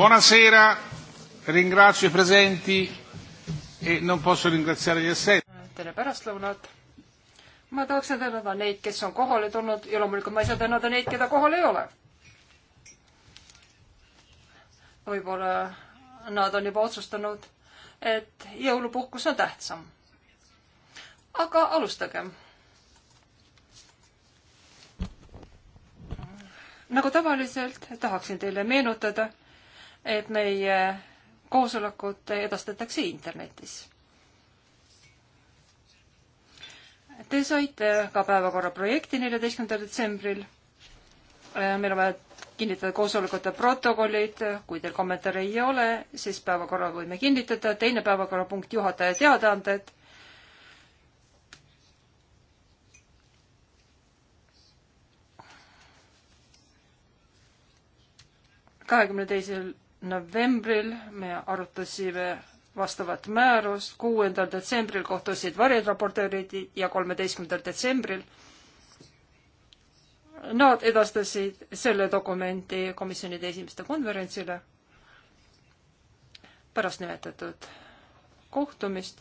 Buonasera, ringrazio i presenti e non posso ringraziare gli assenti. tere pärastlõunat. ma tahaksin tänada neid, kes on kohale tulnud ja loomulikult ma ei saa tänada neid, keda kohal ei ole. võib-olla nad on juba otsustanud, et jõulupuhkus on tähtsam. aga alustagem nagu tavaliselt tahaksin teile meenutada, et meie koosolekud edastatakse internetis. Te saite ka päevakorra projekti neljateistkümnendal detsembril. Äh, meil on vaja kinnitada koosolekute protokollid, kui teil kommentaare ei ole, siis päevakorra võime kinnitada, teine päevakorrapunkt, juhataja teadaanded kahekümne teisel novembril me arutasime vastavat määrust, kuuendal detsembril kohtusid variraportöörid ja kolmeteistkümnendal detsembril Nad edastasid selle dokumenti komisjonide esimeste konverentsile pärast nimetatud kohtumist.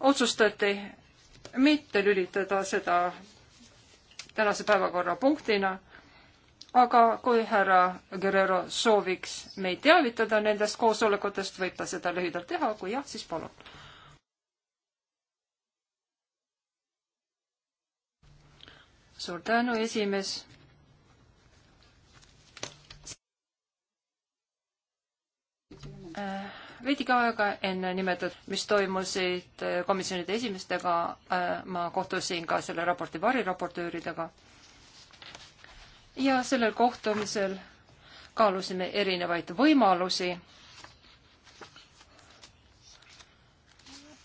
otsustati mitte lülitada seda tänase päevakorra punktina aga kui härra Guerrero sooviks meid teavitada nendest koosolekutest, võib ta seda lühidalt teha, kui jah, siis palun. suur tänu, esimees. Äh, veidike aega enne nimetatud, mis toimusid äh, komisjonide esimeestega, äh, ma kohtusin ka selle raporti variraportööridega ja sellel kohtumisel kaalusime erinevaid võimalusi,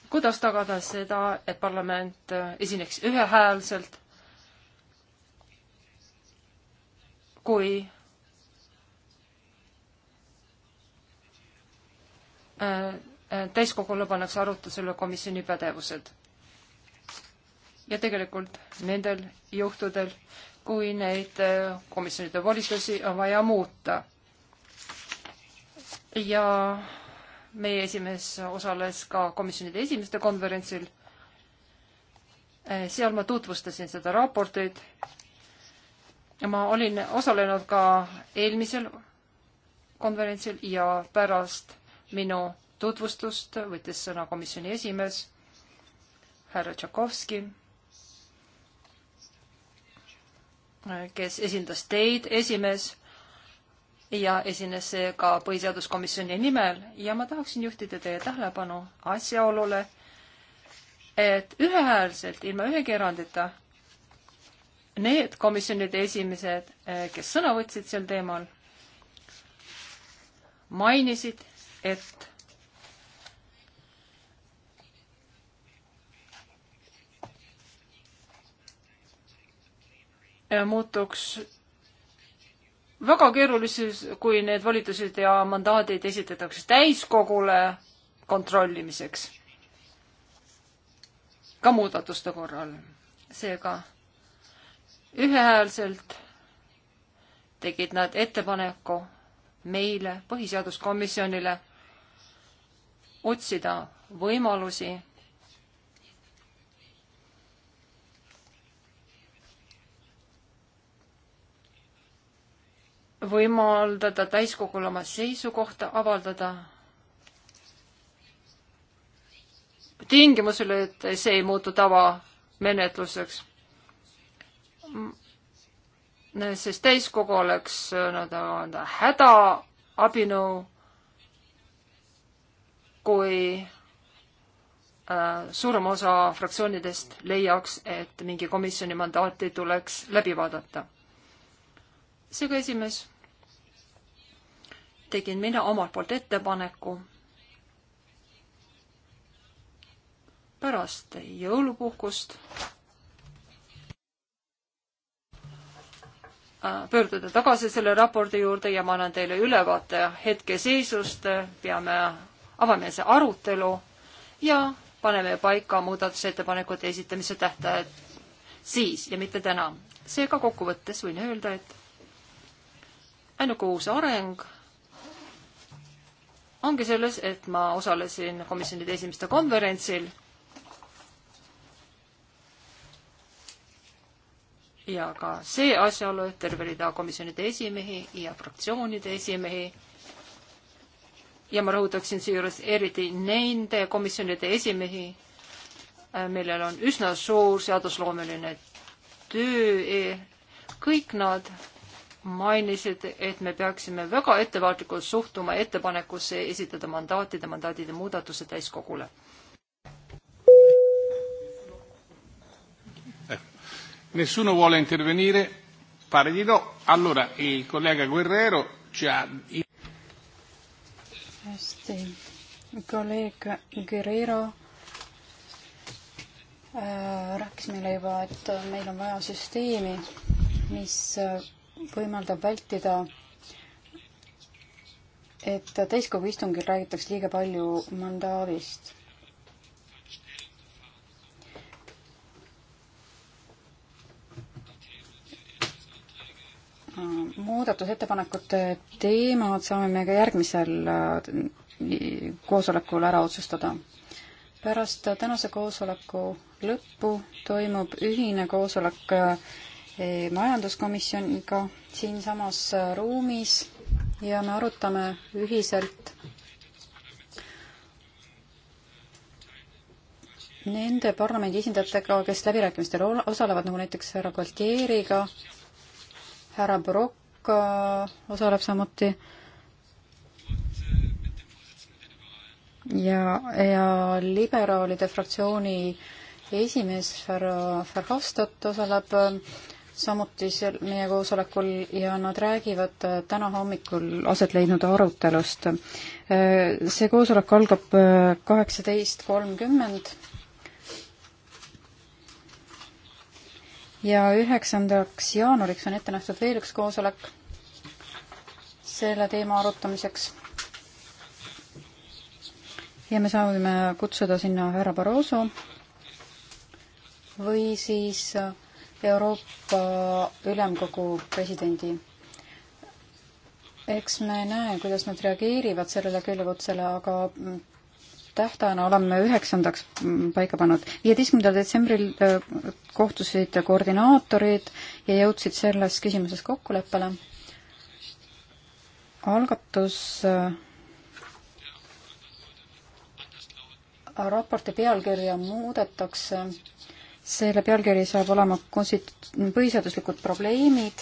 kuidas tagada seda, et parlament esineks ühehäälselt, kui äh, täiskogule pannakse arutusele komisjoni pädevused. ja tegelikult nendel juhtudel, kui neid äh, komisjonide volitusi on vaja muuta. ja meie esimees osales ka komisjonide esimeste konverentsil. Äh, seal ma tutvustasin seda raportit. ma olin osalenud ka eelmisel konverentsil ja pärast minu tutvustust võttis sõna komisjoni esimees härra Tšakovski kes esindas teid, esimees, ja esines seega põhiseaduskomisjoni nimel ja ma tahaksin juhtida teie tähelepanu asjaolule, et ühehäälselt, ilma ühegi erandita, need komisjonide esimesed, kes sõna võtsid sel teemal, mainisid, et muutuks väga keerulises, kui need volitused ja mandaadid esitatakse täiskogule kontrollimiseks. ka muudatuste korral. seega ühehäälselt tegid nad ettepaneku meile, põhiseaduskomisjonile, otsida võimalusi võimaldada täiskogul oma seisukohta avaldada tingimusel, et see ei muutu tavamenetluseks. sest täiskogu oleks nii-öelda hädaabinõu, kui äh, suurem osa fraktsioonidest leiaks, et mingi komisjoni mandaati tuleks läbi vaadata seega esimees, tegin mina omalt poolt ettepaneku pärast jõulupuhkust äh, pöörduda tagasi selle raporti juurde ja ma annan teile ülevaate hetkeseisust, peame, avame see arutelu ja paneme paika muudatusettepanekute esitamise tähtajad siis ja mitte täna. seega kokkuvõttes võin öelda, et ainuke uus areng ongi selles, et ma osalesin komisjonide esimeste konverentsil ja ka see asjaolu, et terve rida komisjonide esimehi ja fraktsioonide esimehi ja ma rõhutaksin seejuures eriti nende komisjonide esimehi, äh, millel on üsna suur seadusloomeline töö, kõik nad mainisid, et me peaksime väga ettevaatlikult suhtuma ettepanekusse esitada mandaatide, mandaatide muudatuse täiskogule. Eh, nessuno vuole intervenire? Pare di no. Allora il collega Guerrero ci ha... Hästi. Kolleeg Guerrero äh, rääkis meile juba, et meil on vaja süsteemi, mis äh, võimaldab vältida et täiskogu istungil räägitakse liiga palju mandaadist. muudatusettepanekute teemad saame me ka järgmisel äh, koosolekul ära otsustada. pärast tänase koosoleku lõppu toimub ühine koosolek äh, Eh, majanduskomisjoniga siinsamas äh, ruumis ja me arutame ühiselt nende parlamendi esindajatega, kes läbirääkimistel osalevad, nagu näiteks härra Galtieriga, härra Barokk äh, osaleb samuti ja, ja liberaalide fraktsiooni esimees härra Verhofstadt osaleb äh, samuti seal meie koosolekul ja nad räägivad äh, täna hommikul aset leidnud arutelust. Äh, see koosolek algab äh, kaheksateist kolmkümmend ja üheksandaks jaanuariks on ette nähtud veel üks koosolek selle teema arutamiseks. ja me saame kutsuda sinna härra Barroso või siis äh, Euroopa Ülemkogu presidendi. eks me näe, kuidas nad reageerivad sellele külgkutsele, aga tähtajana oleme üheksandaks paika pannud. viieteistkümnendal detsembril äh, kohtusid koordinaatorid ja jõudsid selles küsimuses kokkuleppele. algatus äh, raporti pealkirja muudetakse selle pealkiri saab olema konstit-, põhiseaduslikud probleemid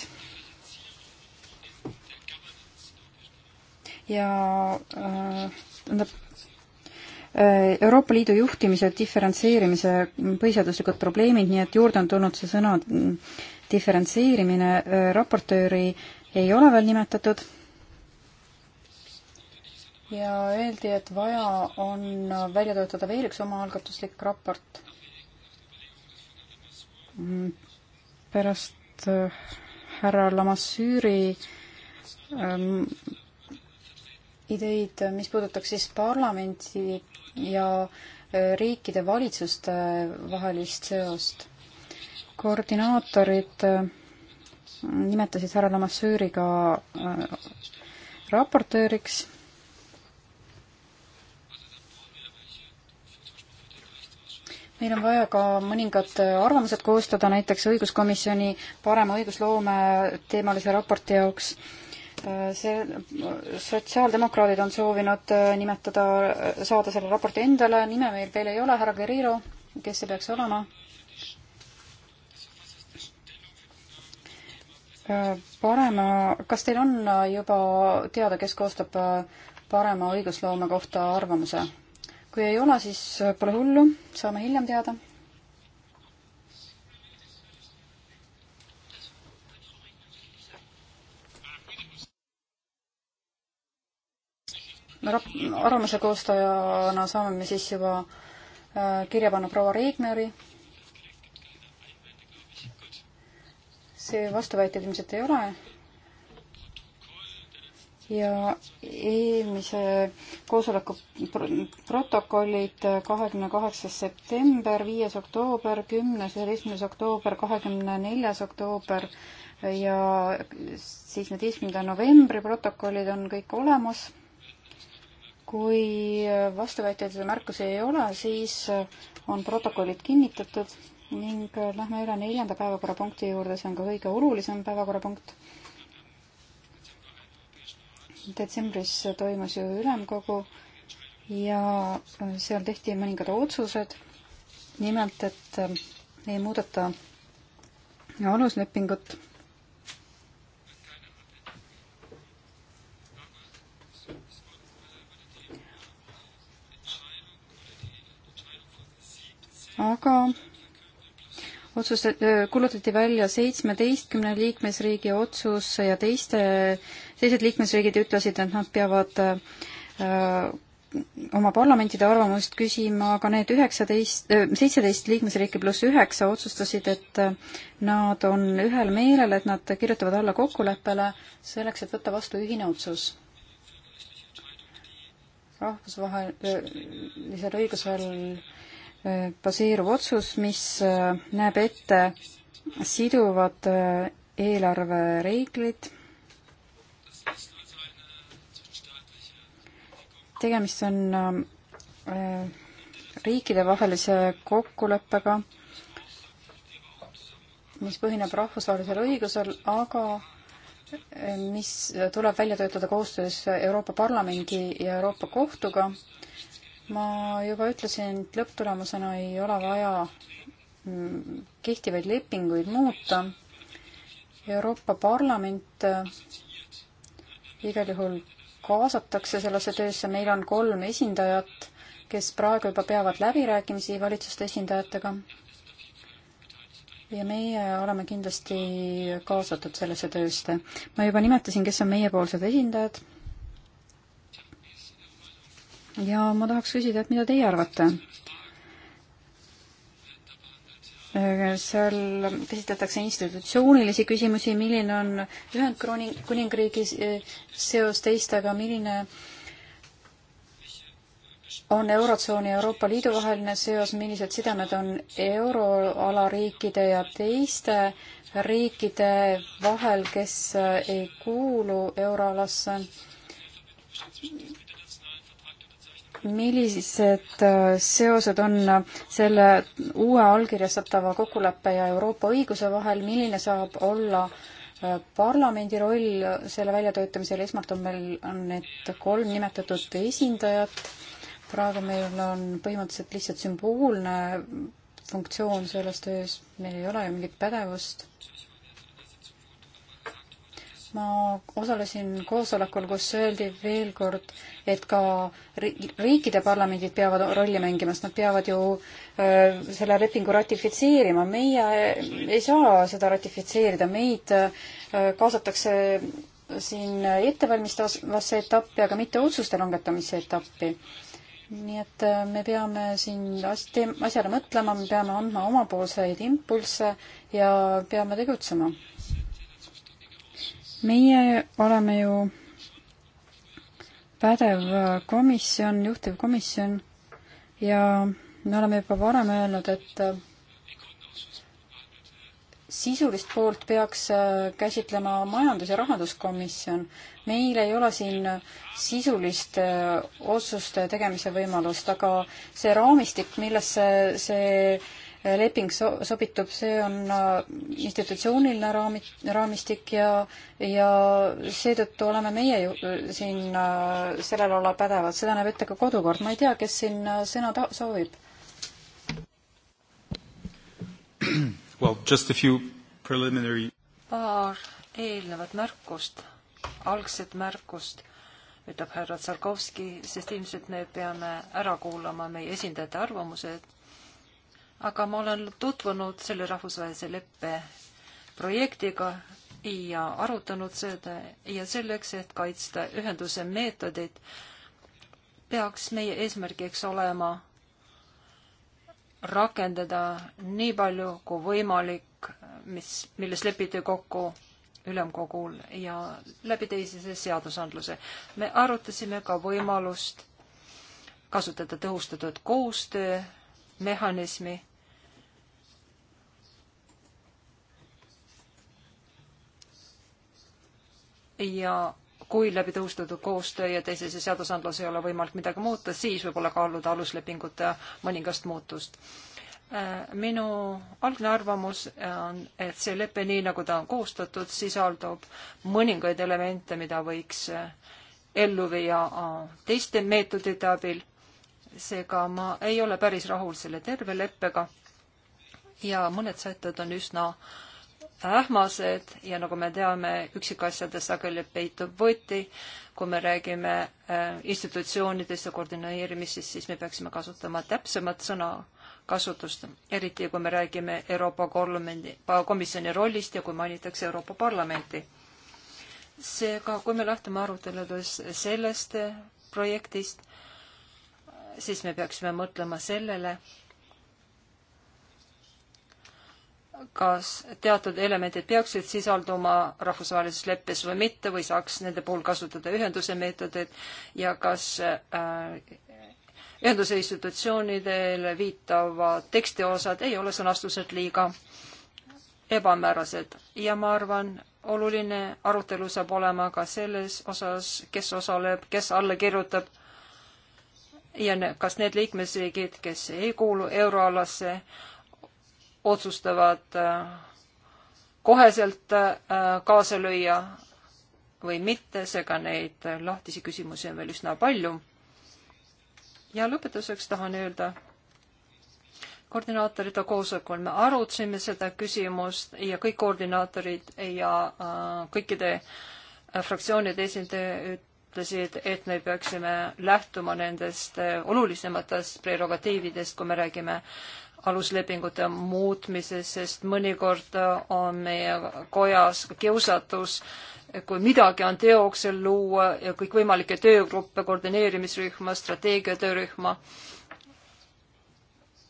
ja äh, tähendab äh, Euroopa Liidu juhtimise diferentseerimise põhiseaduslikud probleemid, nii et juurde on tulnud see sõna mm, diferentseerimine, äh, raportööri ei ole veel nimetatud ja öeldi, et vaja on välja töötada veel üks omaalgatuslik raport Mm, pärast äh, härra Lamassüüri ähm, ideid, mis puudutaks siis parlamenti ja äh, riikide valitsuste vahelist seost. koordinaatorid äh, nimetasid härra Lamassüüri ka raportööriks meil on vaja ka mõningad arvamused koostada, näiteks õiguskomisjoni parema õigusloome teemalise raporti jaoks. see, sotsiaaldemokraadid on soovinud äh, nimetada, saada selle raporti endale, nime meil veel ei ole, härra Guerrero, kes see peaks olema? Äh, parema, kas teil on äh, juba teada, kes koostab parema õigusloome kohta arvamuse? kui ei ole, siis pole hullu, saame hiljem teada. arvamuse koostajana saame me siis juba äh, kirja panna proua Reigneri. see vastuväiteid ilmselt ei ole ja eelmise koosoleku protokollid äh, kahekümne kaheksas september, viies oktoober, kümnes, üheteistkümnes oktoober, kahekümne neljas oktoober ja seitsmeteistkümnenda novembri protokollid on kõik olemas. kui äh, vastuväiteid ja märkusi ei ole, siis äh, on protokollid kinnitatud ning lähme üle neljanda päevakorrapunkti juurde, see on ka kõige olulisem päevakorrapunkt detsembris toimus ju ülemkogu ja seal tehti mõningad otsused. nimelt, et äh, ei muudeta aluslepingut. aga otsustati, äh, kuulutati välja seitsmeteistkümne liikmesriigi otsus ja teiste teised liikmesriigid ütlesid, et nad peavad äh, oma parlamentide arvamust küsima, aga need üheksateist, äh, seitseteist liikmesriiki pluss üheksa otsustasid, et äh, nad on ühel meelel, et nad kirjutavad alla kokkuleppele selleks, et võtta vastu ühine otsus. rahvusvahelisel õigusel baseeruv otsus, mis näeb ette siduvad eelarvereeglid tegemist on äh, riikidevahelise kokkuleppega, mis põhineb rahvusvahelisel õigusel, aga äh, mis tuleb välja töötada koostöös Euroopa Parlamendi ja Euroopa Kohtuga. ma juba ütlesin, et lõpptulemusena ei ole vaja mm, kehtivaid lepinguid muuta. Euroopa Parlament äh, igal juhul kaasatakse sellesse töösse, meil on kolm esindajat, kes praegu juba peavad läbirääkimisi valitsuste esindajatega. ja meie oleme kindlasti kaasatud sellesse töösse. ma juba nimetasin, kes on meiepoolsed esindajad. ja ma tahaks küsida, et mida teie arvate? seal käsitletakse institutsioonilisi küsimusi, milline on Ühendkuningriigi seos teistega, milline on Eurotsooni ja Euroopa Liidu vaheline seos, millised sidemed on euroala riikide ja teiste riikide vahel, kes ei kuulu euroalasse millised äh, seosed on selle uue allkirjastatava kokkuleppe ja Euroopa õiguse vahel, milline saab olla äh, parlamendi roll selle väljatöötamisel, esmalt on meil, on need kolm nimetatud esindajat, praegu meil on põhimõtteliselt lihtsalt sümboolne funktsioon selles töös, meil ei ole ju mingit pädevust ma osalesin koosolekul, kus öeldi veel kord, et ka riikide parlamendid peavad rolli mängima, sest nad peavad ju äh, selle lepingu ratifitseerima. meie ei saa seda ratifitseerida, meid äh, kaasatakse siin ettevalmistavasse etappi, aga mitte otsuste langetamise etappi. nii et äh, me peame siin asjale mõtlema, me peame andma omapoolseid impulsse ja peame tegutsema meie oleme ju pädev komisjon, juhtivkomisjon ja me oleme juba varem öelnud, et sisulist poolt peaks käsitlema majandus- ja rahanduskomisjon. meil ei ole siin sisuliste äh, otsuste tegemise võimalust, aga see raamistik, millesse see, see leping so-, sobitub, see on äh, institutsiooniline raami, raamistik ja, ja seetõttu oleme meie ju siin äh, sellel olla pädevad, seda näeb ette ka kodukord, ma ei tea, kes siin äh, sõna ta-, soovib. Well, just a few preliminary paar eelnevat märkust, algset märkust ütleb härra Tsarkovski, sest ilmselt me peame ära kuulama meie esindajate arvamused aga ma olen tutvunud selle rahvusvahelise leppe projektiga ja arutanud seda ja selleks, et kaitsta ühenduse meetodit, peaks meie eesmärgiks olema rakendada nii palju kui võimalik, mis, milles lepiti kokku ülemkogul ja läbi teisese seadusandluse. me arutasime ka võimalust kasutada tõhustatud koostöö mehhanismi ja kui läbi tõhustatud koostöö ja teisese seadusandluse ei ole võimalik midagi muuta, siis võib-olla kaaluda aluslepingute mõningast muutust. Äh, minu algne arvamus on, et see lepe, nii nagu ta on koostatud, sisaldub mõningaid elemente, mida võiks äh, ellu viia äh, teiste meetodite abil seega ma ei ole päris rahul selle terve leppega ja mõned sätted on üsna ähmased ja nagu me teame, üksikasjades sageli peitub võti. kui me räägime äh, institutsioonidest ja koordineerimisest, siis me peaksime kasutama täpsemat sõnakasutust, eriti kui me räägime Euroopa Parlamendi, komisjoni rollist ja kui mainitakse Euroopa Parlamenti. seega, kui me lähtume aruteludest sellest projektist, siis me peaksime mõtlema sellele, kas teatud elemendid peaksid sisalduma rahvusvahelises leppes või mitte või saaks nende puhul kasutada ühenduse meetodeid ja kas äh, ühenduse institutsioonidele viitavad tekstiosad ei ole sõnastused liiga ebamäärased ja ma arvan, oluline arutelu saab olema ka selles osas, kes osaleb, kes alla kirjutab ja kas need liikmesriigid, kes ei kuulu euroalasse, otsustavad äh, koheselt äh, kaasa lüüa või mitte, seega neid lahtisi küsimusi on veel üsna palju. ja lõpetuseks tahan öelda, koordinaatorite koosolekul me arutasime seda küsimust ja kõik koordinaatorid ja äh, kõikide fraktsioonide esindaja ütlesid, et me peaksime lähtuma nendest eh, olulisematest prerogatiividest, kui me räägime aluslepingute muutmisest, sest mõnikord on meie kojas kiusatus, kui midagi on teoksel luua ja kõikvõimalikke töögruppe, koordineerimisrühma, strateegiatöörühma,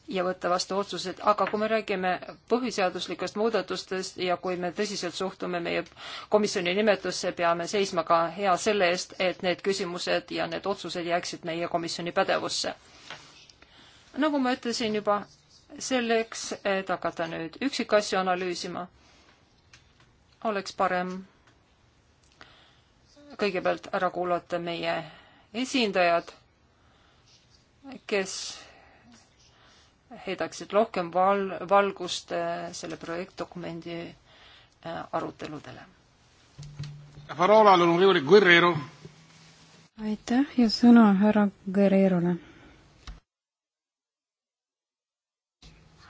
ja võtta vastu otsused, aga kui me räägime põhiseaduslikest muudatustest ja kui me tõsiselt suhtume meie komisjoni nimetusse, peame seisma ka hea selle eest, et need küsimused ja need otsused jääksid meie komisjoni pädevusse. nagu ma ütlesin juba, selleks, et hakata nüüd üksikasju analüüsima, oleks parem kõigepealt ära kuulata meie esindajad, kes heidaksid rohkem val-, valgust eh, selle projektdokumendi eh, aruteludele. aitäh ja sõna härra Guerrerole.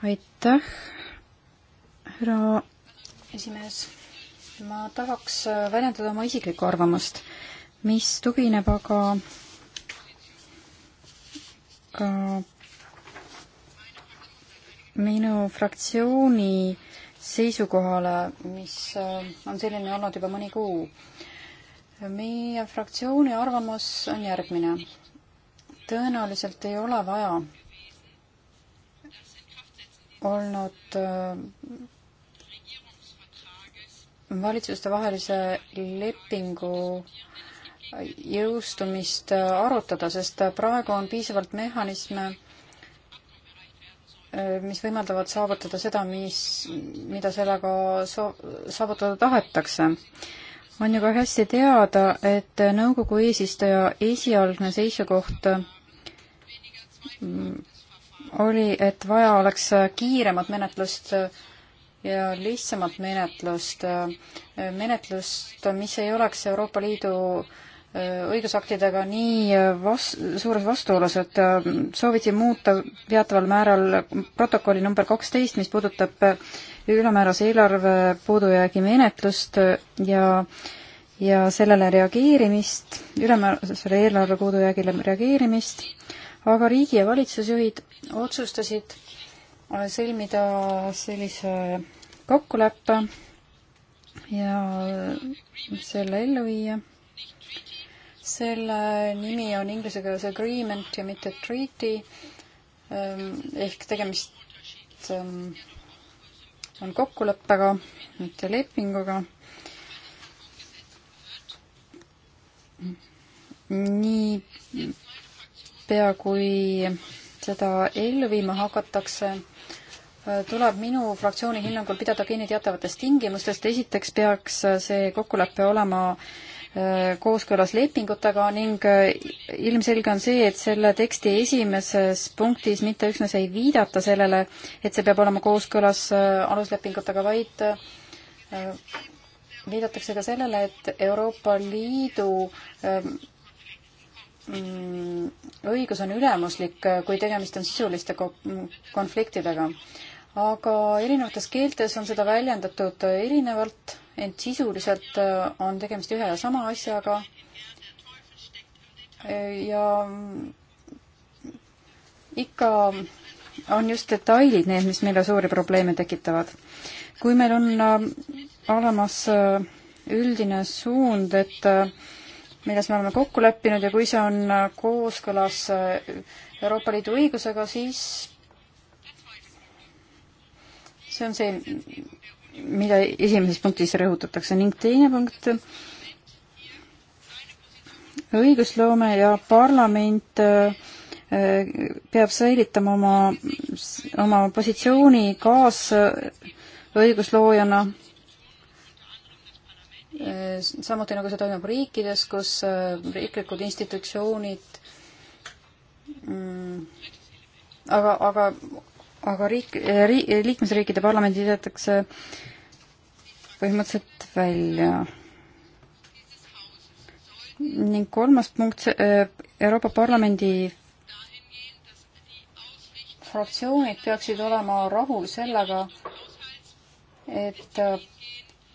aitäh, härra esimees. ma tahaks väljendada oma isiklikku arvamust, mis tugineb aga äh, minu fraktsiooni seisukohale, mis äh, on selline olnud juba mõni kuu. meie fraktsiooni arvamus on järgmine. tõenäoliselt ei ole vaja olnud äh, valitsustevahelise lepingu jõustumist äh, arutada, sest praegu on piisavalt mehhanisme Äh, mis võimaldavad saavutada seda, mis, mida sellega soo-, saavutada tahetakse. on ju ka hästi teada, et nõukogu eesistuja esialgne seisukoht mm, oli, et vaja oleks kiiremat menetlust ja lihtsamat menetlust, menetlust, mis ei oleks Euroopa Liidu äh, Äh, õigusaktidega nii äh, vas-, suures vastuolus, et äh, sooviti muuta teataval määral protokolli number kaksteist, mis puudutab ülemäärase eelarve puudujäägi menetlust ja ja sellele reageerimist, ülemäärasele eelarve puudujäägile reageerimist, aga riigi- ja valitsusjuhid otsustasid sõlmida sellise kokkuleppe ja selle ellu viia selle nimi on inglise keeles agreement ja mitte treaty ehm, ehk tegemist ehm, on kokkuleppega, mitte lepinguga. nii pea, kui seda ellu viima hakatakse, eh, tuleb minu fraktsiooni hinnangul pidada kinni teatavatest tingimustest. esiteks peaks eh, see kokkulepe olema äh, kooskõlas lepingutega ning äh, ilmselge on see, et selle teksti esimeses punktis mitte üksnes ei viidata sellele, et see peab olema kooskõlas äh, aluslepingutega, vaid äh, viidatakse ka sellele, et Euroopa Liidu ähm, mm, õigus on ülemuslik, kui tegemist on sisuliste konfliktidega aga erinevates keeltes on seda väljendatud erinevalt, ent sisuliselt äh, on tegemist ühe ja sama asjaga. ja ikka on just detailid need, mis meile suuri probleeme tekitavad. kui meil on äh, olemas äh, üldine suund, et milles me oleme kokku leppinud ja kui see on kooskõlas Euroopa Liidu õigusega, siis see on see, mida esimeses punktis rõhutatakse ning teine punkt, õigusloome ja parlament äh, peab säilitama oma, oma positsiooni kaasõigusloojana, äh, samuti nagu see toimub riikides, kus äh, riiklikud institutsioonid mm, aga, aga aga riik ri,, liikmesriikide parlamendid jäetakse põhimõtteliselt välja. ning kolmas punkt, äh, Euroopa Parlamendi fraktsioonid peaksid olema rahul sellega, et äh,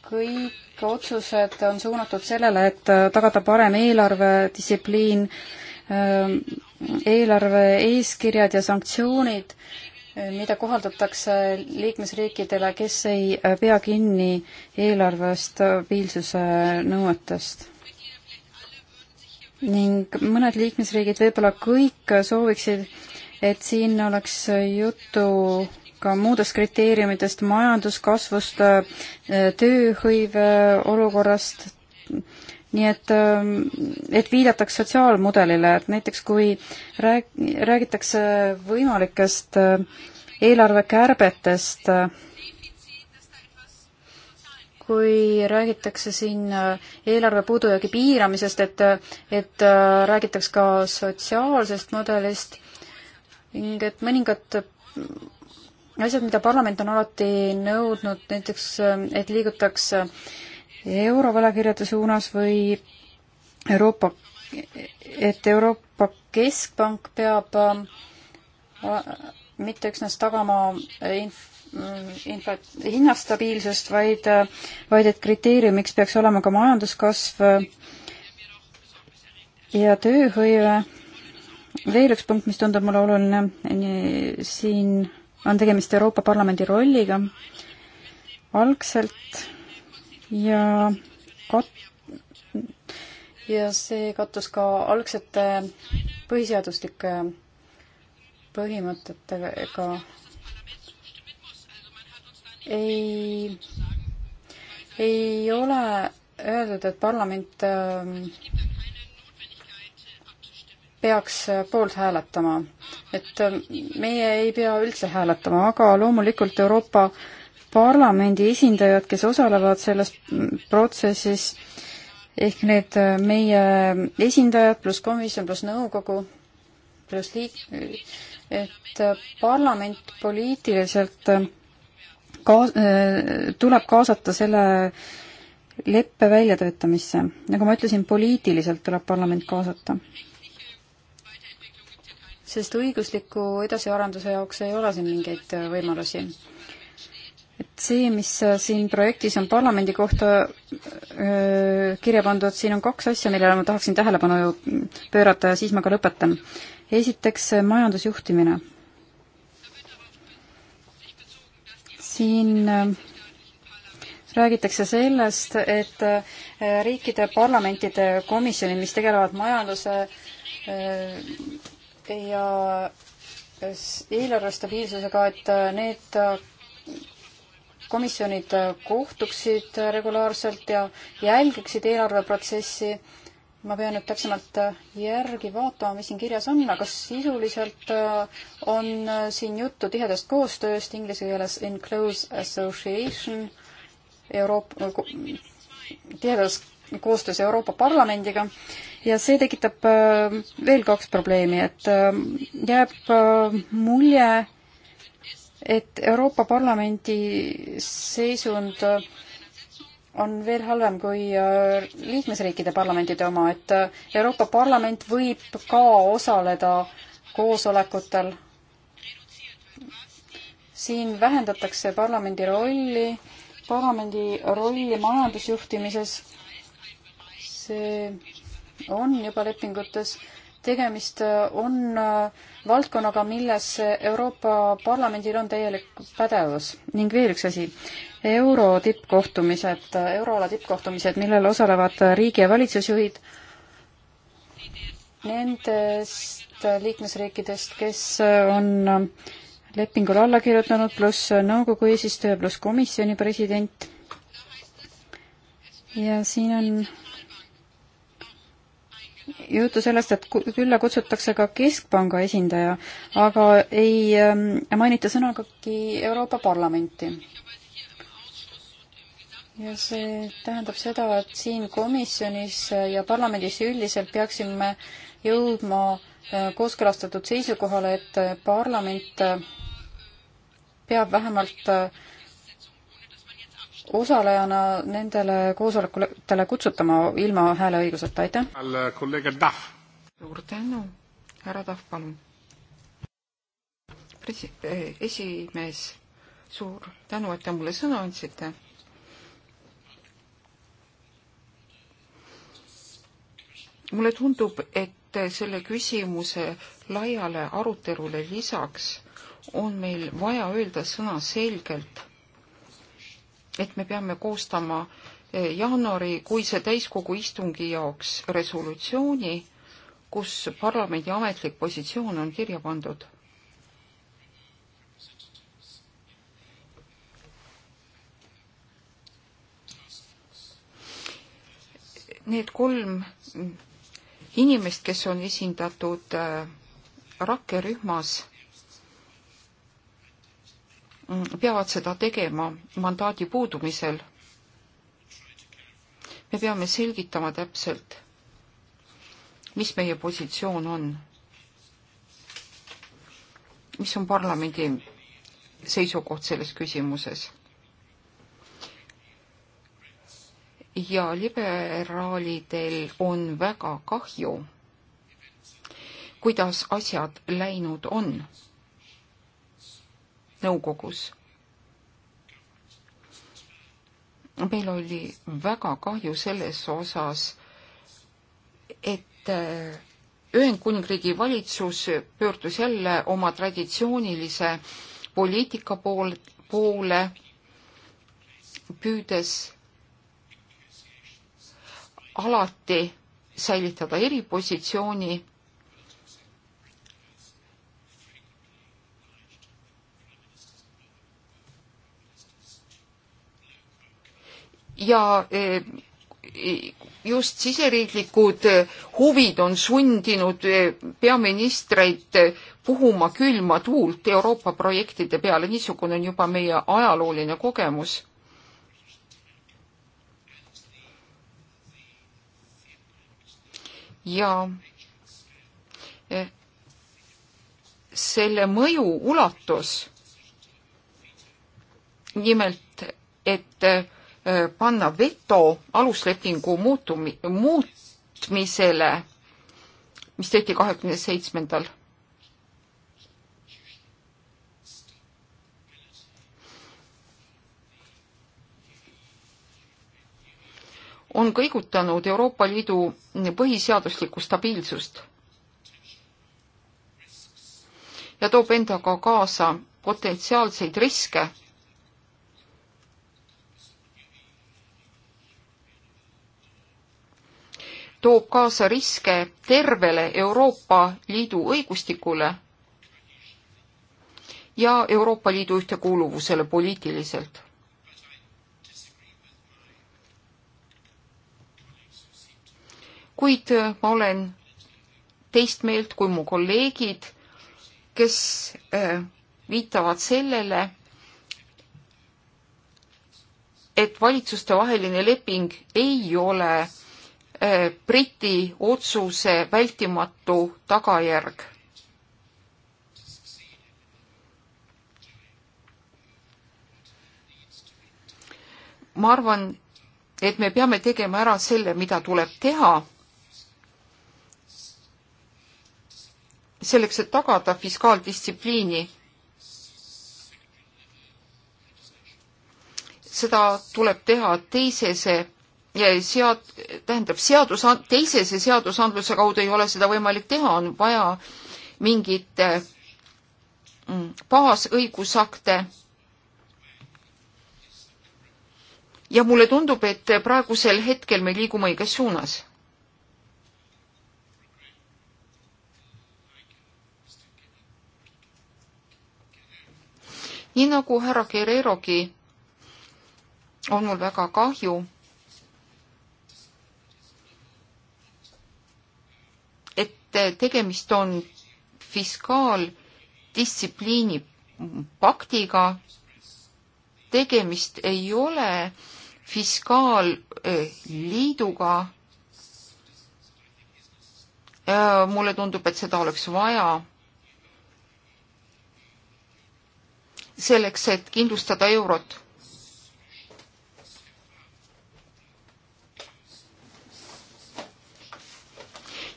kõik otsused on suunatud sellele, et äh, tagada parem eelarvedistsipliin, ähm, eelarve eeskirjad ja sanktsioonid mida kohaldatakse liikmesriikidele, kes ei pea kinni eelarve stabiilsuse nõuetest? ning mõned liikmesriigid, võib-olla kõik, sooviksid, et siin oleks juttu ka muudest kriteeriumidest, majanduskasvust, tööhõive olukorrast, nii et, ähm, et viidataks sotsiaalmudelile, et näiteks kui rääg-, räägitakse võimalikest äh, eelarvekärbetest, äh, kui räägitakse siin äh, eelarve puudujäägi piiramisest, et, et räägitaks ka sotsiaalsest mudelist ning et mõningad asjad, mida parlament on alati nõudnud, näiteks et liigutaks äh, eurovõlakirjade suunas või Euroopa, et Euroopa Keskpank peab äh, mitte üksnes tagama inf-, infla-, hinnastabiilsust, vaid, vaid et kriteeriumiks peaks olema ka majanduskasv ja tööhõive. veel üks punkt, mis tundub mulle oluline, siin on tegemist Euroopa Parlamendi rolliga. algselt ja kat-, ja see kattus ka algsete põhiseaduslike põhimõtetega ei, ei ole öeldud, et parlament ähm, peaks poolt hääletama. et ähm, meie ei pea üldse hääletama, aga loomulikult Euroopa äh, parlamendi esindajad, kes osalevad selles protsessis, ehk need äh, meie esindajad pluss komisjon pluss nõukogu pluss liik-, et äh, parlament poliitiliselt äh, kaas-, tuleb kaasata selle leppe väljatöötamisse. nagu ma ütlesin, poliitiliselt tuleb parlament kaasata. sest õigusliku edasiarenduse jaoks ei ole siin mingeid võimalusi et see, mis äh, siin projektis on parlamendi kohta öö, äh, kirja pandud, siin on kaks asja, millele ma tahaksin tähelepanu mm, pöörata ja siis ma ka lõpetan. esiteks äh, majandusjuhtimine. siin öö, räägitakse sellest, et riikide parlamentide komisjonid, mis tegelevad majanduse ja eelarve stabiilsusega, et need komisjonid kohtuksid regulaarselt ja jälgiksid eelarveprotsessi. ma pean nüüd täpsemalt järgi vaatama, mis siin kirjas on, aga sisuliselt äh, on äh, siin juttu tihedast koostööst, inglise keeles in close association Euroopa, äh, tihedas koostöös Euroopa Parlamendiga ja see tekitab veel kaks probleemi, et jääb mulje, et Euroopa Parlamendi seisund on veel halvem kui äh, liikmesriikide parlamentide oma, et äh, Euroopa Parlament võib ka osaleda koosolekutel. siin vähendatakse parlamendi rolli, parlamendi rolli majandusjuhtimises, see on juba lepingutes, tegemist äh, on äh, valdkonnaga, milles Euroopa Parlamendil on täielik pädevus. ning veel üks asi, euro tippkohtumised, euroala tippkohtumised, millel osalevad riigi- ja valitsusjuhid, nendest liikmesriikidest, kes on lepingule alla kirjutanud, pluss nõukogu eesistuja, pluss komisjoni president. ja siin on juttu sellest, et külla kutsutakse ka Keskpanga esindaja, aga ei ähm, mainita sõnagagi Euroopa Parlamenti. ja see tähendab seda, et siin komisjonis ja parlamendis üldiselt peaksime jõudma äh, kooskõlastatud seisukohale, et äh, parlament äh, peab vähemalt osalejana nendele koosolekutele kutsutama ilma hääleõiguseta, aitäh! Äh, suur tänu, härra Tahv, palun! presi-, eh, esimees, suur tänu, et te mulle sõna andsite mulle tundub, et selle küsimuse laiale arutelule lisaks on meil vaja öelda sõna selgelt et me peame koostama eh, jaanuarikuise täiskogu istungi jaoks resolutsiooni, kus parlamendi ametlik positsioon on kirja pandud. Need kolm inimest, kes on esindatud eh, rakkerühmas peavad seda tegema mandaadi puudumisel. me peame selgitama täpselt, mis meie positsioon on, mis on parlamendi seisukoht selles küsimuses. ja liberaalidel on väga kahju, kuidas asjad läinud on nõukogus. meil oli väga kahju selles osas, et äh, Ühendkuningriigi valitsus pöördus jälle oma traditsioonilise poliitika pool, poole, püüdes alati säilitada eripositsiooni ja eh, just siseriiklikud eh, huvid on sundinud eh, peaministreid puhuma külma tuult Euroopa projektide peale, niisugune on juba meie ajalooline kogemus. ja selle mõju ulatus nimelt, et Äh, panna veto aluslepingu muutum-, muutmisele, mis tehti kahekümne seitsmendal. on kõigutanud Euroopa Liidu põhiseaduslikku stabiilsust ja toob endaga kaasa potentsiaalseid riske toob kaasa riske tervele Euroopa Liidu õigustikule ja Euroopa Liidu ühtekuuluvusele poliitiliselt. kuid ma olen teist meelt kui mu kolleegid, kes äh, viitavad sellele, et valitsustevaheline leping ei ole Äh, Briti otsuse vältimatu tagajärg. ma arvan, et me peame tegema ära selle, mida tuleb teha selleks, et tagada fiskaaldistsipliini. seda tuleb teha teises sead-, tähendab, seadus, teisese seadusandluse kaudu ei ole seda võimalik teha, on vaja mingit äh, mm, baasõigusakte. ja mulle tundub, et praegusel hetkel me liigume õiges suunas nii nagu härra Guerrerogi on mul väga kahju, et tegemist on fiskaaldistsipliini paktiga, tegemist ei ole fiskaalliiduga. Äh, mulle tundub, et seda oleks vaja. selleks, et kindlustada eurot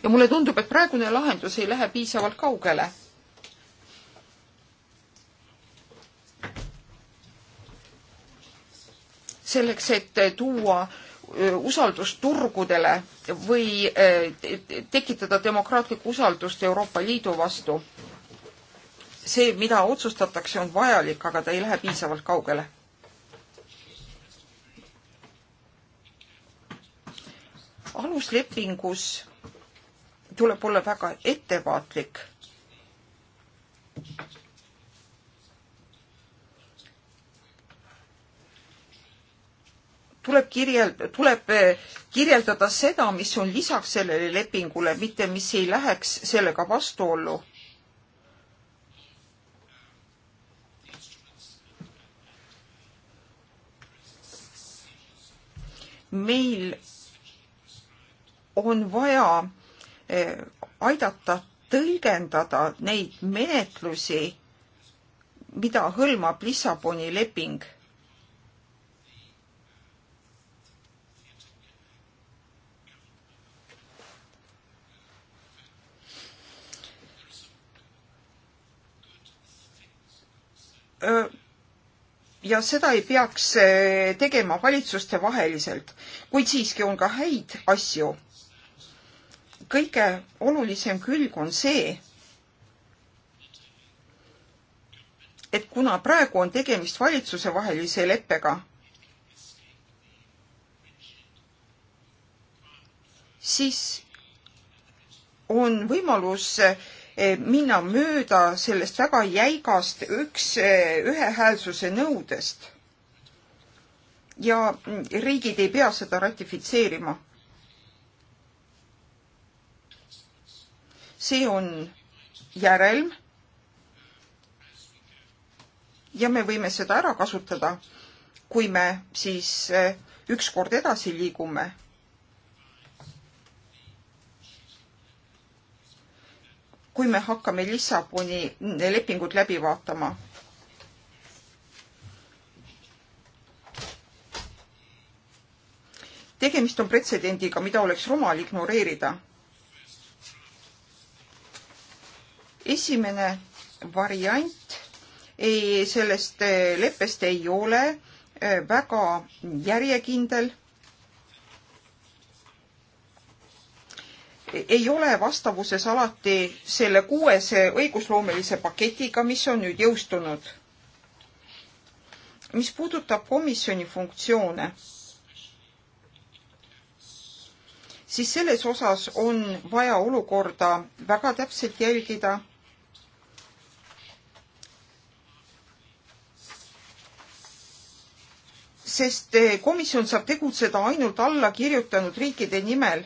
ja mulle tundub, et praegune lahendus ei lähe piisavalt kaugele. selleks, et tuua usaldust turgudele või tekitada demokraatlikku usaldust Euroopa Liidu vastu. see, mida otsustatakse, on vajalik, aga ta ei lähe piisavalt kaugele. aluslepingus tuleb olla väga ettevaatlik. tuleb kirjel-, tuleb eh, kirjeldada seda, mis on lisaks sellele lepingule, mitte mis ei läheks sellega vastuollu meil on vaja Eh, aidata tõlgendada neid menetlusi, mida hõlmab Lissaboni leping. ja seda ei peaks eh, tegema valitsuste vaheliselt, kuid siiski on ka häid asju kõige olulisem külg on see, et kuna praegu on tegemist valitsusevahelise leppega, siis on võimalus eh, minna mööda sellest väga jäigast üks, eh, ühehäälsuse nõudest. ja mm, riigid ei pea seda ratifitseerima see on järelm. ja me võime seda ära kasutada, kui me siis eh, ükskord edasi liigume. kui me hakkame Lissaboni lepingut läbi vaatama tegemist on pretsedendiga, mida oleks rumal ignoreerida. esimene variant ei, sellest eh, leppest ei ole eh, väga järjekindel. E-, ei ole vastavuses alati selle kuuese õigusloomelise paketiga, mis on nüüd jõustunud. mis puudutab komisjoni funktsioone, siis selles osas on vaja olukorda väga täpselt jälgida sest komisjon saab tegutseda ainult alla kirjutanud riikide nimel.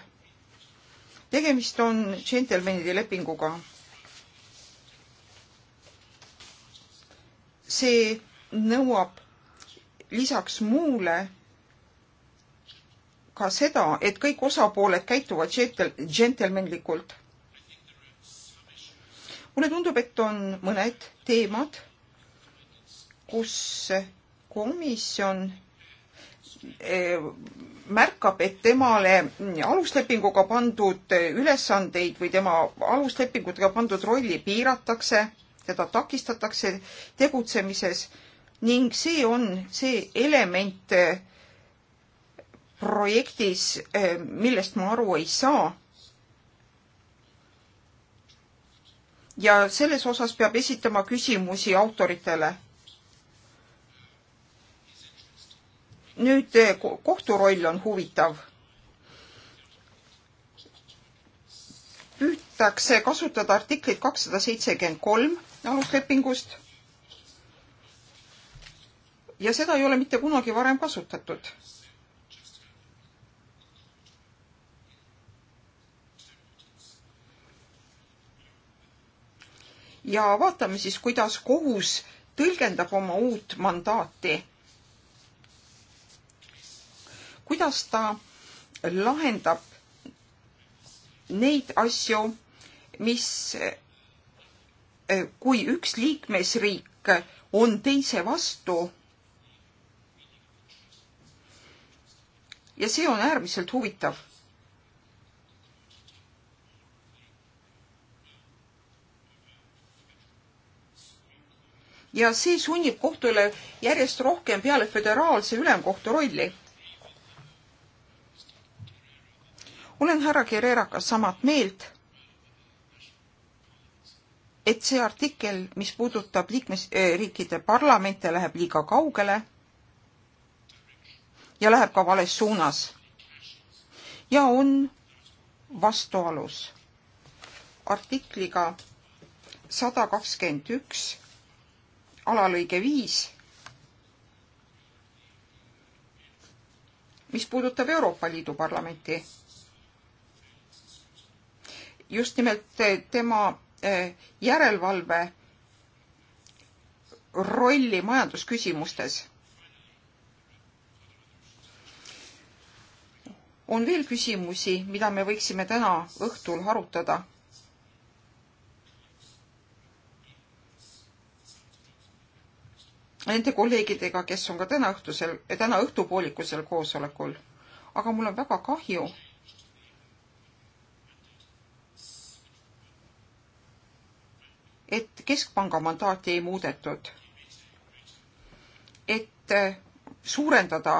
tegemist on džentelmenide lepinguga. see nõuab lisaks muule ka seda, et kõik osapooled käituvad džentel-, džentelmenlikult. mulle tundub, et on mõned teemad, kus komisjon Eh, märkab, et temale aluslepinguga pandud ülesandeid või tema aluslepingutega pandud rolli piiratakse, teda takistatakse tegutsemises ning see on see element eh, projektis, eh, millest ma aru ei saa. ja selles osas peab esitama küsimusi autoritele nüüd kohtu roll on huvitav. püütakse kasutada artiklit kakssada seitsekümmend kolm aluslepingust. ja seda ei ole mitte kunagi varem kasutatud. ja vaatame siis, kuidas kohus tõlgendab oma uut mandaati kuidas ta lahendab neid asju, mis, kui üks liikmesriik on teise vastu. ja see on äärmiselt huvitav. ja see sunnib kohtule järjest rohkem peale föderaalse ülemkohtu rolli olen härra Guerreraga samat meelt, et see artikkel, mis puudutab liikmesriikide eh, parlamente, läheb liiga kaugele ja läheb ka vales suunas ja on vastuolus artikliga sada kakskümmend üks alalõige viis, mis puudutab Euroopa Liidu Parlamenti just nimelt tema eh, järelevalve rolli majandusküsimustes. on veel küsimusi, mida me võiksime täna õhtul arutada? Nende kolleegidega, kes on ka täna õhtusel, täna õhtupoolikusel koosolekul. aga mul on väga kahju et Keskpanga mandaati ei muudetud. et äh, suurendada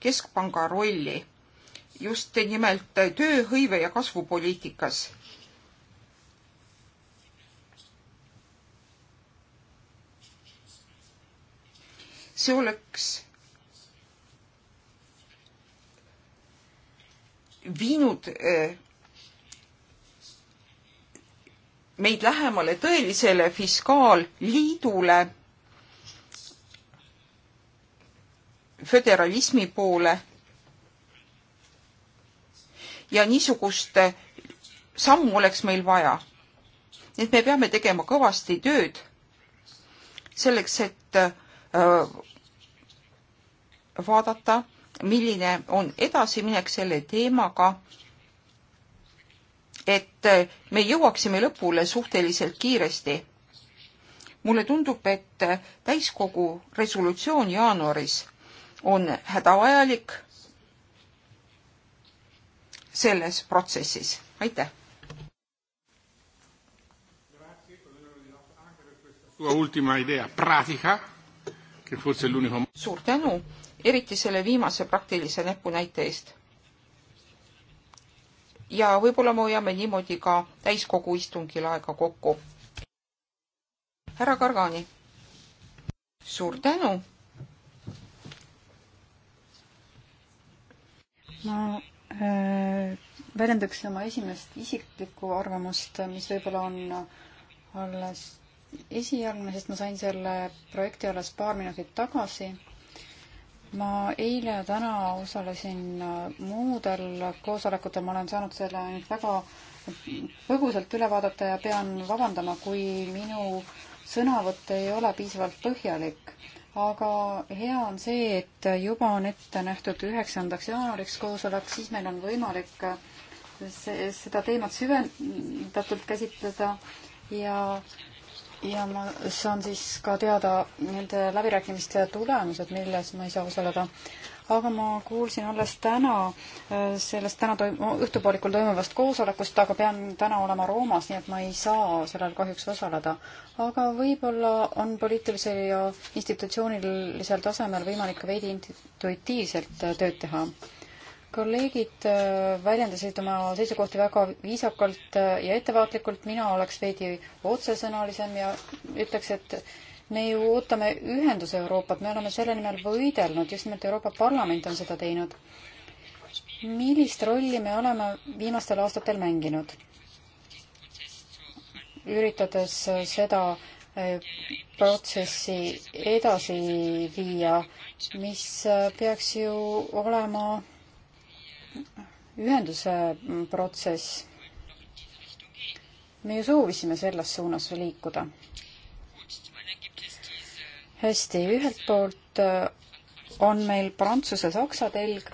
Keskpanga rolli just nimelt tööhõive ja kasvupoliitikas. see oleks viinud äh, meid lähemale tõelisele fiskaalliidule, föderalismi poole ja niisugust sammu oleks meil vaja. nii et me peame tegema kõvasti tööd selleks, et äh, vaadata, milline on edasiminek selle teemaga et me jõuaksime lõpule suhteliselt kiiresti. mulle tundub, et täiskogu resolutsioon jaanuaris on hädavajalik selles protsessis. aitäh! suur tänu, eriti selle viimase praktilise näpunäite eest ja võib-olla me hoiame niimoodi ka täiskogu istungil aega kokku. härra Kargani, suur tänu. ma äh, väljendaksin oma esimest isiklikku arvamust, mis võib-olla on alles esialgne, sest ma sain selle projekti alles paar minutit tagasi ma eile ja täna osalesin äh, muudel koosolekutel, ma olen saanud selle nüüd väga põgusalt üle vaadata ja pean vabandama, kui minu sõnavõtt ei ole piisavalt põhjalik. aga hea on see, et juba on ette nähtud üheksandaks jaanuariks koosolek, siis meil on võimalik äh, see, seda teemat süvendatult käsitleda ja ja ma saan siis ka teada nende läbirääkimiste tulemused, milles ma ei saa osaleda. aga ma kuulsin alles täna äh, sellest täna toim-, õhtupoolikul toimuvast koosolekust, aga pean täna olema Roomas, nii et ma ei saa sellel kahjuks osaleda. aga võib-olla on poliitilisel ja institutsioonilisel tasemel võimalik veidi intuitiivselt äh, tööd teha kolleegid äh, väljendasid oma seisukohti väga viisakalt äh, ja ettevaatlikult, mina oleks veidi otsesõnalisem ja ütleks, et me ju ootame ühenduse Euroopat, me oleme selle nimel võidelnud, just nimelt Euroopa Parlament on seda teinud. millist rolli me oleme viimastel aastatel mänginud? üritades äh, seda protsessi edasi viia, mis peaks ju olema ühenduse protsess, me ju soovisime selles suunas liikuda. hästi, ühelt poolt äh, on meil Prantsuse-Saksa telg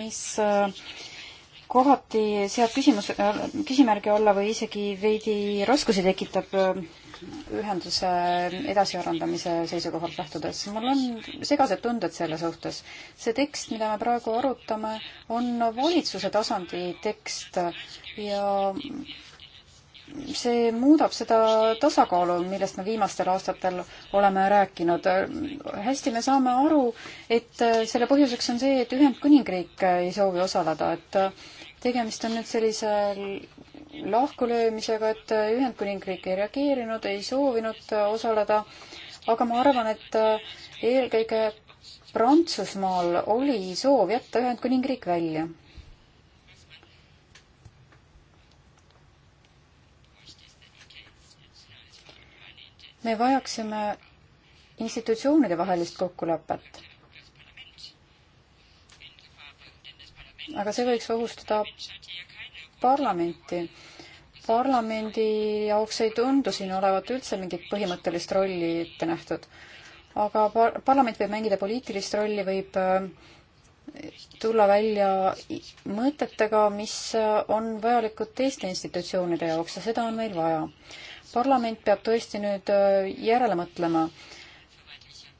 mis äh, kohati seab küsimus, küsimärgi alla või isegi veidi raskusi tekitab äh, ühenduse edasiarendamise seisukohalt lähtudes. mul on segased tunded selle suhtes. see tekst, mida me praegu arutame, on valitsuse tasandi tekst ja see muudab seda tasakaalu, millest me viimastel aastatel oleme rääkinud. hästi me saame aru, et selle põhjuseks on see, et Ühendkuningriik ei soovi osaleda, et tegemist on nüüd sellise lahkulöömisega, et Ühendkuningriik ei reageerinud, ei soovinud osaleda, aga ma arvan, et eelkõige Prantsusmaal oli soov jätta Ühendkuningriik välja. me vajaksime institutsioonide vahelist kokkulepet aga see võiks ohustada parlamenti. parlamendi jaoks ei tundu siin olevat üldse mingit põhimõttelist rolli ette nähtud. aga par-, parlament võib mängida poliitilist rolli, võib äh, tulla välja mõtetega, mis äh, on vajalikud teiste institutsioonide jaoks ja seda on meil vaja. parlament peab tõesti nüüd äh, järele mõtlema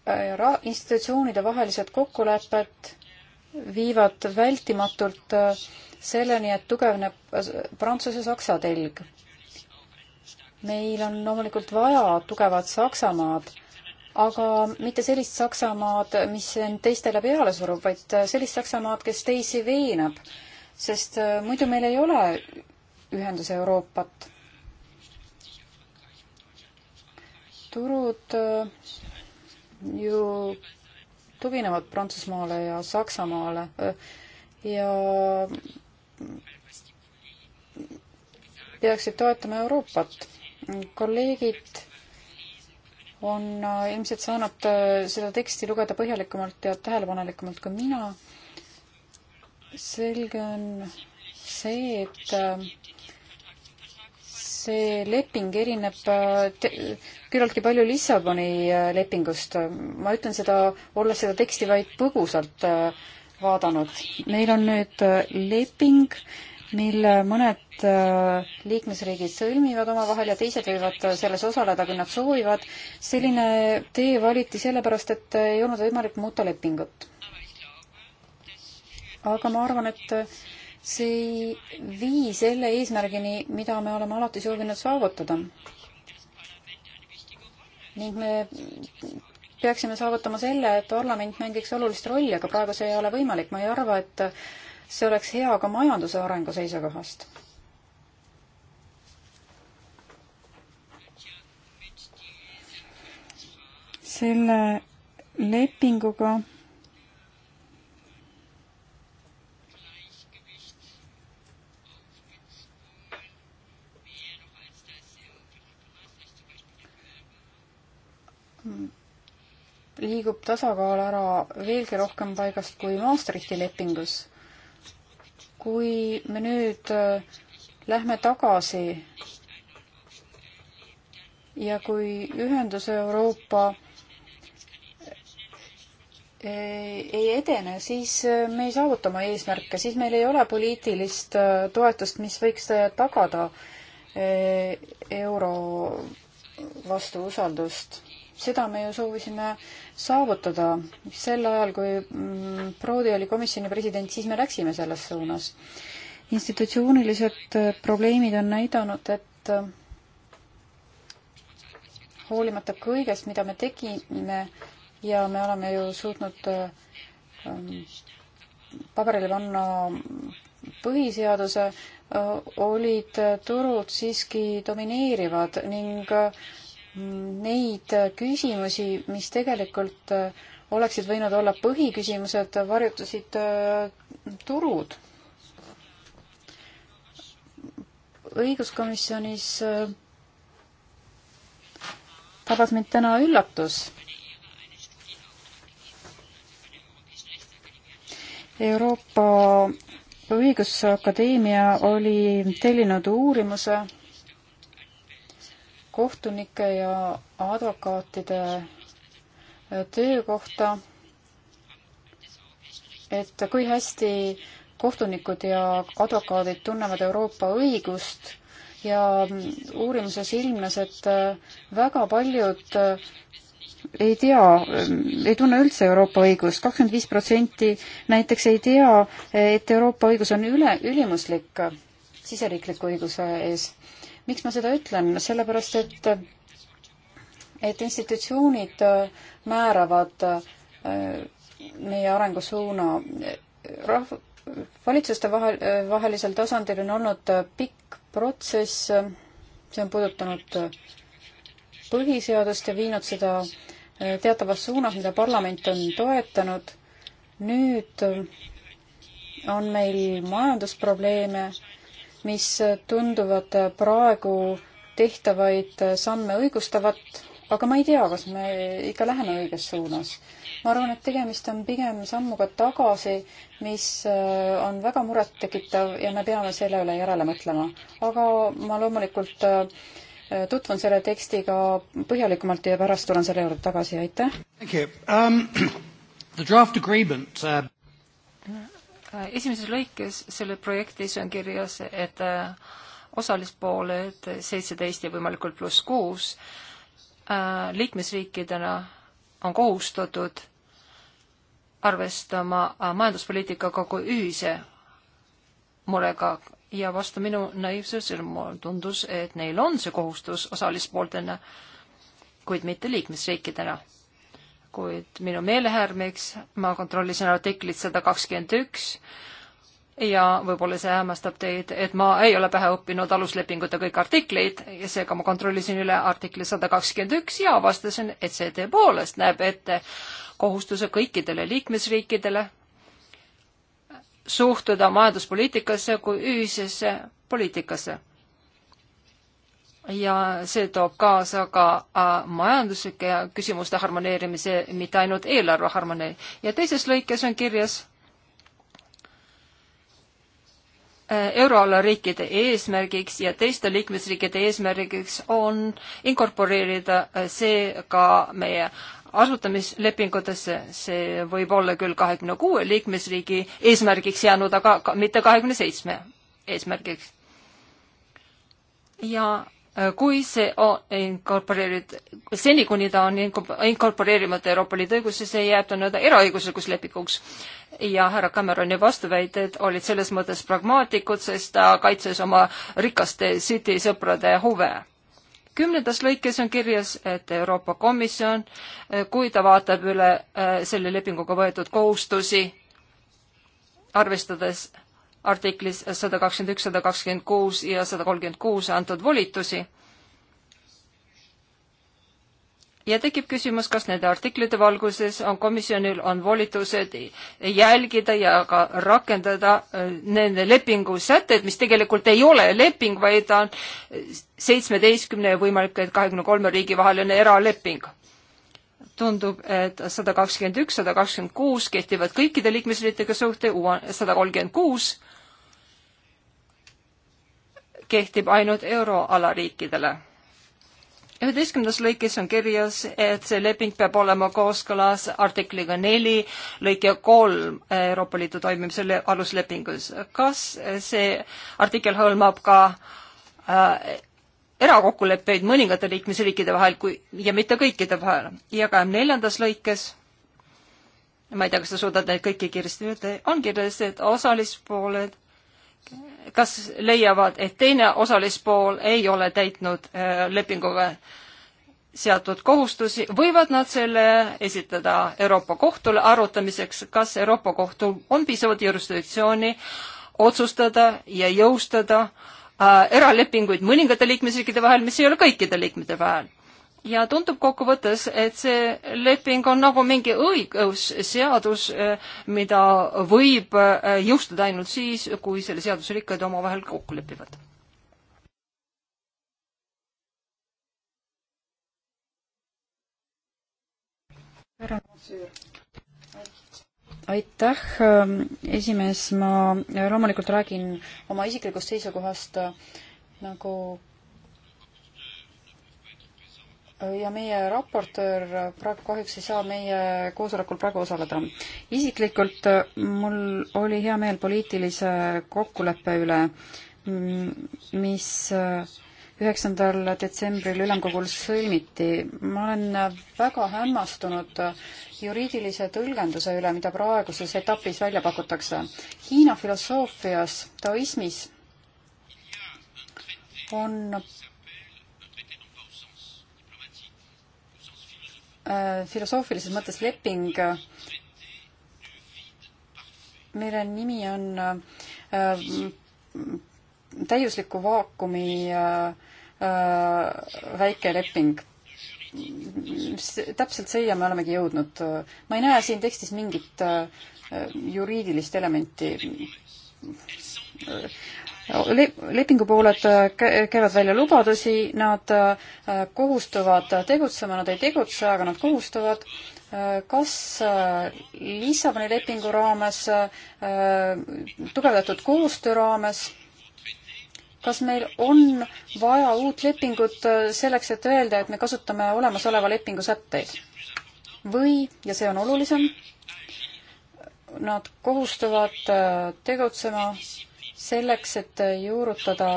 ra-, institutsioonide vahelised kokkulepped viivad vältimatult äh, selleni, et tugevneb äh, Prantsuse-Saksa telg. meil on loomulikult vaja tugevat Saksamaad, aga mitte sellist Saksamaad, mis end teistele peale surub, vaid äh, sellist Saksamaad, kes teisi veenab. sest muidu meil ei ole ühenduse Euroopat. turud ju tuginevad Prantsusmaale ja Saksamaale ja peaksid toetama Euroopat. kolleegid on ilmselt saanud seda teksti lugeda põhjalikumalt ja tähelepanelikumalt kui mina. selge on see, et see leping erineb küllaltki palju Lissaboni äh, lepingust. ma ütlen seda, olles seda teksti vaid põgusalt äh, vaadanud. meil on nüüd äh, leping, mille mõned liikmesriigid sõlmivad omavahel ja teised võivad selles osaleda, kui nad soovivad. selline tee valiti sellepärast, et ei olnud võimalik muuta lepingut. aga ma arvan, et see ei vii selle eesmärgini, mida me oleme alati soovinud saavutada ning me peaksime saavutama selle, et parlament mängiks olulist rolli, aga praegu see ei ole võimalik. ma ei arva, et see oleks hea ka majanduse arengu seisukohast. selle lepinguga liigub tasakaal ära veelgi rohkem paigast kui Maastrichti lepingus. kui me nüüd äh, lähme tagasi ja kui ühenduse Euroopa äh, ei edene, siis äh, me ei saavuta oma eesmärke, siis meil ei ole poliitilist toetust, mis võiks tagada euro vastu usaldust seda me ju soovisime saavutada. sel ajal, kui mm, Prodi oli komisjoni president, siis me läksime selles suunas. institutsioonilised äh, probleemid on näidanud, et äh, hoolimata kõigest, mida me tegime ja me oleme ju suutnud äh, ähm, paberile panna põhiseaduse, olid turud siiski domineerivad ning äh, neid küsimusi, mis tegelikult äh, oleksid võinud olla põhiküsimused, varjutasid äh, turud. õiguskomisjonis äh, tabas mind täna üllatus. Euroopa Õigusakadeemia oli tellinud uurimuse kohtunike ja advokaatide äh, töökohta, et kui hästi kohtunikud ja advokaadid tunnevad Euroopa õigust ja mm, uurimuses ilmnes, et äh, väga paljud äh, ei tea, mm, ei tunne üldse Euroopa õigust, kakskümmend viis protsenti näiteks ei tea, et Euroopa õigus on üle, ülimuslik siseriikliku õiguse ees miks ma seda ütlen, sellepärast et, et institutsioonid äh, määravad äh, meie arengusuuna. rahv-, valitsuste vahel, äh, vahelisel tasandil on olnud pikk protsess, see on puudutanud põhiseadust ja viinud seda teatavas suunas, mida parlament on toetanud. nüüd on meil majandusprobleeme mis tunduvad praegu tehtavaid samme õigustavat, aga ma ei tea, kas me ikka läheme õiges suunas. ma arvan, et tegemist on pigem sammuga tagasi, mis äh, on väga murettekitav ja me peame selle üle järele mõtlema. aga ma loomulikult äh, tutvun selle tekstiga põhjalikumalt ja pärast tulen selle juurde tagasi, aitäh! Um, the draft agreement uh Äh, esimeses lõikes selle projektis on kirjas, et äh, osalispooled seitseteist ja võimalikult pluss kuus äh, liikmesriikidena on kohustatud arvestama majanduspoliitikaga kui ühise murega ja vastu minu naiivsusele mulle tundus, et neil on see kohustus osalispooltena, kuid mitte liikmesriikidena kuid minu meelehärmiks ma kontrollisin artiklit sada kakskümmend üks ja võib-olla see hämmastab teid, et ma ei ole pähe õppinud aluslepingute kõiki artikleid ja seega ma kontrollisin üle artikli sada kakskümmend üks ja avastasin, et see tõepoolest näeb ette kohustuse kõikidele liikmesriikidele suhtuda majanduspoliitikasse kui ühisesse poliitikasse ja see toob kaasa ka äh, majanduslike küsimuste harmoneerimise, mitte ainult eelarve harmoneerimine. ja teises lõikes on kirjas äh, euroala riikide eesmärgiks ja teiste liikmesriikide eesmärgiks on inkorporeerida äh, see ka meie asutamislepingutesse, see võib olla küll kahekümne kuue liikmesriigi eesmärgiks jäänud, aga ka, mitte kahekümne seitsme eesmärgiks. ja kui see on inkorporeeritud, seni kuni ta on inkorporeerimata Euroopa Liidu õigusesse, jääb ta nii-öelda eraõiguslikuks lepinguks. ja härra Cameroni vastuväited olid selles mõttes pragmaatikud, sest ta kaitses oma rikaste City sõprade huve kümnendas lõikes on kirjas, et Euroopa Komisjon, kui ta vaatab üle äh, selle lepinguga võetud kohustusi, arvestades artiklis sada kakskümmend üks, sada kakskümmend kuus ja sada kolmkümmend kuus antud volitusi. ja tekib küsimus, kas nende artiklite valguses on komisjonil on volitused jälgida ja ka rakendada äh, nende lepingu sätteid, mis tegelikult ei ole leping, vaid on seitsmeteistkümne ja võimalik, et kahekümne kolme riigi vaheline eraleping tundub, et sada kakskümmend üks, sada kakskümmend kuus kehtivad kõikide liikmesriikidega suhte, sada kolmkümmend kuus kehtib ainult euroala riikidele. üheteistkümnendas lõikes on kirjas, et see leping peab olema kooskõlas artikliga neli, lõike kolm Euroopa Liidu toimimise aluslepingus. kas see artikkel hõlmab ka äh, erakokkuleppeid mõningate liikmesriikide vahel kui, ja mitte kõikide vahel. ja ka neljandas lõikes, ma ei tea, kas te suudate neid kõiki kiiresti öelda, on kirjas, et osalispooled kas leiavad, et teine osalispool ei ole täitnud äh, lepinguga seatud kohustusi, võivad nad selle esitada Euroopa Kohtule arutamiseks, kas Euroopa Kohtul on piisavalt jurisdiktsiooni otsustada ja jõustada äh, Äh, eralepinguid mõningate liikmesriikide vahel, mis ei ole kõikide liikmete vahel. ja tundub kokkuvõttes, et see leping on nagu mingi õigusseadus, äh, mida võib äh, jõustada ainult siis, kui selle seaduse rikkad omavahel kokku lepivad härra Maasöör aitäh, ähm, esimees, ma loomulikult räägin oma isiklikust seisukohast äh, nagu äh, ja meie raportöör äh, praegu kahjuks ei saa meie koosolekul praegu osaleda. isiklikult mul oli hea meel poliitilise kokkuleppe üle, mis äh, üheksandal detsembril ülemkogul sõlmiti. ma olen väga hämmastunud juriidilise tõlgenduse üle, mida praeguses etapis välja pakutakse. Hiina filosoofias, taoismis on äh, filosoofilises mõttes leping, mille nimi on äh, täiusliku vaakumi äh, Äh, väike leping. täpselt siia me olemegi jõudnud. ma ei näe siin tekstis mingit äh, juriidilist elementi äh, lepingupooled käivad välja lubadusi, nad kohustuvad tegutsema, nad ei tegutse, aga nad kohustuvad. kas Lissaboni lepingu raames, tugevdatud koostöö raames kas meil on vaja uut lepingut äh, selleks, et öelda, et me kasutame olemasoleva lepingu sätteid? või, ja see on olulisem, nad kohustuvad äh, tegutsema selleks, et juurutada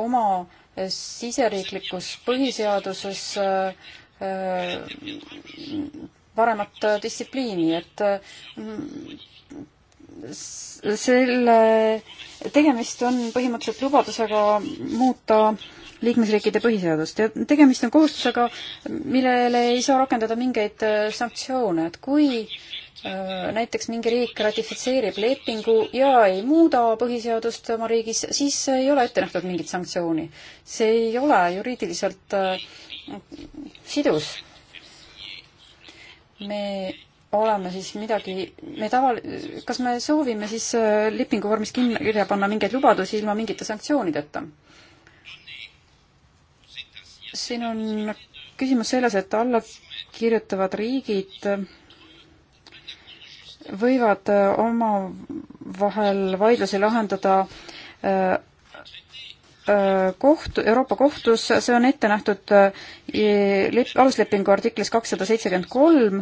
oma äh, siseriiklikus põhiseaduses paremat distsipliini, et selle, tegemist on põhimõtteliselt lubadusega muuta liikmesriikide põhiseadust ja tegemist on kohustusega, millele ei saa rakendada mingeid äh, sanktsioone, et kui äh, näiteks mingi riik ratifitseerib lepingu ja ei muuda põhiseadust oma riigis, siis ei ole ette nähtud mingit sanktsiooni. see ei ole juriidiliselt äh, sidus. me oleme siis midagi, me taval-, kas me soovime siis äh, lepingu vormis kirja panna mingeid lubadusi ilma mingite sanktsioonideta? siin on küsimus selles, et alla kirjutavad riigid võivad äh, omavahel vaidlusi lahendada äh, kohtu, Euroopa kohtus, see on ette nähtud aluslepingu artiklis kakssada seitsekümmend kolm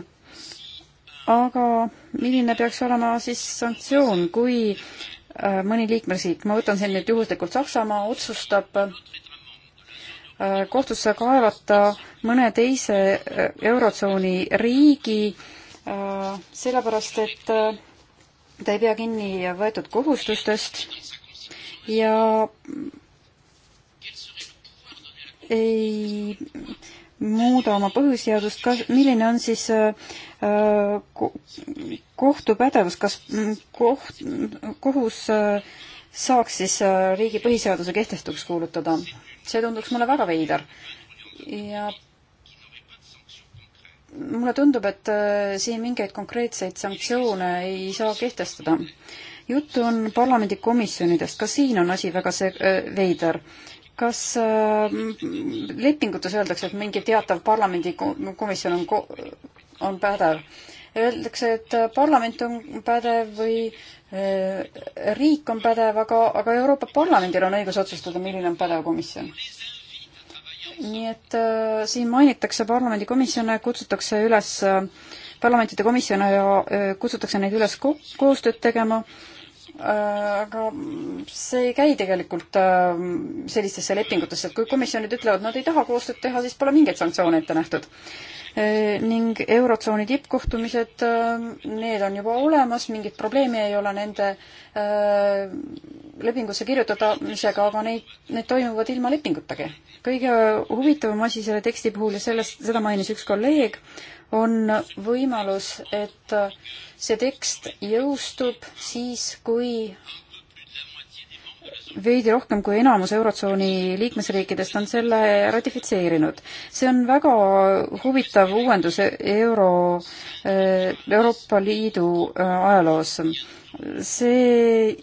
aga milline peaks olema siis sanktsioon, kui äh, mõni liikmesriik, ma võtan siin nüüd juhuslikult Saksamaa, otsustab äh, kohtusse kaevata mõne teise äh, Eurotsooni riigi, sellepärast et ta ei pea kinni võetud kohustustest ja ei muuda oma põhiseadust, kas, milline on siis äh, äh, kohtu pädevus, kas mm, koht, kohus äh, saaks siis riigi põhiseaduse kehtestuks kuulutada? see tunduks mulle väga veider. ja mulle tundub, et siin mingeid konkreetseid sanktsioone ei saa kehtestada. juttu on parlamendikomisjonidest, ka siin on asi väga see, veider äh, kas äh, lepingutes öeldakse, et mingi teatav parlamendikomisjon on, on pädev? Öeldakse, et äh, parlament on pädev või äh, riik on pädev, aga, aga Euroopa Parlamendil on õigus otsustada, milline on pädev komisjon. nii et äh, siin mainitakse parlamendikomisjone, kutsutakse üles äh, parlamentide komisjone ja äh, kutsutakse neid üles ko koostööd tegema äh, Äh, aga see ei käi tegelikult äh, sellistesse lepingutesse, et kui komisjonid ütlevad, nad ei taha koostööd teha, siis pole mingeid sanktsioone ette nähtud. Äh, ning Eurotsooni tippkohtumised, need on juba olemas, mingit probleemi ei ole nende lepingusse kirjutamisega, aga neid, need toimuvad ilma lepingutagi. kõige huvitavam asi selle teksti puhul ja sellest, seda mainis üks kolleeg, on võimalus, et see tekst jõustub siis, kui veidi rohkem kui enamus Eurotsooni liikmesriikidest on selle ratifitseerinud. see on väga huvitav uuendus e- Euro, äh, Euroopa Liidu äh, ajaloos. see,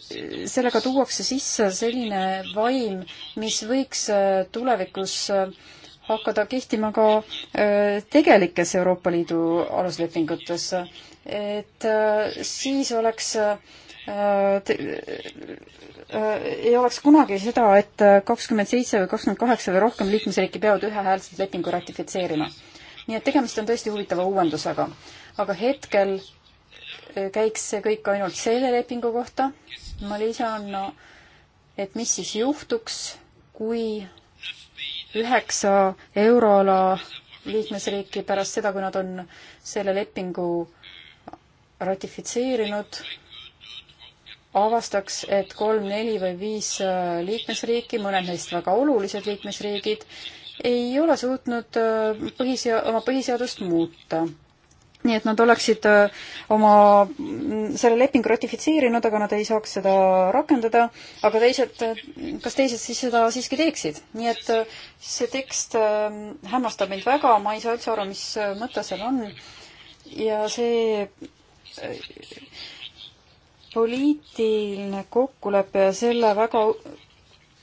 sellega tuuakse sisse selline vaim, mis võiks äh, tulevikus hakata kehtima ka tegelikes Euroopa Liidu aluslepingutes et äh, siis oleks äh, äh, ei oleks kunagi seda, et kakskümmend seitse või kakskümmend kaheksa või rohkem liikmesriiki peavad ühehäälselt lepingu ratifitseerima. nii et tegemist on tõesti huvitava uuendusega. aga hetkel käiks see kõik ainult selle lepingu kohta. ma lisan no,, et mis siis juhtuks, kui üheksa euroala liikmesriiki pärast seda, kui nad on selle lepingu ratifitseerinud, avastaks, et kolm, neli või viis äh, liikmesriiki, mõned neist väga olulised liikmesriigid, ei ole suutnud äh, põhisea-, oma põhiseadust muuta. nii et nad oleksid äh, oma mm, selle lepingu ratifitseerinud, aga nad ei saaks seda rakendada, aga teised, kas teised siis seda siiski teeksid? nii et see tekst hämmastab mind väga, ma ei saa üldse aru, mis mõte seal on ja see poliitiline kokkulepe ja selle väga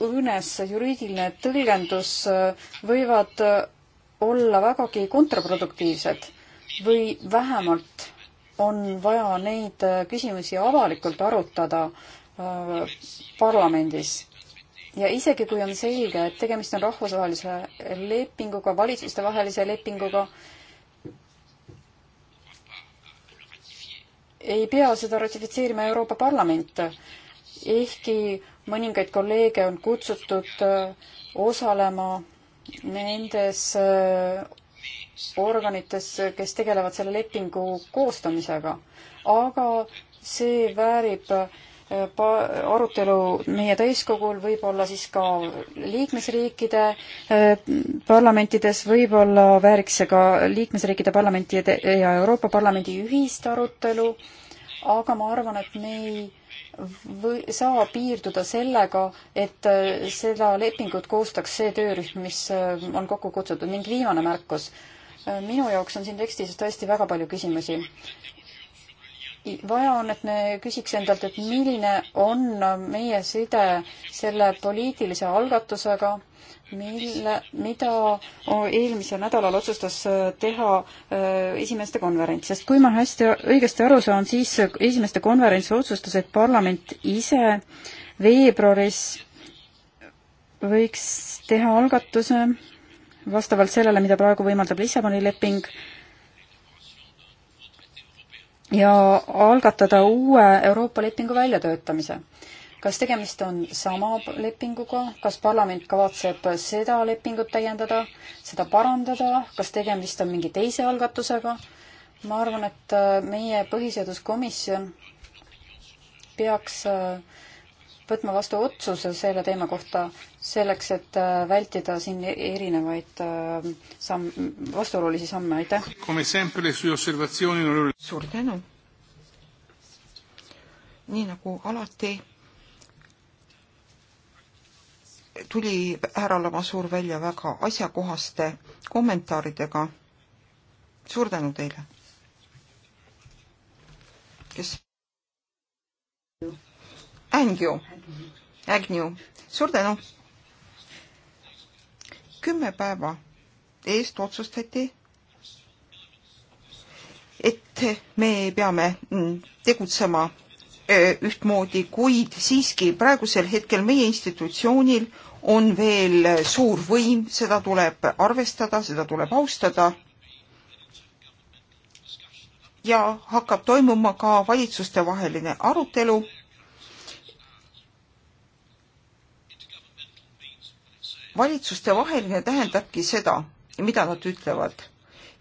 õõnes juriidiline tõlgendus äh, võivad äh, olla vägagi kontraproduktiivsed või vähemalt on vaja neid äh, küsimusi avalikult arutada parlamendis. ja isegi, kui on selge, et tegemist on rahvusvahelise lepinguga, valitsustevahelise lepinguga, ei pea seda ratifitseerima Euroopa Parlament, ehkki mõningaid kolleege on kutsutud äh, osalema nendes äh, organites, kes tegelevad selle lepingu koostamisega. aga see väärib äh, arutelu meie täiskogul, võib-olla siis ka liikmesriikide äh, parlamentides, võib-olla vääriks see ka liikmesriikide parlamenti ja Euroopa Parlamendi ühist arutelu, aga ma arvan, et me ei või saa piirduda sellega, et äh, seda lepingut koostaks see töörühm, mis äh, on kokku kutsutud ning viimane märkus. minu jaoks on siin tekstis tõesti väga palju küsimusi vaja on, et me küsiks endalt, et milline on meie side selle poliitilise algatusega, mille, mida eelmisel nädalal otsustas äh, teha äh, esimeste konverents, sest kui ma hästi õigesti aru saan, siis esimeste konverents otsustas, et parlament ise veebruaris võiks teha algatuse vastavalt sellele, mida praegu võimaldab Lissaboni leping ja algatada uue Euroopa lepingu väljatöötamise. kas tegemist on sama lepinguga, kas parlament kavatseb seda lepingut täiendada, seda parandada, kas tegemist on mingi teise algatusega? ma arvan, et meie põhiseaduskomisjon peaks äh, võtma vastu otsuse selle teema kohta selleks, et äh, vältida siin e-, erinevaid äh, samm, vastuolulisi samme, aitäh! suur tänu! nii nagu alati tuli härra Lamasuur välja väga asjakohaste kommentaaridega. suur tänu teile! kes? Thank you! Agnew, suur tänu! kümme päeva eest otsustati, et me peame mm, tegutsema ühtmoodi, kuid siiski praegusel hetkel meie institutsioonil on veel suur võim, seda tuleb arvestada, seda tuleb austada. ja hakkab toimuma ka valitsustevaheline arutelu valitsuste vaheline tähendabki seda, mida nad ütlevad.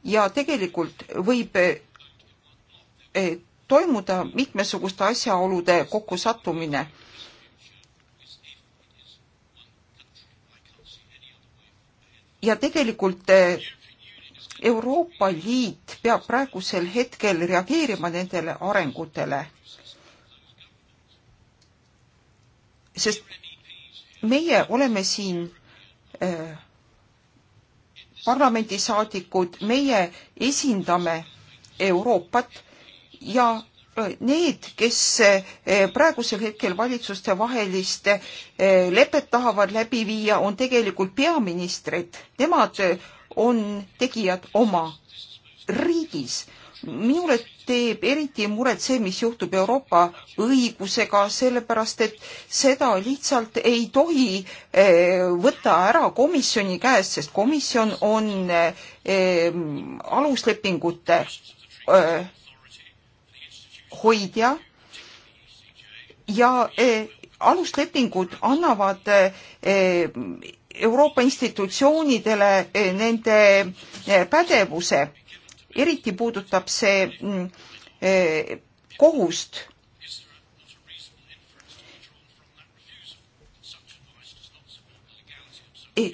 ja tegelikult võib eh, toimuda mitmesuguste asjaolude kokkusattumine ja tegelikult eh, Euroopa Liit peab praegusel hetkel reageerima nendele arengutele. sest meie oleme siin Äh, parlamendisaadikud, meie esindame Euroopat ja äh, need, kes äh, praegusel hetkel valitsuste vahelist lepet tahavad läbi viia, on tegelikult peaministrid. Nemad on tegijad oma riigis. minule teeb eriti muret see, mis juhtub Euroopa õigusega, sellepärast et seda lihtsalt ei tohi eh, võtta ära komisjoni käest, sest komisjon on eh, aluslepingute eh, hoidja ja aluslepingud annavad Euroopa institutsioonidele nende pädevuse eriti puudutab see mm, eh, kohust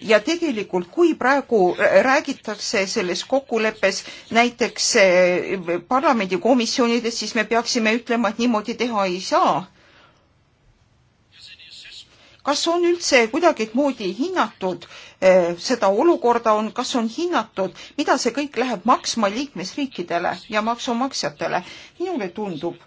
ja tegelikult, kui praegu räägitakse selles kokkuleppes näiteks eh, parlamendikomisjonides, siis me peaksime ütlema, et niimoodi teha ei saa kas on üldse kuidagimoodi hinnatud eh, seda olukorda on, kas on hinnatud, mida see kõik läheb maksma liikmesriikidele ja maksumaksjatele? minule tundub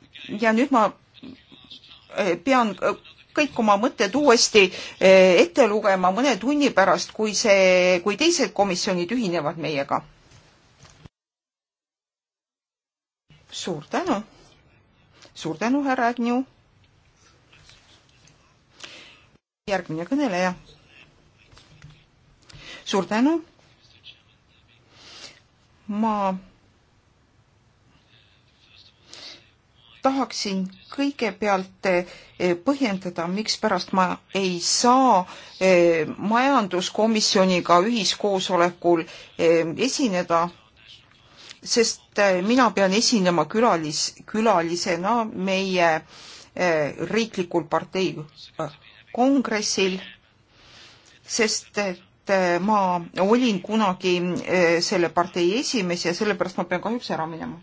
ja nüüd ma eh, pean eh, kõik oma mõtted uuesti ette lugema mõne tunni pärast, kui see, kui teised komisjonid ühinevad meiega. suur tänu, suur tänu, härra Agniu järgmine kõneleja. suur tänu. ma tahaksin kõigepealt eh, põhjendada, mikspärast ma ei saa eh, majanduskomisjoniga ühiskoosolekul eh, esineda, sest mina pean esinema külalis, külalisena meie riiklikul partei kongressil, sest et äh, ma olin kunagi äh, selle partei esimees ja sellepärast ma pean kahjuks ära minema.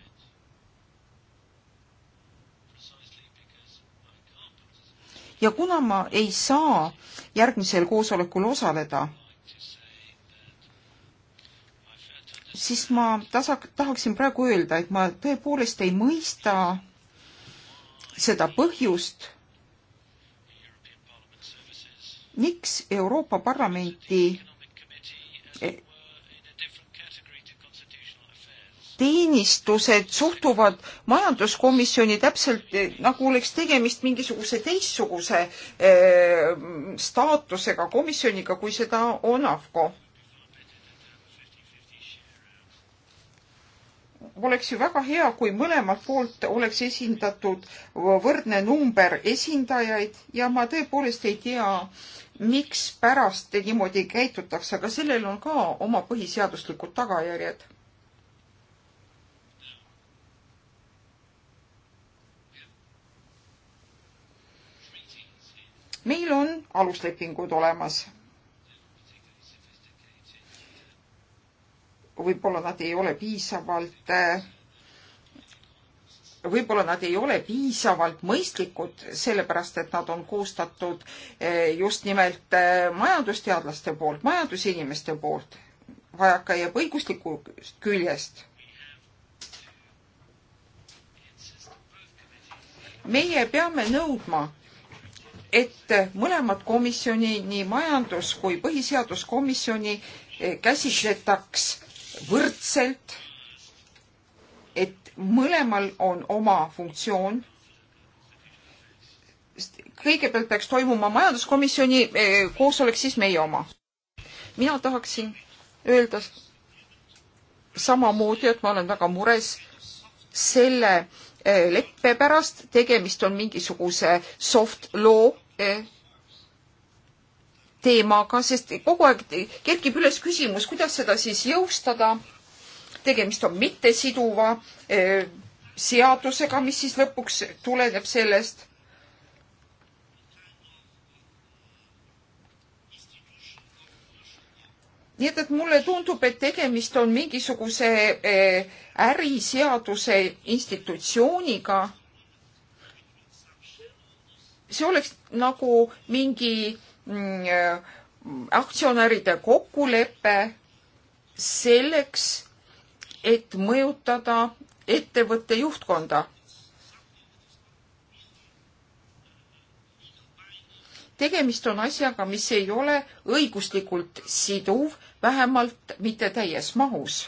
ja kuna ma ei saa järgmisel koosolekul osaleda, siis ma tasa, tahaksin praegu öelda, et ma tõepoolest ei mõista seda põhjust, miks Euroopa Parlamenti teenistused suhtuvad majanduskomisjoni täpselt eh, nagu oleks tegemist mingisuguse teistsuguse äh, staatusega komisjoniga, kui seda on AFCO. oleks ju väga hea, kui mõlemalt poolt oleks esindatud võrdne number esindajaid ja ma tõepoolest ei tea äh,, mikspärast niimoodi käitutakse, aga sellel on ka oma põhiseaduslikud tagajärjed. meil on aluslepingud olemas. võib-olla nad ei ole piisavalt äh, võib-olla nad ei ole piisavalt mõistlikud, sellepärast et nad on koostatud eh, just nimelt eh, majandusteadlaste poolt, majandusinimeste poolt, vajaka jääb õigusliku küljest. meie peame nõudma, et mõlemad komisjoni, nii majandus kui põhiseaduskomisjoni eh, käsitletaks võrdselt et mõlemal on oma funktsioon. kõigepealt peaks toimuma majanduskomisjoni eh, koosolek, siis meie oma. mina tahaksin öelda samamoodi, et ma olen väga mures selle eh, leppe pärast, tegemist on mingisuguse soft law eh, teemaga, sest kogu aeg kerkib üles küsimus, kuidas seda siis jõustada tegemist on mittesiduva eh, seadusega, mis siis lõpuks tuleneb sellest. nii et, et mulle tundub, et tegemist on mingisuguse eh, äriseaduse institutsiooniga. see oleks nagu mingi mm, eh, aktsionäride kokkulepe selleks, et mõjutada ettevõtte juhtkonda. tegemist on asjaga, mis ei ole õiguslikult siduv, vähemalt mitte täies mahus.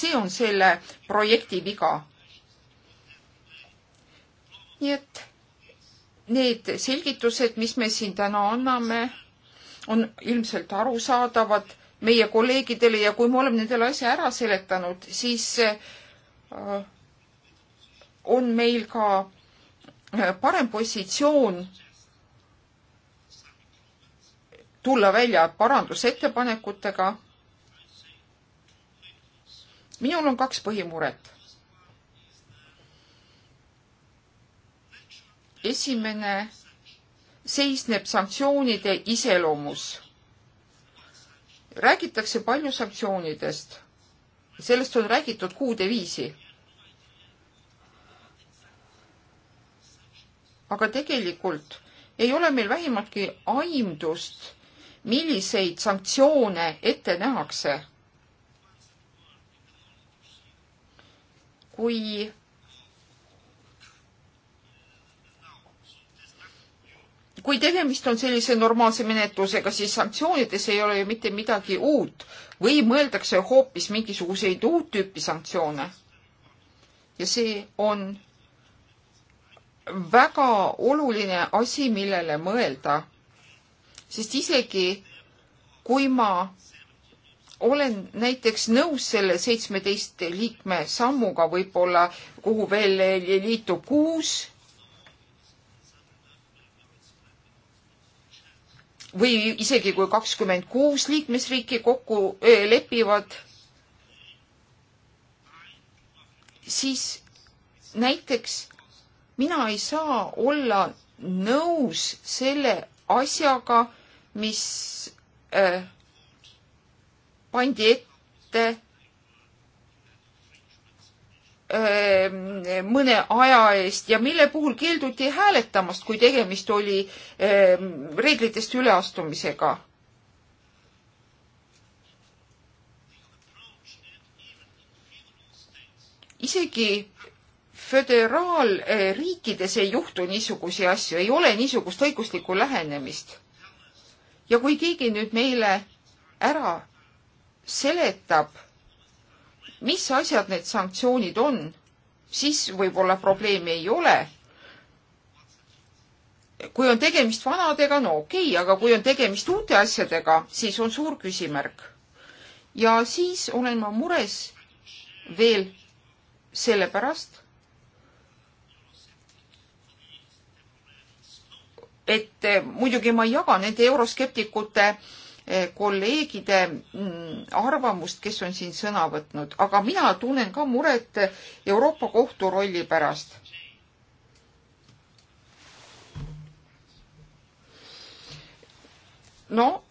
see on selle projekti viga. nii et need selgitused, mis me siin täna anname, on ilmselt arusaadavad meie kolleegidele ja kui me oleme nendele asja ära seletanud, siis äh, on meil ka äh, parem positsioon tulla välja parandusettepanekutega. minul on kaks põhimuret. esimene seisneb sanktsioonide iseloomus räägitakse palju sanktsioonidest. sellest on räägitud kuude viisi. aga tegelikult ei ole meil vähimatki aimdust, milliseid sanktsioone ette nähakse. kui kui tegemist on sellise normaalse menetlusega, siis sanktsioonides ei ole ju mitte midagi uut või mõeldakse hoopis mingisuguseid uut tüüpi sanktsioone. ja see on väga oluline asi, millele mõelda. sest isegi kui ma olen näiteks nõus selle seitsmeteist liikme sammuga võib-olla, kuhu veel liitub kuus või isegi kui kakskümmend kuus liikmesriiki kokku lepivad, siis näiteks mina ei saa olla nõus selle asjaga, mis äh, pandi ette Ähm, mõne aja eest ja mille puhul keelduti hääletamast, kui tegemist oli ähm, reeglitest üleastumisega. isegi föderaalriikides äh, ei juhtu niisuguseid asju, ei ole niisugust õiguslikku lähenemist. ja kui keegi nüüd meile ära seletab mis asjad need sanktsioonid on, siis võib-olla probleemi ei ole. kui on tegemist vanadega, no okei okay,, aga kui on tegemist uute asjadega, siis on suur küsimärk. ja siis olen ma mures veel sellepärast, et muidugi ma ei jaga nende euroskeptikute äh, Eh, kolleegide mm, arvamust, kes on siin sõna võtnud, aga mina tunnen ka muret Euroopa Kohtu rolli pärast. no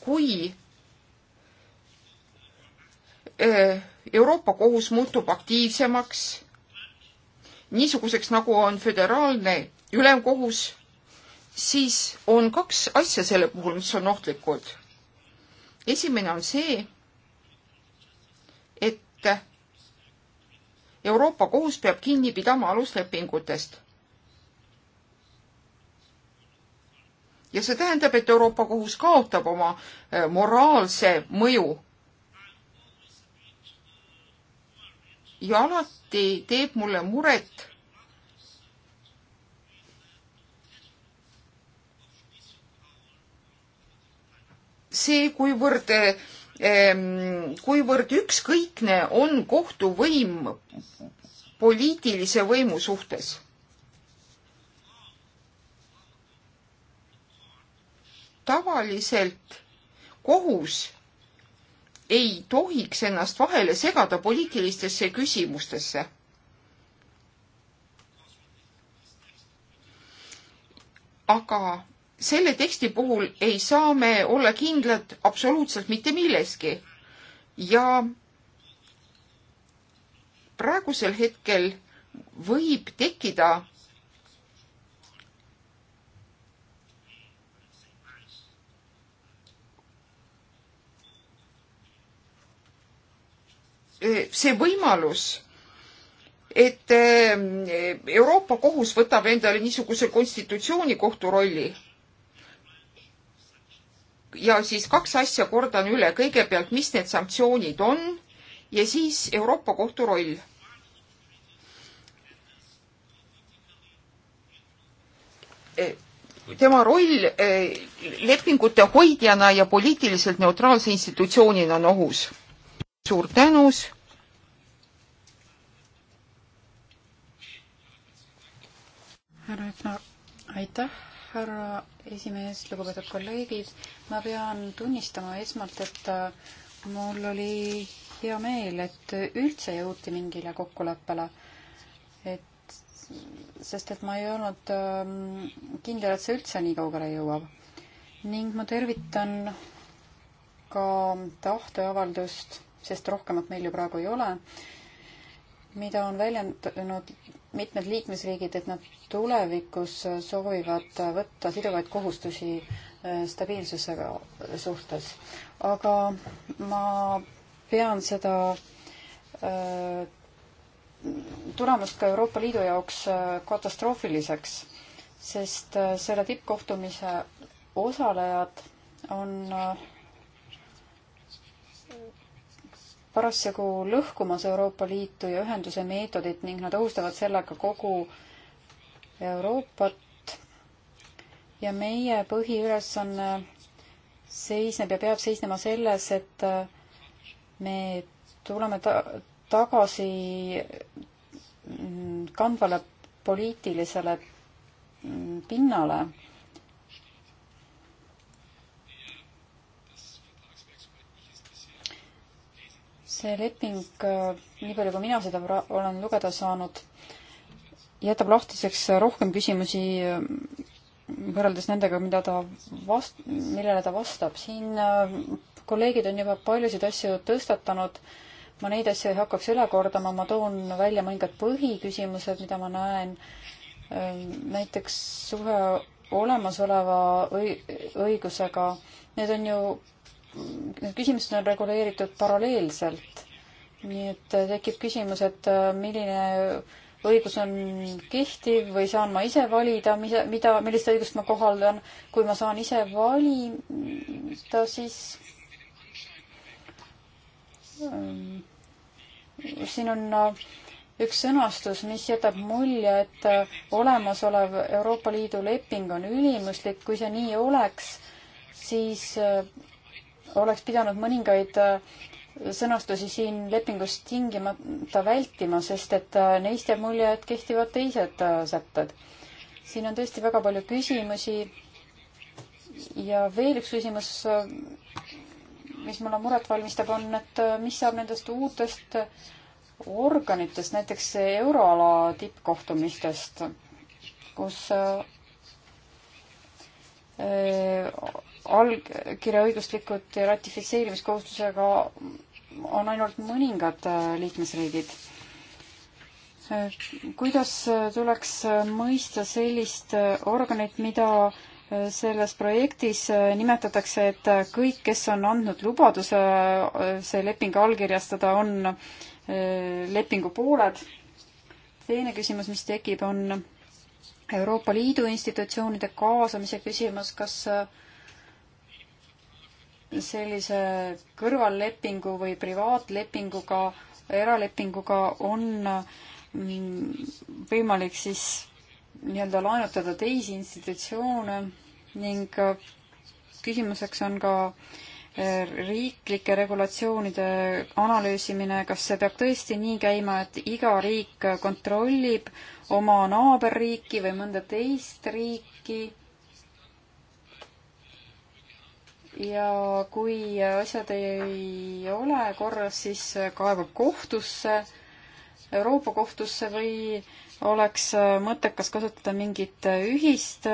kui eh, Euroopa Kohus muutub aktiivsemaks, niisuguseks nagu on föderaalne ülemkohus siis on kaks asja selle puhul, mis on ohtlikud. esimene on see, et Euroopa Kohus peab kinni pidama aluslepingutest. ja see tähendab, et Euroopa Kohus kaotab oma äh, moraalse mõju. ja alati teeb mulle muret see, kuivõrd ehm, kuivõrd ükskõikne on kohtuvõim poliitilise võimu suhtes tavaliselt kohus ei tohiks ennast vahele segada poliitilistesse küsimustesse. aga selle teksti puhul ei saa me olla kindlad absoluutselt mitte milleski. ja praegusel hetkel võib tekkida see võimalus, et eh, Euroopa Kohus võtab endale niisuguse konstitutsioonikohtu rolli ja siis kaks asja kordan üle. kõigepealt, mis need sanktsioonid on ja siis Euroopa Kohtu roll. E, tema roll e, lepingute hoidjana ja poliitiliselt neutraalse institutsioonina on ohus. suur tänus. härra Etna, aitäh härra esimees, lugupeetud kolleegid. ma pean tunnistama esmalt, et äh, mul oli hea meel, et üldse jõuti mingile kokkuleppele. et, sest et ma ei olnud ähm, kindel, et see üldse nii kaugele jõuab. ning ma tervitan ka tahteavaldust, sest rohkemat meil ju praegu ei ole, mida on väljendanud mitmed liikmesriigid, et nad tulevikus soovivad võtta siduvaid kohustusi äh, stabiilsuse suhtes. aga ma pean seda äh, tulemust ka Euroopa Liidu jaoks äh, katastroofiliseks, sest selle tippkohtumise osalejad on parasjagu lõhkumas Euroopa Liitu ja ühenduse meetodit ning nad ohustavad sellega kogu Euroopat. ja meie põhiülesanne seisneb ja peab seisnema selles, et me tuleme ta tagasi kandvale poliitilisele pinnale see leping, äh, nii palju kui mina seda olen lugeda saanud, jätab lahtiseks rohkem küsimusi äh, võrreldes nendega, mida ta vast-, millele ta vastab. siin äh, kolleegid on juba paljusid asju tõstatanud, ma neid asju ei hakkaks üle kordama, ma toon välja mõningad põhiküsimused, mida ma näen, näiteks suhe olemasoleva õigusega, need on ju need küsimused on reguleeritud paralleelselt. nii et äh, tekib küsimus, et äh, milline õigus on kehtiv või saan ma ise valida, mida, mida, millist õigust ma kohaldan. kui ma saan ise valida, siis ähm, siin on äh, üks sõnastus, mis jätab mulje, et olemasolev Euroopa Liidu leping on ülimuslik. kui see nii oleks, siis oleks pidanud mõningaid äh, sõnastusi siin lepingus tingimata vältima, sest et äh, neist jääb mulje, et kehtivad teised äh, sätted. siin on tõesti väga palju küsimusi. ja veel üks küsimus, mis mulle muret valmistab, on, et mis saab nendest uutest organitest, näiteks euroala tippkohtumistest, kus allkirjaõiguslikud ja ratifitseerimiskohustusega on ainult mõningad äh, liikmesriigid. kuidas tuleks mõista sellist äh, organit, mida äh, selles projektis nimetatakse, et kõik, kes on andnud lubaduse see leping allkirjastada, on lepingu pooled. teine küsimus, mis tekib, on Euroopa Liidu institutsioonide kaasamise küsimus, kas äh, sellise kõrvallepingu või privaatlepinguga, eralepinguga on mm, võimalik siis nii-öelda laenutada teisi institutsioone ning äh, küsimuseks on ka äh, riiklike regulatsioonide analüüsimine, kas see peab tõesti nii käima, et iga riik kontrollib oma naaberriiki või mõnda teist riiki ja kui asjad ei ole korras, siis kaevab kohtusse, Euroopa kohtusse või oleks mõttekas kasutada mingit ühist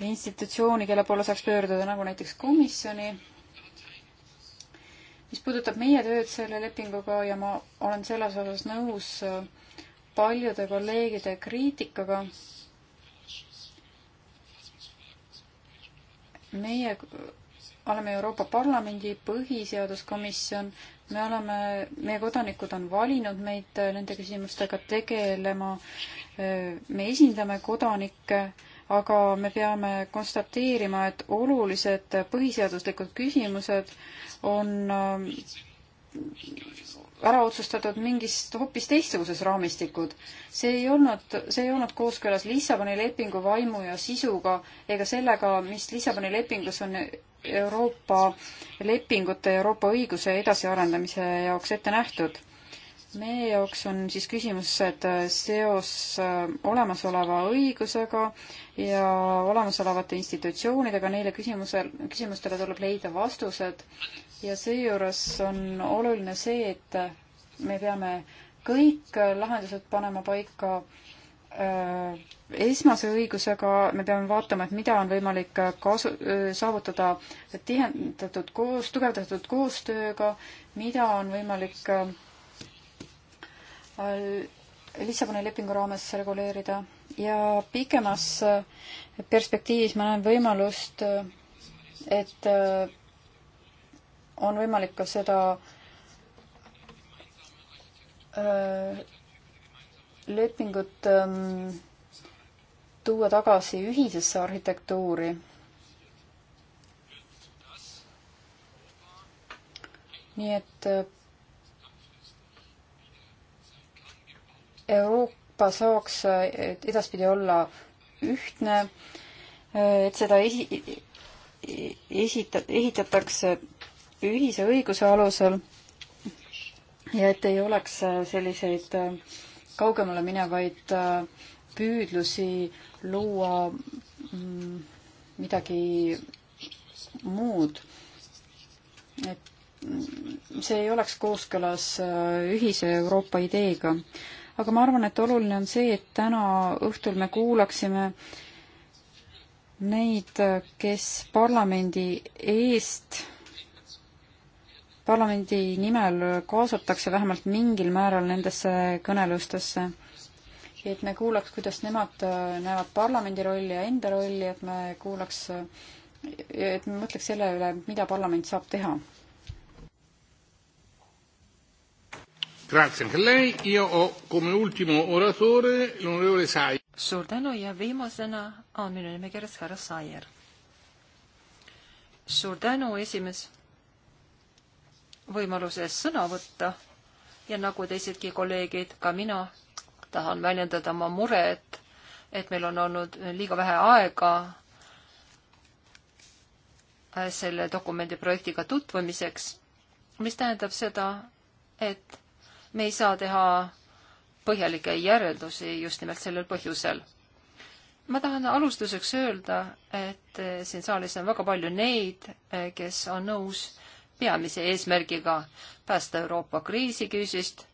institutsiooni, kelle poole saaks pöörduda, nagu näiteks komisjoni. mis puudutab meie tööd selle lepinguga ja ma olen selles osas nõus paljude kolleegide kriitikaga, meie oleme Euroopa Parlamendi põhiseaduskomisjon, me oleme, meie kodanikud on valinud meid äh, nende küsimustega tegelema, äh, me esindame kodanikke, aga me peame konstateerima, et olulised põhiseaduslikud küsimused on äh, ära otsustatud mingist hoopis teistsuguses raamistikud. see ei olnud, see ei olnud kooskõlas Lissaboni lepingu vaimu ja sisuga ega sellega, mis Lissaboni lepingus on Euroopa lepingute, Euroopa õiguse edasiarendamise jaoks ette nähtud. meie jaoks on siis küsimus, et seos äh, olemasoleva õigusega ja olemasolevate institutsioonidega, neile küsimusel, küsimustele tuleb leida vastused ja seejuures on oluline see, et me peame kõik lahendused panema paika äh, Äh, esmase õigusega me peame vaatama, et mida on võimalik äh, kasu, äh, saavutada tihendatud koos, tugevdatud koostööga, mida on võimalik Lissaboni lepingu raames reguleerida ja pikemas perspektiivis ma näen võimalust, et on võimalik ka seda lepingut ähm, tuua tagasi ühisesse arhitektuuri. nii et äh, Euroopa saaks äh, edaspidi olla ühtne, äh, et seda esi-, esita-, ehitatakse ühise õiguse alusel ja et ei oleks selliseid äh, kaugemale minevaid äh, püüdlusi luua mm, midagi muud. et mm, see ei oleks kooskõlas äh, ühise Euroopa ideega. aga ma arvan, et oluline on see, et täna õhtul me kuulaksime neid, äh, kes parlamendi eest parlamendi nimel kaasatakse vähemalt mingil määral nendesse kõnelustesse. et me kuulaks, kuidas nemad äh, näevad parlamendi rolli ja enda rolli, et me kuulaks, äh, et me mõtleks selle üle, mida parlament saab teha. suur tänu ja viimasena on minu nimekirjas härra Saier. suur tänu, esimees võimaluse eest sõna võtta ja nagu teisedki kolleegid, ka mina tahan väljendada oma muret, et meil on olnud liiga vähe aega selle dokumendi projektiga tutvumiseks, mis tähendab seda, et me ei saa teha põhjalikke järeldusi just nimelt sellel põhjusel. ma tahan alustuseks öelda, et siin saalis on väga palju neid, kes on nõus peamise eesmärgiga päästa Euroopa kriisiküüsist,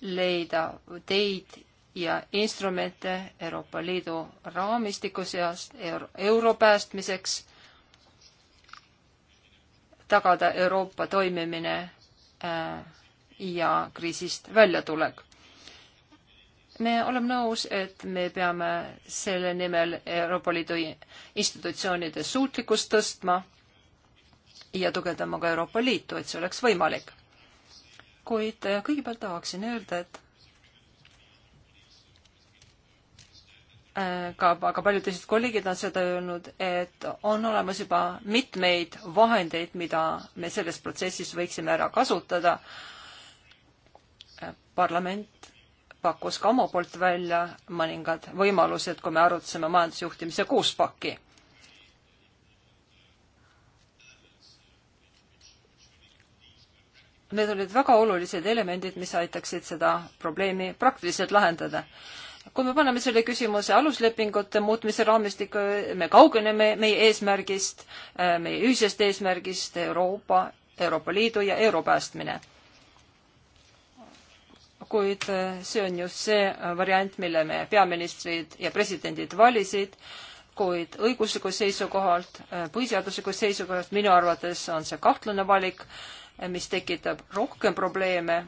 leida teid ja instrumente Euroopa Liidu raamistiku seast euro, euro päästmiseks, tagada Euroopa toimimine äh, ja kriisist väljatulek. me oleme nõus, et me peame selle nimel Euroopa Liidu institutsioonide suutlikkust tõstma ja tugevdama ka Euroopa Liitu, et see oleks võimalik. kuid äh, kõigepealt tahaksin öelda, et äh, ka väga paljud teised kolleegid on seda öelnud, et on olemas juba mitmeid vahendeid, mida me selles protsessis võiksime ära kasutada. Äh, parlament pakkus ka oma poolt välja mõningad võimalused, kui me arutasime majandusjuhtimise kuuspakki need olid väga olulised elemendid, mis aitaksid seda probleemi praktiliselt lahendada. kui me paneme selle küsimuse aluslepingute muutmise raamistikku, me kaugeneme meie eesmärgist, äh, meie ühisest eesmärgist Euroopa, Euroopa Liidu ja euro päästmine. kuid äh, see on just see äh, variant, mille me peaministrid ja presidendid valisid kuid õiguslikust seisukohalt, põhiseaduslikust seisukohast minu arvates on see kahtlane valik mis tekitab rohkem probleeme,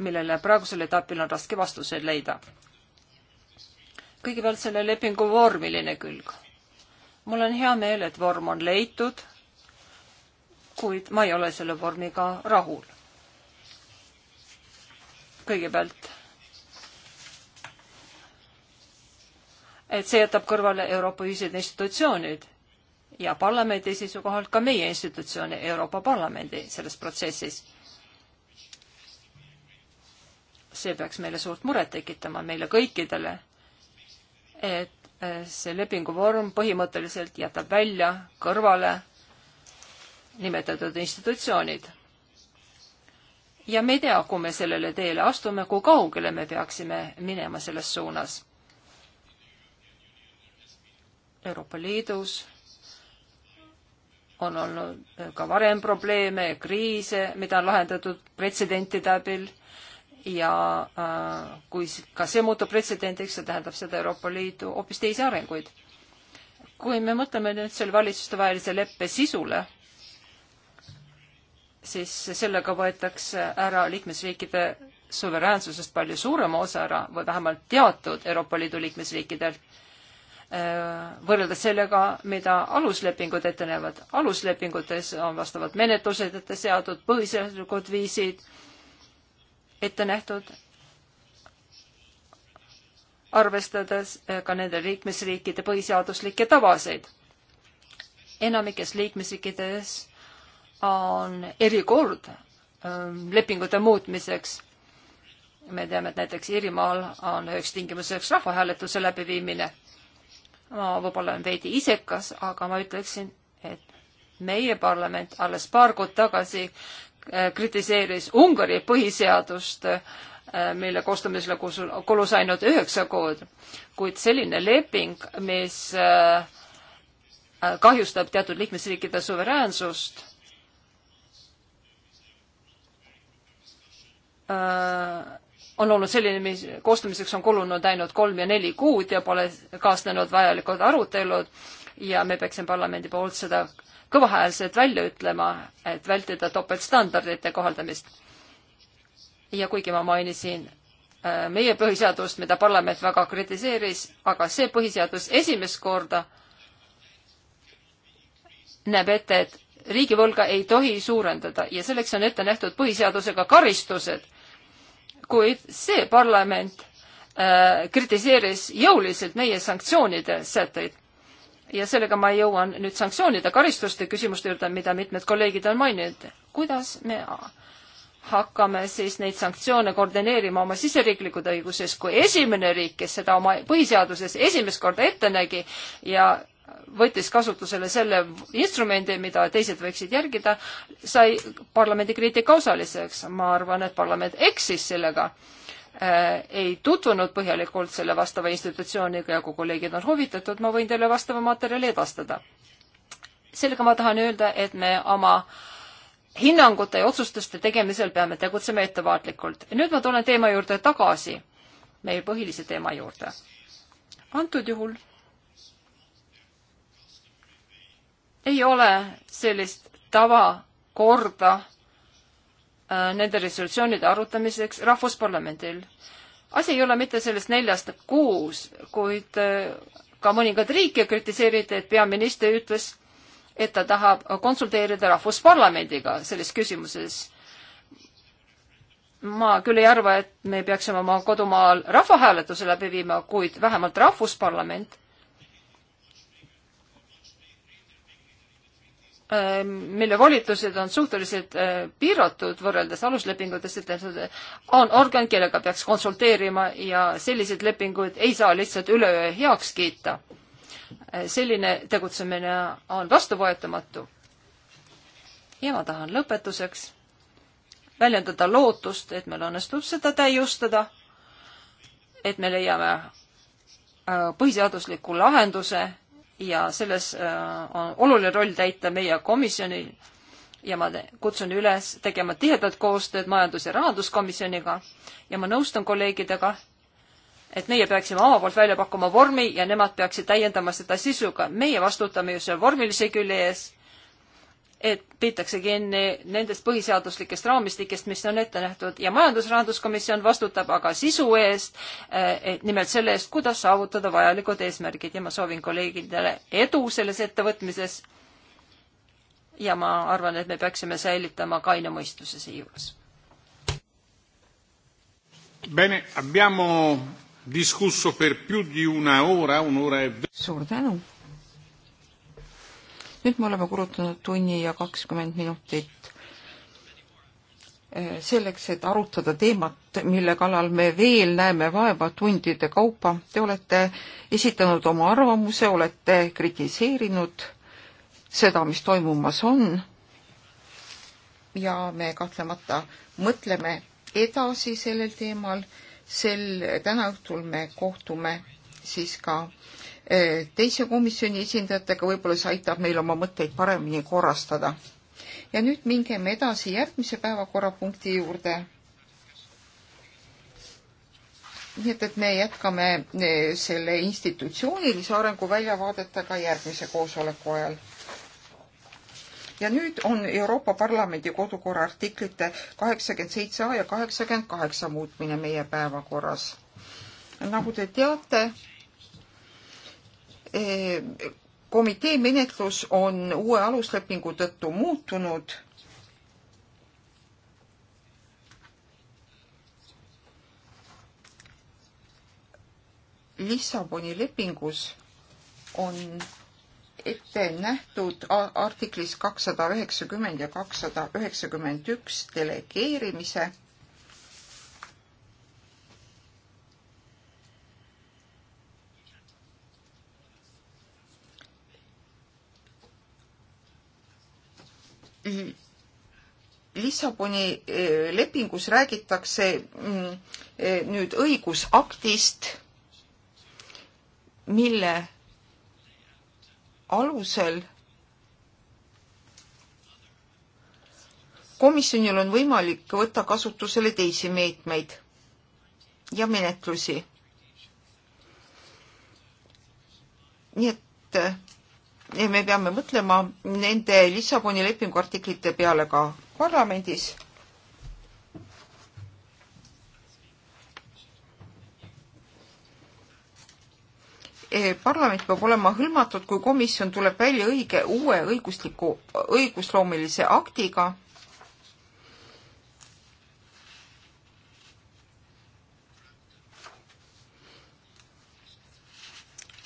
millele praegusel etapil on raske vastuseid leida. kõigepealt selle lepingu vormiline külg. mul on hea meel, et vorm on leitud, kuid ma ei ole selle vormiga rahul. kõigepealt et see jätab kõrvale Euroopa ühised institutsioonid ja parlamendi seisukohalt ka meie institutsiooni, Euroopa Parlamendi selles protsessis. see peaks meile suurt muret tekitama, meile kõikidele, et äh, see lepinguvorm põhimõtteliselt jätab välja kõrvale nimetatud institutsioonid ja me ei tea, kui me sellele teele astume, kui kaugele me peaksime minema selles suunas. Euroopa Liidus on olnud äh, ka varem probleeme ja kriise, mida on lahendatud pretsedentide abil ja äh, kui ka see muutub pretsedendiks, see tähendab seda Euroopa Liidu hoopis teisi arenguid. kui me mõtleme nüüd selle valitsustevahelise leppe sisule, siis sellega võetakse ära liikmesriikide suveräänsusest palju suurema osa ära või vähemalt teatud Euroopa Liidu liikmesriikidelt Äh, võrreldes sellega, mida aluslepingud ette näevad. aluslepingutes on vastavad menetlused ette seatud, põhiseaduslikud viisid ette nähtud, arvestades äh, ka nende liikmesriikide põhiseaduslikke tavasid. enamikes liikmesriikides on erikord ähm, lepingute muutmiseks me teame, et näiteks Iirimaal on üheks tingimuseks rahvahääletuse läbiviimine ma võib-olla olen veidi isekas, aga ma ütleksin, et meie parlament alles paar kuud tagasi äh, kritiseeris Ungari põhiseadust, äh, mille koostamisele kulus ainult üheksa kuud, kuid selline leping, mis äh, kahjustab teatud liikmesriikide suveräänsust, on olnud selline, mis koostamiseks on kulunud ainult kolm ja neli kuud ja pole kaasnenud vajalikud arutelud ja me peaksime parlamendi poolt seda kõvahäälselt välja ütlema, et vältida topeltstandardite kohaldamist. ja kuigi ma mainisin äh, meie põhiseadust, mida parlament väga kritiseeris, aga see põhiseadus esimest korda näeb ette, et riigivõlga ei tohi suurendada ja selleks on ette nähtud põhiseadusega karistused kuid see parlament äh, kritiseeris jõuliselt meie sanktsioonide sätteid. ja sellega ma jõuan nüüd sanktsioonide karistuste küsimuste juurde, mida mitmed kolleegid on maininud. kuidas me hakkame siis neid sanktsioone koordineerima oma siseriiklikud õiguses, kui esimene riik, kes seda oma põhiseaduses esimest korda ette nägi ja võttis kasutusele selle instrumendi, mida teised võiksid järgida, sai parlamendi kriitika osaliseks. ma arvan, et parlament eksis sellega äh,, ei tutvunud põhjalikult selle vastava institutsiooniga ja kui kolleegid on huvitatud, ma võin teile vastava materjali edastada. sellega ma tahan öelda, et me oma hinnangute ja otsustuste tegemisel peame tegutsema ettevaatlikult. nüüd ma tulen teema juurde tagasi, meie põhilise teema juurde. antud juhul ei ole sellist tavakorda äh, nende resolutsioonide arutamiseks Rahvusparlamendil. asi ei ole mitte sellest neljast kuus, kuid äh, ka mõningaid riike kritiseeriti, et peaminister ütles, et ta tahab konsulteerida Rahvusparlamendiga selles küsimuses. ma küll ei arva, et me peaksime oma kodumaal rahvahääletuse läbi viima, kuid vähemalt Rahvusparlament Ähm, mille volitused on suhteliselt äh, piiratud võrreldes aluslepingutesse, on organ, kellega peaks konsulteerima ja selliseid lepinguid ei saa lihtsalt üleöö heaks kiita. Äh, selline tegutsemine on vastuvõetamatu. ja ma tahan lõpetuseks väljendada lootust, et meil õnnestub seda täiustada, et me leiame äh, põhiseadusliku lahenduse ja selles äh, on oluline roll täita meie komisjonil ja ma kutsun üles tegema tihedat koostööd majandus- ja rahanduskomisjoniga ja ma nõustun kolleegidega, et meie peaksime oma poolt välja pakkuma vormi ja nemad peaksid täiendama seda sisuga. meie vastutame ju selle vormilise külje ees et peetakse kinni nendest põhiseaduslikest raamistikest, mis on ette nähtud ja majandus-rahanduskomisjon vastutab aga sisu eest, eh, nimelt selle eest, kuidas saavutada vajalikud eesmärgid ja ma soovin kolleegidele edu selles ettevõtmises. ja ma arvan, et me peaksime säilitama kaine mõistuse seejuures. Bene, abbiamo discusso per più di una ora, un'ora e. suur tänu nüüd me oleme kulutanud tunni ja kakskümmend minutit eh, selleks, et arutada teemat, mille kallal me veel näeme vaeva tundide kaupa. Te olete esitanud oma arvamuse, olete kritiseerinud seda, mis toimumas on. ja me kahtlemata mõtleme edasi sellel teemal. sel, täna õhtul me kohtume siis ka äh, Eh, teise komisjoni esindajatega, võib-olla see aitab meil oma mõtteid paremini korrastada. ja nüüd mingem edasi järgmise päevakorrapunkti juurde. nii et, et me jätkame eh, selle institutsioonilise arengu väljavaadetega järgmise koosoleku ajal. ja nüüd on Euroopa Parlamendi kodukorra artiklite kaheksakümmend seitse A ja kaheksakümmend kaheksa muutmine meie päevakorras. nagu te teate, komitee menetlus on uue aluslepingu tõttu muutunud. Lissaboni lepingus on ette nähtud artiklis kakssada üheksakümmend ja kakssada üheksakümmend üks delegeerimise Lissaboni eh, lepingus räägitakse mm, eh, nüüd õigusaktist, mille alusel komisjonil on võimalik võtta kasutusele teisi meetmeid ja menetlusi. nii et eh, me peame mõtlema nende Lissaboni lepingu artiklite peale ka parlamendis. E, parlament peab olema hõlmatud, kui komisjon tuleb välja õige uue õigusliku, õigusloomelise aktiga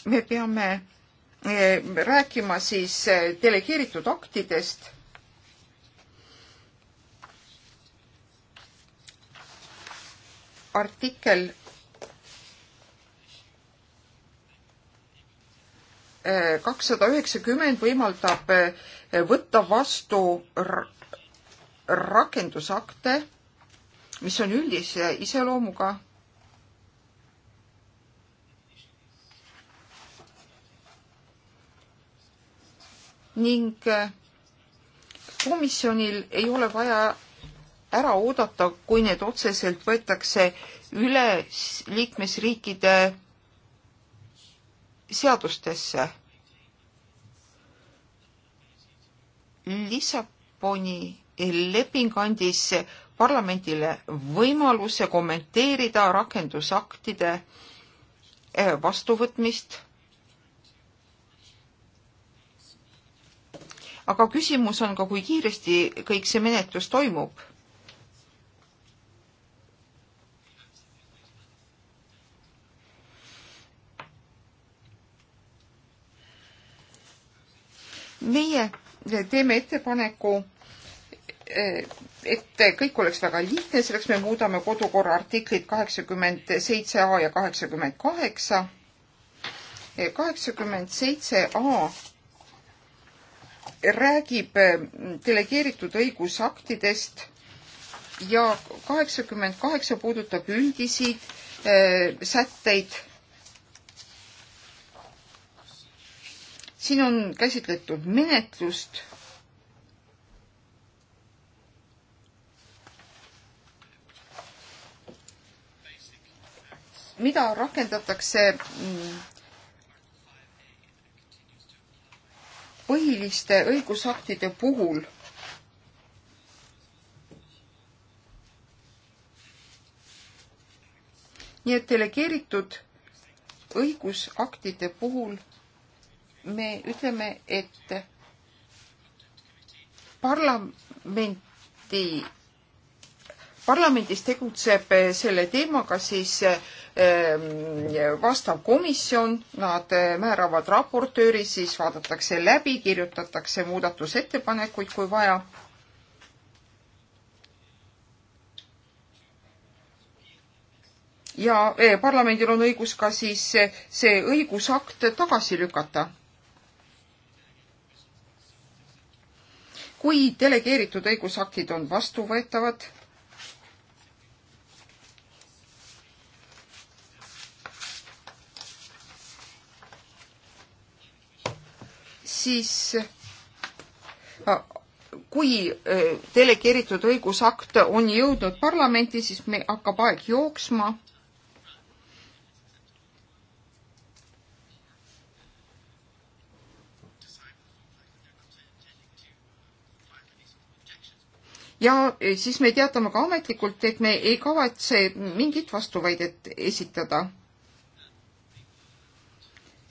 me peame Eh, rääkima siis eh, delegeeritud aktidest. artikkel eh, kakssada üheksakümmend võimaldab võtta vastu rakendusakte, mis on üldise iseloomuga ning äh, komisjonil ei ole vaja ära oodata, kui need otseselt võetakse üle liikmesriikide seadustesse. Lissaboni leping andis parlamendile võimaluse kommenteerida rakendusaktide äh, vastuvõtmist aga küsimus on ka, kui kiiresti kõik see menetlus toimub. meie teeme ettepaneku, et kõik oleks väga lihtne, selleks me muudame kodukorra artiklid kaheksakümmend seitse A ja kaheksakümmend kaheksa. kaheksakümmend seitse A räägib mm, delegeeritud õigusaktidest ja kaheksakümmend kaheksa puudutab üldisi eh, sätteid. siin on käsitletud menetlust mida rakendatakse mm, põhiliste õigusaktide puhul nii et delegeeritud õigusaktide puhul me ütleme, et parlamenti parlamendis tegutseb eh, selle teemaga siis eh, ehm, vastav komisjon, nad eh, määravad raportööri, siis vaadatakse läbi, kirjutatakse muudatusettepanekuid, kui vaja. ja parlamendil on õigus ka siis see õigusakt tagasi lükata kui delegeeritud õigusaktid on vastuvõetavad, siis kui äh, delegeeritud õigusakt on jõudnud parlamenti, siis me hakkab aeg jooksma. ja äh, siis me teatame ka ametlikult, et me ei kavatse mingit vastuväidet esitada.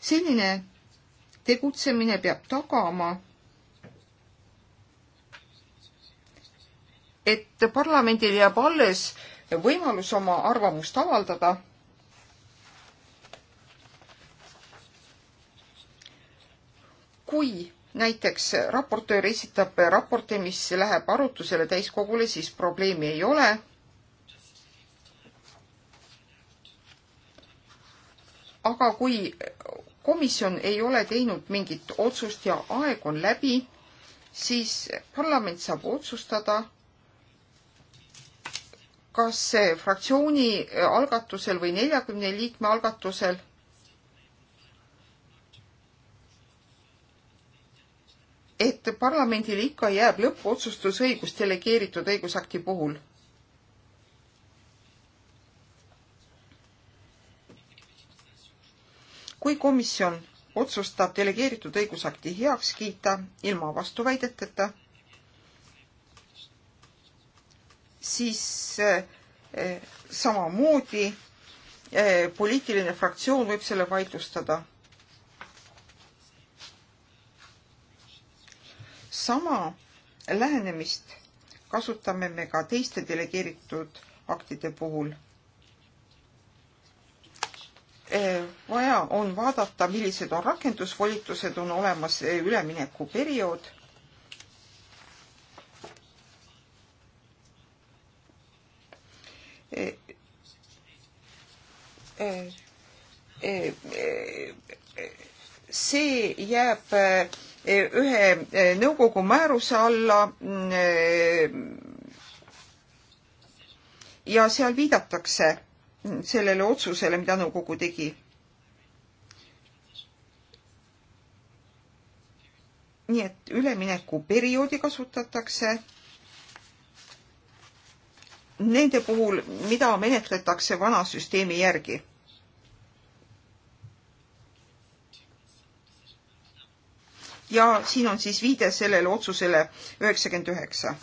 selline tegutsemine peab tagama, et parlamendil jääb alles võimalus oma arvamust avaldada. kui näiteks raportöör esitab raporti, mis läheb arutusele täiskogule, siis probleemi ei ole aga kui komisjon ei ole teinud mingit otsust ja aeg on läbi, siis parlament saab otsustada, kas fraktsiooni algatusel või neljakümne liikme algatusel et parlamendile ikka jääb lõppotsustusõigus delegeeritud õigusakti puhul kui komisjon otsustab delegeeritud õigusakti heaks kiita ilma vastuväideteta, siis eh, eh, samamoodi eh, poliitiline fraktsioon võib selle vaidlustada. sama lähenemist kasutame me ka teiste delegeeritud aktide puhul Eh, vaja on vaadata, millised on rakendusvolitused, on olemas eh, üleminekuperiood. Eh, see jääb ühe nõukogu määruse alla mm, ja seal viidatakse sellele otsusele, mida nõukogu tegi. nii et üleminekuperioodi kasutatakse nende puhul, mida menetletakse vana süsteemi järgi ja siin on siis viide sellele otsusele üheksakümmend üheksa.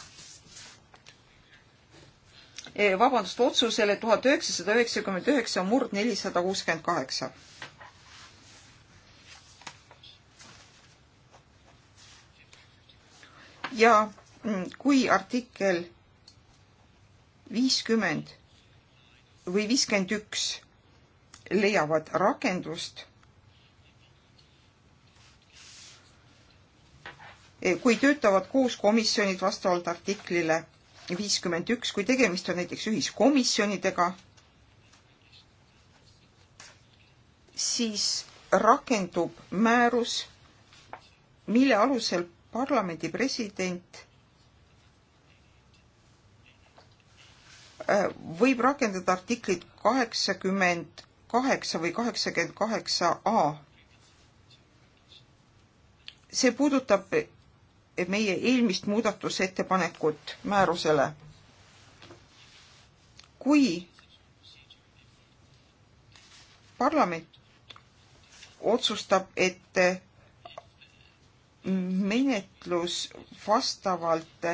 Eh, vabandust, otsusele tuhat üheksasada üheksakümmend üheksa murd nelisada kuuskümmend kaheksa. ja mm, kui artikkel viiskümmend või viiskümmend üks leiavad rakendust, eh, kui töötavad koos komisjonid vastavalt artiklile viiskümmend üks, kui tegemist on näiteks ühiskomisjonidega, siis rakendub määrus, mille alusel parlamendi president äh, võib rakendada artiklit kaheksakümmend kaheksa või kaheksakümmend kaheksa A. see puudutab meie eelmist muudatusettepanekut määrusele. kui parlament otsustab, et menetlus vastavalt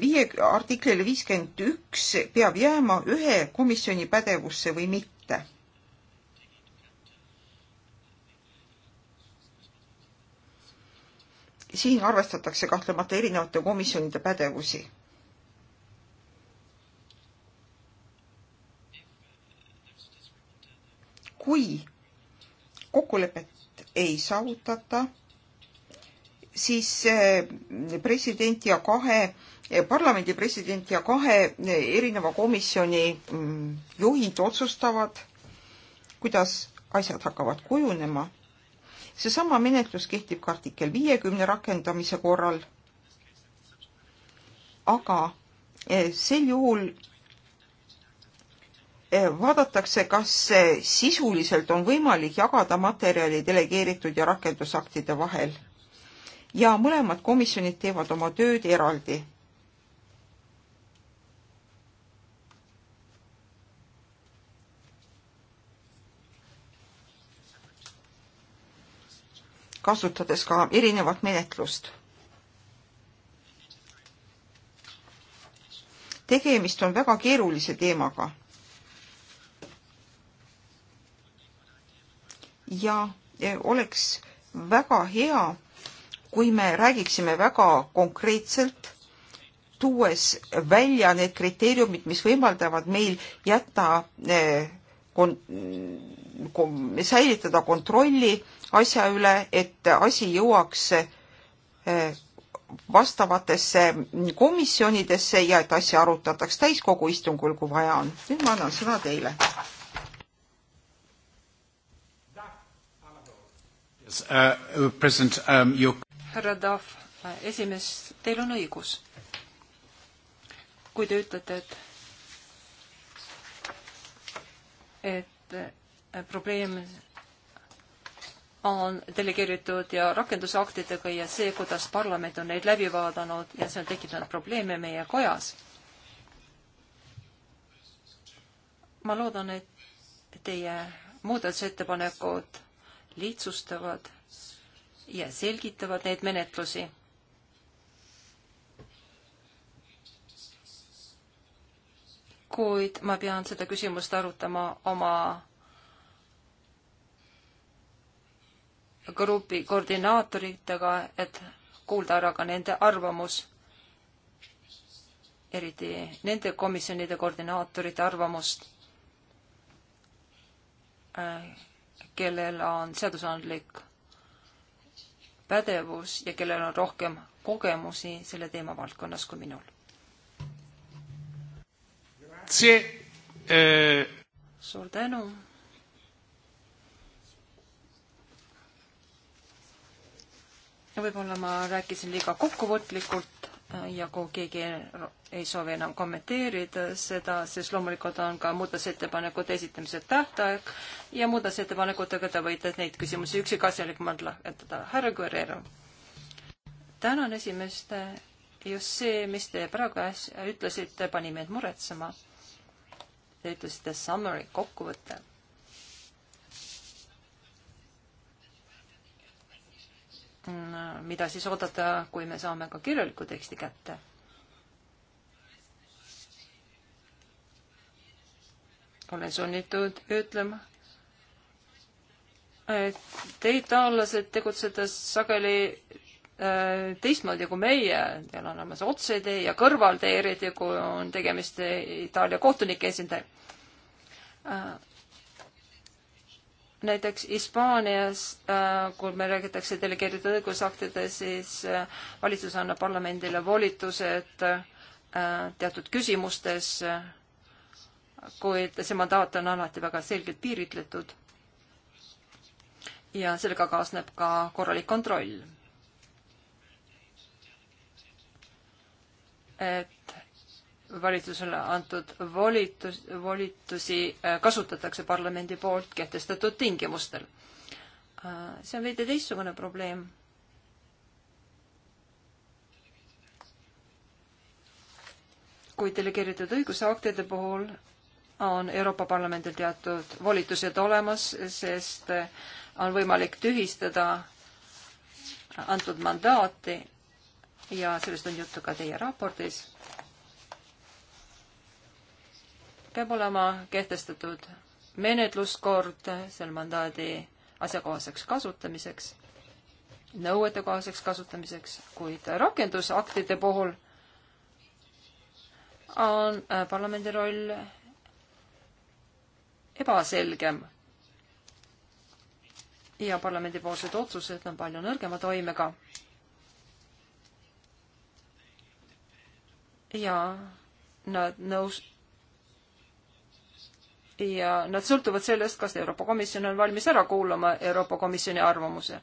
viie, artiklile viiskümmend üks peab jääma ühe komisjoni pädevusse või mitte, siin arvestatakse kahtlemata erinevate komisjonide pädevusi. kui kokkulepet ei saavutata, siis eh, president ja kahe, eh, parlamendi president ja kahe eh, erineva komisjoni mm, juhid otsustavad, kuidas asjad hakkavad kujunema seesama menetlus kehtib ka artikkel viiekümne rakendamise korral. aga eh, sel juhul eh, vaadatakse, kas eh, sisuliselt on võimalik jagada materjali delegeeritud ja rakendusaktide vahel. ja mõlemad komisjonid teevad oma tööd eraldi kasutades ka erinevat menetlust. tegemist on väga keerulise teemaga. ja e, oleks väga hea, kui me räägiksime väga konkreetselt, tuues välja need kriteeriumid, mis võimaldavad meil jätta e, kon-, kon-, säilitada kontrolli asja üle, et asi jõuaks eh, vastavatesse komisjonidesse ja et asja arutataks täiskogu istungul, kui vaja on. nüüd ma annan sõna teile. Uh, um, härra Tahv, uh, esimees, teil on õigus. kui te ütlete, et et äh, probleem on delegeeritud ja rakendusaktidega ja see, kuidas parlament on neid läbi vaadanud ja see on tekitanud probleeme meie kojas. ma loodan, et teie muudatusettepanekud lihtsustavad ja selgitavad neid menetlusi kuid ma pean seda küsimust arutama oma grupi koordinaatoritega, et kuulda ära ka nende arvamus, eriti nende komisjonide koordinaatorite arvamust, äh, kellel on seadusandlik pädevus ja kellel on rohkem kogemusi selle teemavaldkonnas kui minul grazie eh.... suur tänu. võib-olla ma rääkisin liiga kokkuvõtlikult äh, ja kui keegi ei soovi enam kommenteerida seda, siis loomulikult on ka muudatusettepanekute esitamise tähtaeg ja muudatusettepanekutega te võite neid küsimusi üksikasjalikumalt lahendada. härra Guerrero, tänan esimest, just see, mis te praegu äsja ütlesite, pani meid muretsema Te ütlesite summary, kokkuvõte. Mm, mida siis oodata, kui me saame ka kirjaliku teksti kätte? olen sunnitud ütlema, et teid, taanlased, tegutseda sageli Äh, teistmoodi kui meie, neil on olemas otsetee ja kõrvaltee, eriti kui on tegemist Itaalia kohtunike esindajaga. Äh, näiteks Hispaanias, äh, kui me räägitakse delegeeritud õigusaktide, siis valitsus annab parlamendile volitused teatud küsimustes, kuid see mandaat on alati väga selgelt piiritletud. ja sellega kaasneb ka korralik kontroll et valitsusele antud volitus, volitusi äh, kasutatakse parlamendi poolt kehtestatud tingimustel. Äh, see on veidi teistsugune probleem. kui delegeeritud õigusaktide puhul on Euroopa Parlamendil teatud volitused olemas, sest on võimalik tühistada antud mandaati ja sellest on juttu ka teie raportis. peab olema kehtestatud menetluskord seal mandaadi asjakohaseks kasutamiseks, nõuetekohaseks kasutamiseks, kuid rakendusaktide puhul on äh, parlamendi roll ebaselgem ja parlamendipoolsed otsused on palju nõrgema toimega ja nad nõus ja nad sõltuvad sellest, kas Euroopa Komisjon on valmis ära kuulama Euroopa Komisjoni arvamuse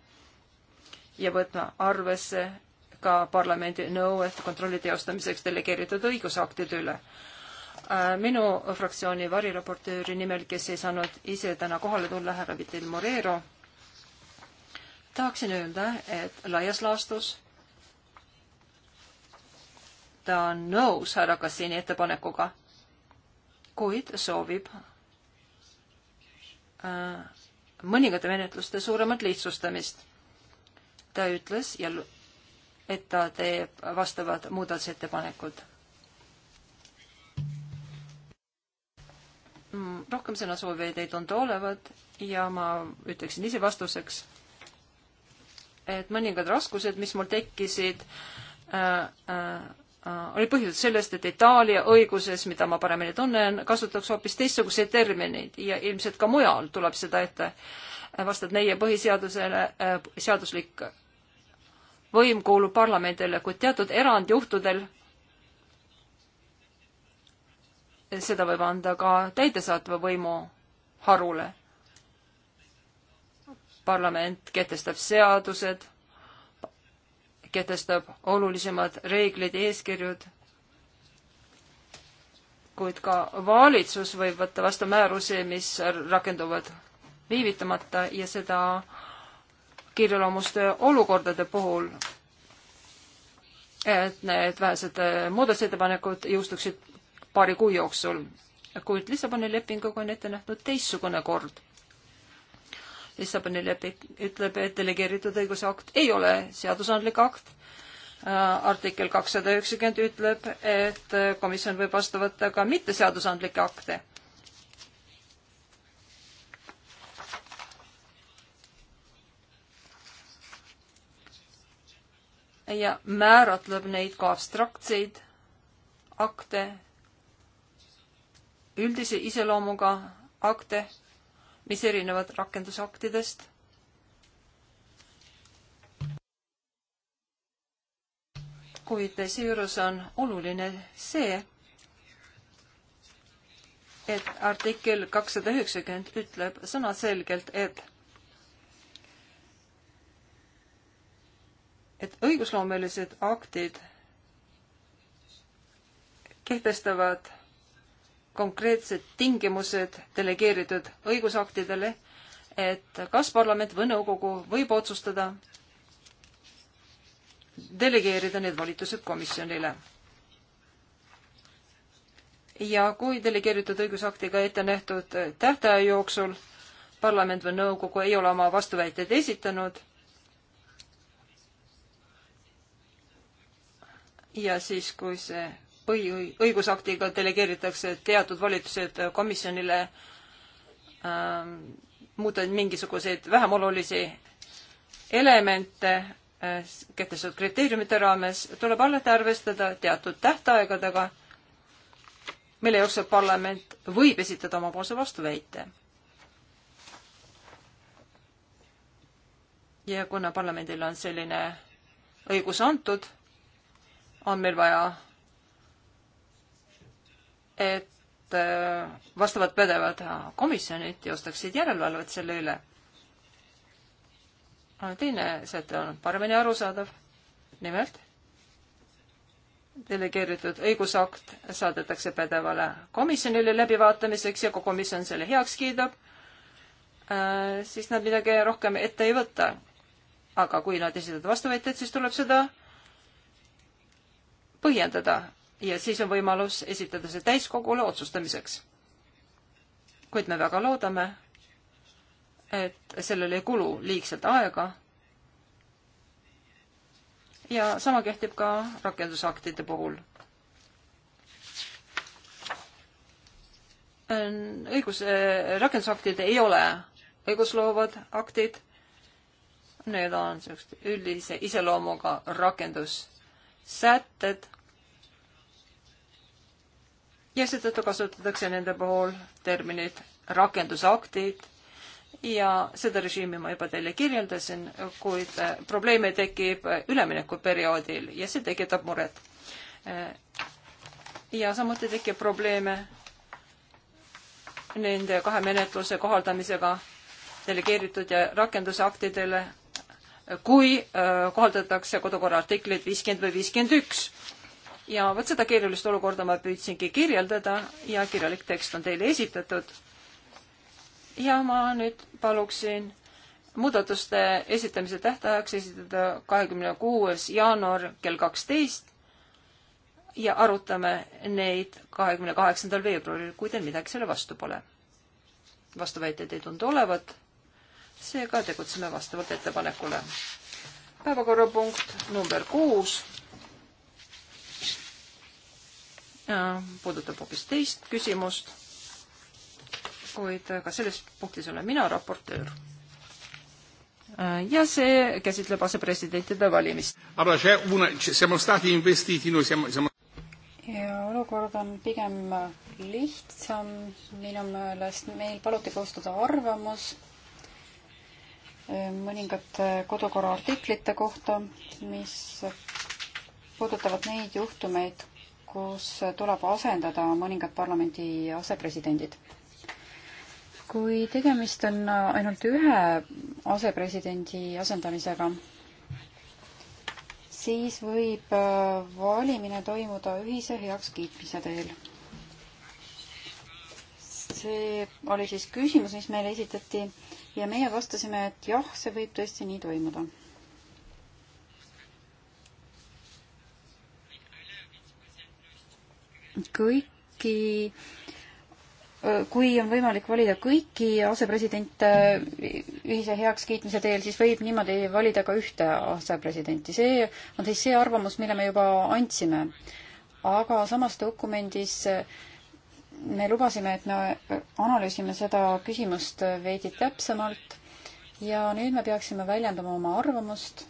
ja võtma arvesse ka parlamendi nõuet kontrolli teostamiseks delegeeritud õigusaktide üle. Äh, minu fraktsiooni variraportööri nimel, kes ei saanud ise täna kohale tulla, härra Vitel Morero, tahaksin öelda, et laias laastus ta on nõus härra Kassini ettepanekuga, kuid soovib äh, mõningate menetluste suuremat lihtsustamist. ta ütles ja et ta teeb vastavad muudatusettepanekud. Mm, rohkem sõnasoovijaid ei tundu olevat ja ma ütleksin ise vastuseks, et mõningad raskused, mis mul tekkisid äh, äh, Äh, oli põhjustatud sellest, et Itaalia õiguses, mida ma paremini tunnen, kasutatakse hoopis teistsuguseid termineid ja ilmselt ka mujal tuleb seda ette. Äh, vastavalt meie põhiseadusele äh, seaduslik võim kuulub parlamendile, kuid teatud erandjuhtudel seda võib anda ka täidesaatva võimu harule. parlament kehtestab seadused kehtestab olulisemad reeglid, eeskirjud, kuid ka valitsus võib võtta vastu määrusi, mis rakenduvad viivitamata ja seda kiireloomuste olukordade puhul, et need vähesed muudatusettepanekud jõustuksid paari kuu jooksul. kuid Lissaboni lepinguga on ette nähtud teistsugune kord Lissaboni leping ütleb, et delegeeritud õigusakt ei ole seadusandlik akt. Äh, artikkel kakssada üheksakümmend ütleb, et komisjon võib vastu võtta ka mitteseadusandlikke akte ja määratleb neid kui abstraktseid akte, üldise iseloomuga akte, mis erinevad rakendusaktidest. kuid seejuures on oluline see, et artikkel kakssada üheksakümmend ütleb sõnaselgelt, et et õigusloomelised aktid kehtestavad konkreetsed tingimused delegeeritud õigusaktidele, et kas parlament või nõukogu võib otsustada delegeerida need volitused komisjonile. ja kui delegeeritud õigusaktiga ette nähtud tähtaja jooksul parlament või nõukogu ei ole oma vastuväiteid esitanud ja siis, kui see põhi, õigusaktiga delegeeritakse teatud volitused komisjonile ähm, muuta mingisuguseid vähem olulisi elemente äh, kehtestatud kriteeriumite raames, tuleb alati arvestada teatud tähtaegadega, mille jooksul parlament võib esitada omapoolse vastuväite. ja kuna parlamendil on selline õigus antud, on meil vaja et äh, vastavad pädevad komisjonid teostaksid järelevalvet selle üle. teine säte on paremini arusaadav, nimelt delegeeritud õigusakt saadetakse pädevale komisjonile läbivaatamiseks ja kui komisjon selle heaks kiidab, äh, siis nad midagi rohkem ette ei võta. aga kui nad esitavad vastuväited, siis tuleb seda põhjendada ja siis on võimalus esitada see täiskogule otsustamiseks. kuid me väga loodame, et sellele ei kulu liigselt aega. ja sama kehtib ka rakendusaktide puhul. Äh, õigus, äh, rakendusaktid ei ole õigusloovad aktid. Need on sellised üldise iseloomuga rakendussätted ja seetõttu kasutatakse nende puhul terminit rakendusaktid ja seda režiimi ma juba teile kirjeldasin, kuid äh, probleeme tekib üleminekuperioodil ja see tekitab muret. Äh, ja samuti tekib probleeme nende kahe menetluse kohaldamisega delegeeritud ja rakendusaktidele, kui äh, kohaldatakse kodukorra artiklit viiskümmend või viiskümmend üks ja vot seda keerulist olukorda ma püüdsingi kirjeldada ja kirjalik tekst on teile esitatud. ja ma nüüd paluksin muudatuste esitamise tähtajaks esitada kahekümne kuues jaanuar kell kaksteist ja arutame neid kahekümne kaheksandal veebruaril, kui teil midagi selle vastu pole. vastuväiteid ei tundu olevat, seega tegutseme vastavalt ettepanekule. päevakorrapunkt number kuus puudutab hoopis teist küsimust, kuid ka selles punktis olen mina raportöör. ja see käsitleb asepresidentide valimist. ja olukord on pigem lihtsam minu meelest, meil paluti koostada arvamus e, mõningate kodukorra artiklite kohta, mis puudutavad neid juhtumeid, kus tuleb asendada mõningad parlamendi asepresidendid. kui tegemist on ainult ühe asepresidendi asendamisega, siis võib äh, valimine toimuda ühise heakskiitmise teel. see oli siis küsimus, mis meile esitati ja meie vastasime, et jah, see võib tõesti nii toimuda kõiki kui on võimalik valida kõiki asepresidente ühise heakskiitmise teel, siis võib niimoodi valida ka ühte asepresidenti. see on siis see arvamus, mille me juba andsime. aga samas dokumendis me lubasime, et me analüüsime seda küsimust veidi täpsemalt ja nüüd me peaksime väljendama oma arvamust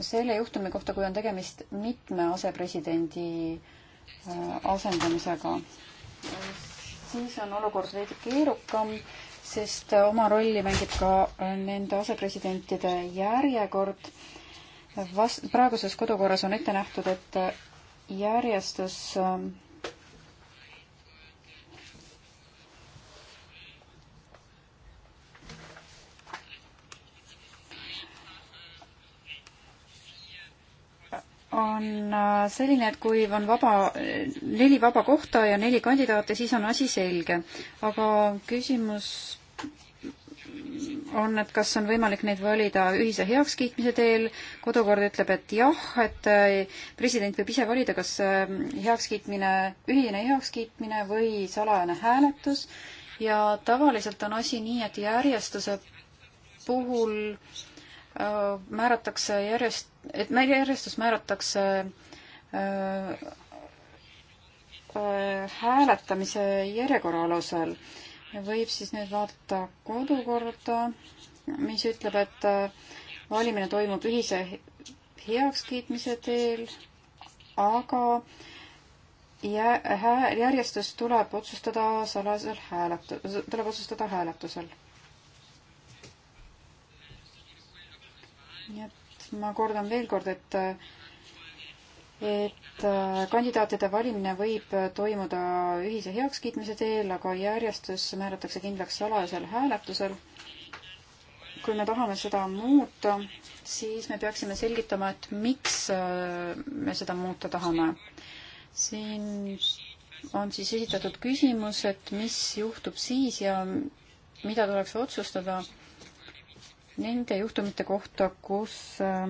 selle juhtumi kohta, kui on tegemist mitme asepresidendi äh, asendamisega, siis on olukord veidi keerukam, sest oma rolli mängib ka nende asepresidentide järjekord. Vast-, praeguses kodukorras on ette nähtud, et järjestus äh, on äh, selline, et kui on vaba, neli vaba kohta ja neli kandidaati, siis on asi selge. aga küsimus on, et kas on võimalik neid valida ühise heakskiitmise teel, kodukord ütleb, et jah, et äh, president võib ise valida, kas äh, heakskiitmine, ühine heakskiitmine või salajane hääletus ja tavaliselt on asi nii, et järjestuse puhul Äh, määratakse järjest, et järjestus määratakse äh, äh, hääletamise järjekorra alusel. võib siis nüüd vaadata kodukorda, mis ütleb, et valimine toimub ühise heakskiitmise teel, aga järjestus tuleb otsustada salajasel hääletu-, tuleb otsustada hääletusel nii et ma kordan veel kord, et et äh, kandidaatide valimine võib toimuda ühise heakskiitmise teel, aga järjestus määratakse kindlaks salajasel hääletusel. kui me tahame seda muuta, siis me peaksime selgitama, et miks äh, me seda muuta tahame. siin on siis esitatud küsimus, et mis juhtub siis ja mida tuleks otsustada nende juhtumite kohta, kus äh,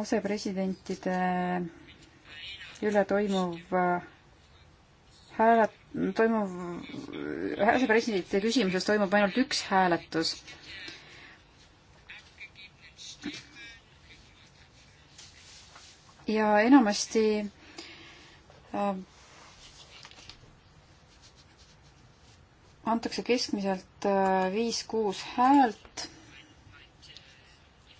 asepresidentide üle toimuv äh, häälet-, toimuv, äh, asepresidentide küsimuses toimub ainult üks hääletus. ja enamasti äh, antakse keskmiselt äh, viis-kuus häält.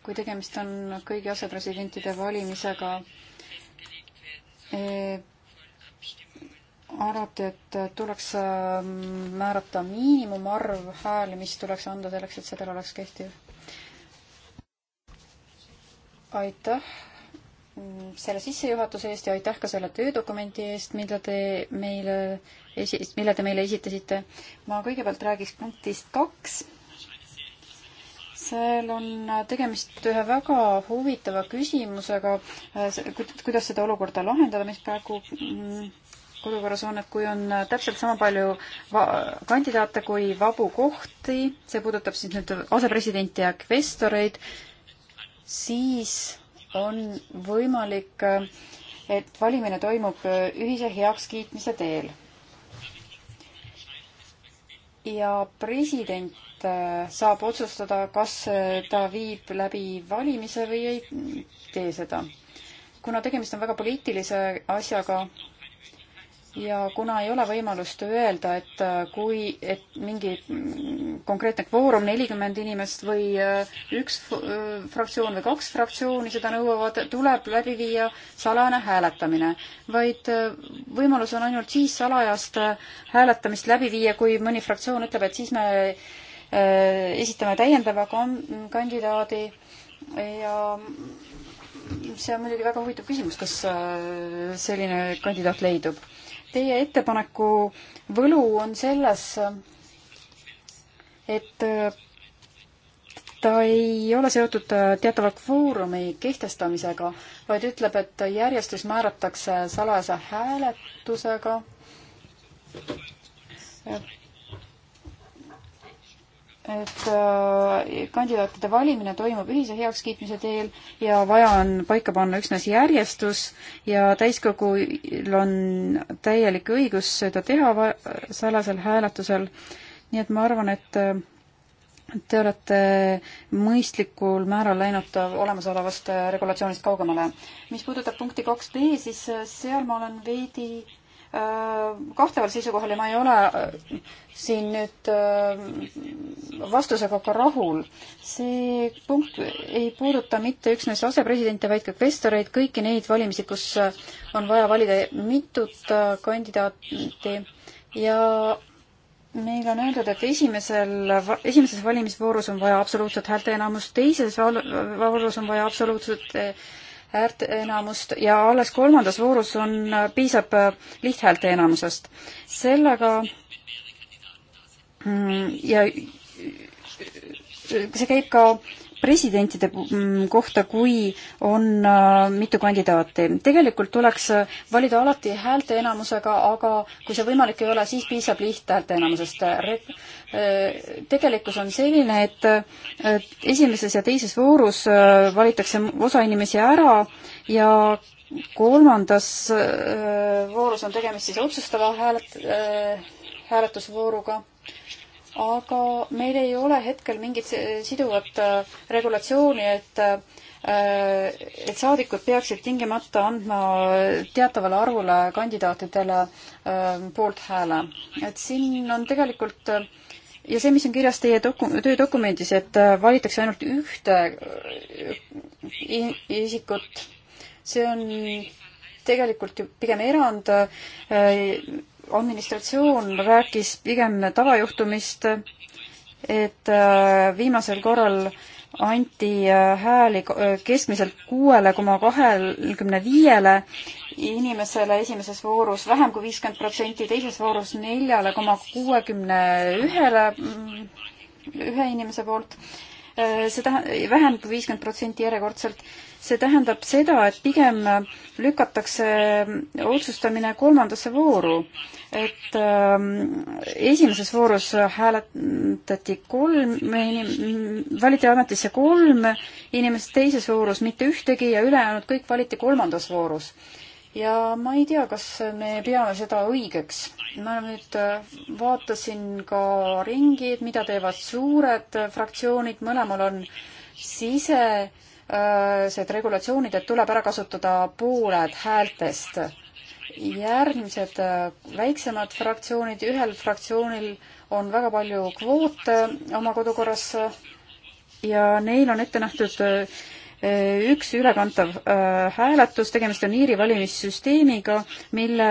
kui tegemist on kõigi asepresidentide valimisega, e, arvati, et tuleks ähm, määrata miinimumarv hääli, mis tuleks anda selleks, et sedel oleks kehtiv. aitäh selle sissejuhatuse eest ja aitäh ka selle töödokumendi eest, mida te meile esi-, mille te meile esitasite. ma kõigepealt räägiks punktist kaks. seal on tegemist ühe väga huvitava küsimusega, kuidas seda olukorda lahendada, mis praegu mm, kodukorras on, et kui on täpselt sama palju kandidaate kui vabu kohti, see puudutab siis nüüd asepresidenti ja kvestoreid, siis on võimalik, et valimine toimub ühise heakskiitmise teel. ja president saab otsustada, kas ta viib läbi valimise või ei tee seda. kuna tegemist on väga poliitilise asjaga, ja kuna ei ole võimalust öelda, et äh, kui, et mingi konkreetne kvoorum, nelikümmend inimest või äh, üks äh, fraktsioon või kaks fraktsiooni seda nõuavad, tuleb läbi viia salajane hääletamine, vaid võimalus on ainult siis salajast hääletamist läbi viia, kui mõni fraktsioon ütleb, et siis me esitame täiendava kandidaadi ja see on muidugi väga huvitav küsimus, kas selline kandidaat leidub. Teie ettepaneku võlu on selles, et ta ei ole seotud teatava kvoorumi kehtestamisega, vaid ütleb, et järjestus määratakse salajase hääletusega et äh, kandidaatide valimine toimub ühise heakskiitmise teel ja vaja on paika panna üksnes järjestus ja täiskogul on täielik õigus seda teha salajasel hääletusel. nii et ma arvan, et äh, te olete mõistlikul määral läinud olemasolevast regulatsioonist kaugemale. mis puudutab punkti kaks B, siis äh, seal ma olen veidi Äh, kahteval seisukohal ja ma ei ole äh, siin nüüd äh, vastusega ka rahul. see punkt ei puuduta mitte üksnes asepresidente, vaid ka kvestoreid, kõiki neid valimisi, kus on vaja valida mitut kandidaati ja meil on öeldud, et esimesel, esimeses valimisvoorus on vaja absoluutset häälteenamust, teises voorus on vaja absoluutset häälteenamust ja alles kolmandas voorus on, äh, piisab äh, lihthäälte enamusest. sellega mm, ja see käib ka presidentide mm, kohta, kui on äh, mitu kandidaati. tegelikult tuleks äh, valida alati häälteenamusega, aga kui see võimalik ei ole, siis piisab lihthäälteenamusest. Äh, tegelikkus on selline, et esimeses ja teises voorus valitakse osa inimesi ära ja kolmandas voorus on tegemist siis otsustava häälet-, hääletusvooruga aga meil ei ole hetkel mingit siduvat äh, regulatsiooni, et äh, et saadikud peaksid tingimata andma teatavale arvule kandidaatidele äh, poolthääle. et siin on tegelikult ja see, mis on kirjas teie doku-, töödokumendis, et valitakse ainult ühte isikut, see on tegelikult ju pigem erand administratsioon rääkis pigem tavajuhtumist, et äh, viimasel korral anti äh, hääli äh, keskmiselt kuuele koma kahekümne viiele inimesele esimeses voorus, vähem kui viiskümmend protsenti, teises voorus neljale koma kuuekümne ühele, mm, ühe inimese poolt Äh, see tähe-, väheneb viiskümmend protsenti järjekordselt. see tähendab seda, et pigem lükatakse ähm, otsustamine kolmandasse vooru. et äh, esimeses voorus hääletati kolm inim-, valiti ametisse kolm inimest, teises voorus mitte ühtegi ja ülejäänud kõik valiti kolmandas voorus ja ma ei tea, kas me peame seda õigeks. ma nüüd äh, vaatasin ka ringi, et mida teevad suured äh, fraktsioonid, mõlemal on sise äh, see regulatsioonid, et tuleb ära kasutada pooled häältest. järgmised väiksemad fraktsioonid, ühel fraktsioonil on väga palju kvoote oma kodukorras ja neil on ette nähtud Äh, üks ülekantav äh, hääletus, tegemist on Iiri valimissüsteemiga, mille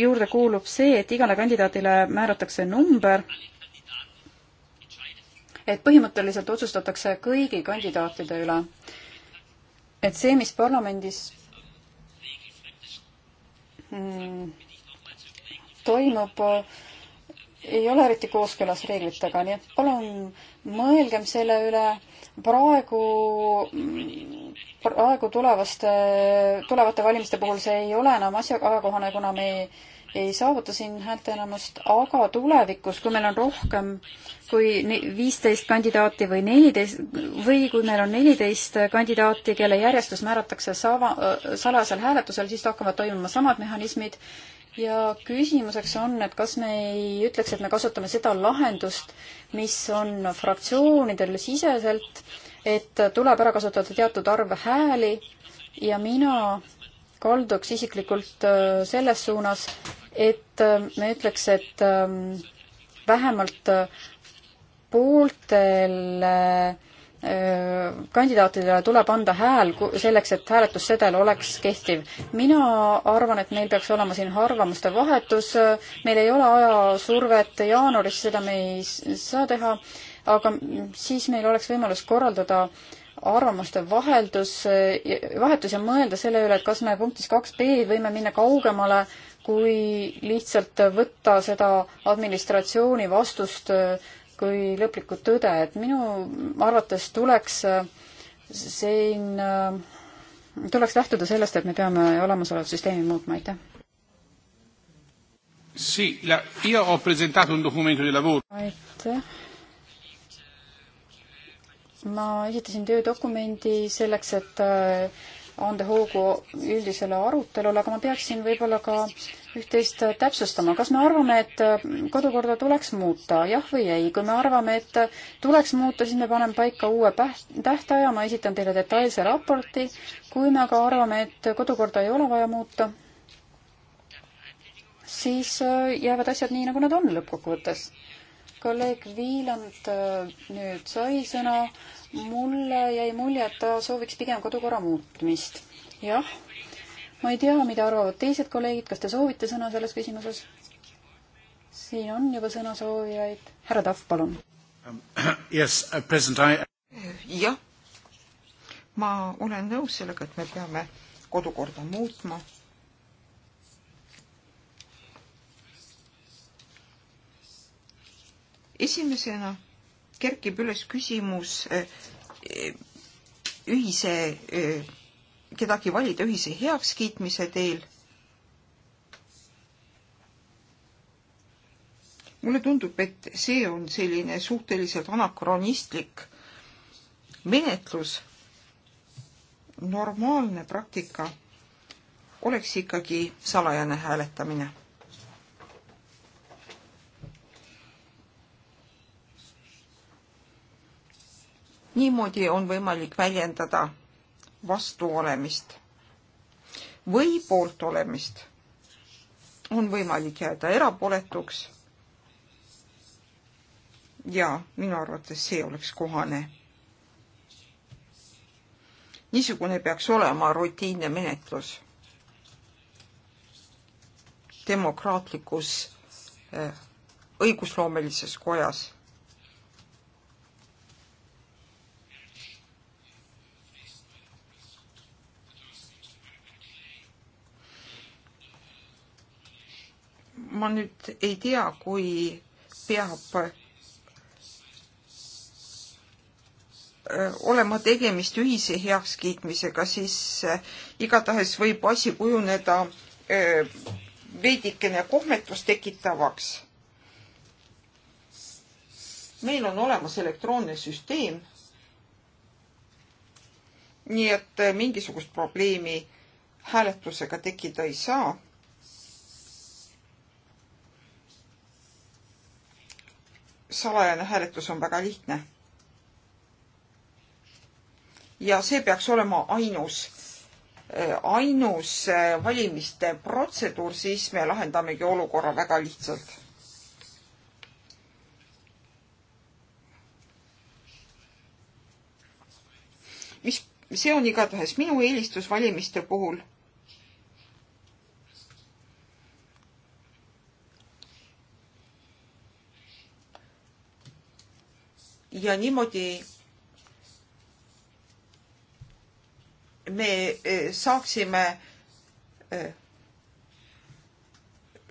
juurde kuulub see, et igale kandidaadile määratakse number, et põhimõtteliselt otsustatakse kõigi kandidaatide üle. et see, mis parlamendis mm, toimub, ei ole eriti kooskõlas reeglitega, nii et palun mõelgem selle üle praegu, praegu tulevaste, tulevate valimiste puhul see ei ole enam asjakohane, kuna me ei, ei saavuta siin häälteenamust, aga tulevikus, kui meil on rohkem kui viisteist kandidaati või neliteist või kui meil on neliteist kandidaati, kelle järjestus määratakse sava, salajasel hääletusel, siis hakkavad toimuma samad mehhanismid ja küsimuseks on, et kas me ei ütleks, et me kasutame seda lahendust, mis on fraktsioonidel siseselt, et tuleb ära kasutada teatud arv hääli ja mina kalduks isiklikult äh, selles suunas, et äh, me ütleks, et ähm, vähemalt pooltel äh, kandidaatidele tuleb anda hääl selleks, et hääletussedel oleks kehtiv. mina arvan, et meil peaks olema siin arvamuste vahetus, meil ei ole ajasurvet jaanuaris, seda me ei saa teha, aga siis meil oleks võimalus korraldada arvamuste vaheldus, vahetus ja mõelda selle üle, et kas me punktis kaks B võime minna kaugemale kui lihtsalt võtta seda administratsiooni vastust kui lõplikku tõde, et minu arvates tuleks äh, siin, äh, tuleks lähtuda sellest, et me peame olemasolevat süsteemi muutma, aitäh. Sì, la, io ho presentato un documento di lavoro. Aitäh. ma esitasin töödokumendi selleks, et äh, anda hoogu üldisele arutelule, aga ma peaksin võib-olla ka üht-teist täpsustama. kas me arvame, et kodukorda tuleks muuta, jah või ei? kui me arvame, et tuleks muuta, siis me paneme paika uue tähtaja, ma esitan teile detailse raporti. kui me aga arvame, et kodukorda ei ole vaja muuta, siis jäävad asjad nii, nagu nad on lõppkokkuvõttes kolleeg Viiland nüüd sai sõna, mulle jäi mulje, et ta sooviks pigem kodukorra muutmist. jah, ma ei tea, mida arvavad teised kolleegid, kas te soovite sõna selles küsimuses? siin on juba sõnasoovijaid. härra Tahv, palun. Um, jah, ma olen nõus sellega, et me peame kodukorda muutma esimesena kerkib üles küsimus eh, ühise, eh, kedagi valida ühise heakskiitmise teel. mulle tundub, et see on selline suhteliselt anakronistlik menetlus. normaalne praktika oleks ikkagi salajane hääletamine niimoodi on võimalik väljendada vastu olemist või poolt olemist. on võimalik jääda erapooletuks. ja minu arvates see oleks kohane. niisugune peaks olema rutiinne menetlus demokraatlikus eh, õigusloomelises kojas ma nüüd ei tea, kui peab äh, olema tegemist ühise heakskiitmisega, siis äh, igatahes võib asi kujuneda äh, veidikene kohmetust tekitavaks. meil on olemas elektroonne süsteem. nii et mingisugust probleemi hääletusega tekkida ei saa salajane hääletus on väga lihtne. ja see peaks olema ainus, äh, ainus äh, valimiste protseduur, siis me lahendamegi olukorra väga lihtsalt. mis, see on igatahes minu eelistus valimiste puhul ja niimoodi me e, saaksime e,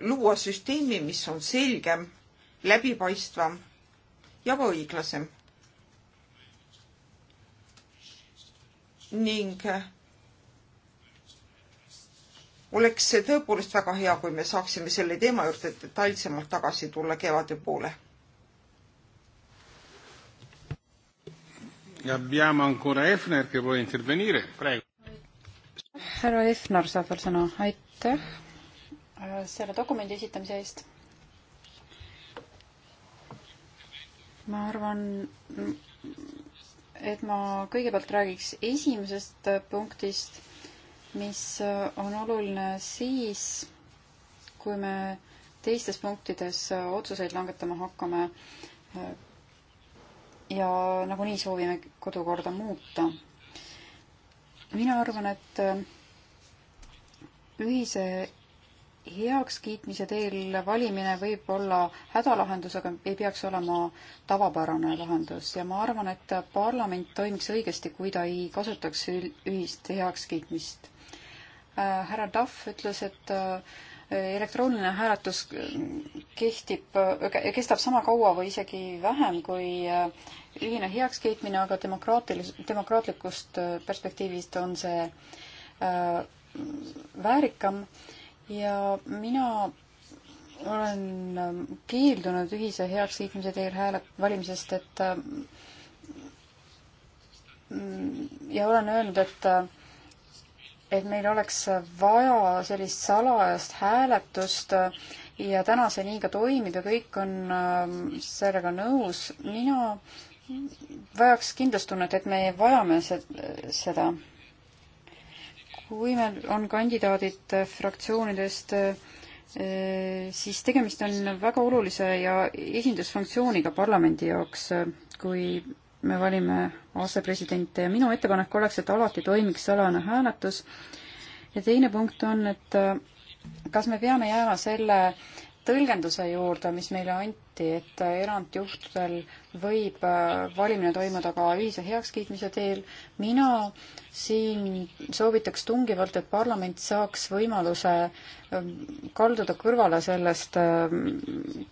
luua süsteemi, mis on selgem, läbipaistvam ja ka õiglasem. ning e, oleks see tõepoolest väga hea, kui me saaksime selle teema juurde detailsemalt tagasi tulla kevade poole E abbiamo ancora Hefner, kes vuole intervenire, praegu. härra Hefner saab veel sõna, aitäh äh, selle dokumendi esitamise eest. ma arvan, et ma kõigepealt räägiks esimesest punktist, mis on oluline siis, kui me teistes punktides otsuseid langetama hakkame ja nagunii soovime kodukorda muuta. mina arvan, et äh, ühise heakskiitmise teel valimine võib olla hädalahendus, aga ei peaks olema tavapärane lahendus ja ma arvan, et parlament toimiks õigesti, kui ta ei kasutaks ühist heakskiitmist. Äh, härra Duff ütles, et äh, elektrooniline hääletus kehtib, äh, kestab sama kaua või isegi vähem kui äh, ühine heakskiitmine, aga demokraatilis-, demokraatlikust äh, perspektiivist on see äh, väärikam ja mina olen ähm, keeldunud ühise heakskiitmise teel hääle valimisest, et äh, mm, ja olen öelnud, et äh, et meil oleks vaja sellist salajast hääletust ja täna see nii ka toimib ja kõik on ähm, sellega nõus. mina vajaks kindlustunnet, et me vajame seda. kui meil on kandidaadid fraktsioonidest, äh, siis tegemist on väga olulise ja esindusfunktsiooniga parlamendi jaoks, kui me valime asepresidente ja minu ettepanek oleks, et alati toimiks salajane hääletus. ja teine punkt on, et äh, kas me peame jääma selle tõlgenduse juurde, mis meile anti, et äh, erandjuhtudel võib äh, valimine toimuda ka ühise heakskiitmise teel. mina siin soovitaks tungivalt, et parlament saaks võimaluse kalduda kõrvale sellest,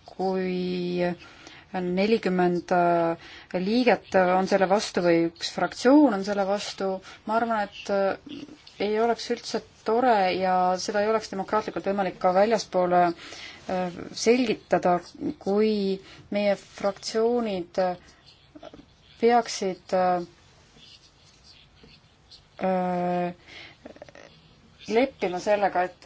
kui nelikümmend äh, liiget on selle vastu või üks fraktsioon on selle vastu, ma arvan, et äh, ei oleks üldse tore ja seda ei oleks demokraatlikult võimalik ka väljaspoole äh, selgitada, kui meie fraktsioonid peaksid leppima sellega, et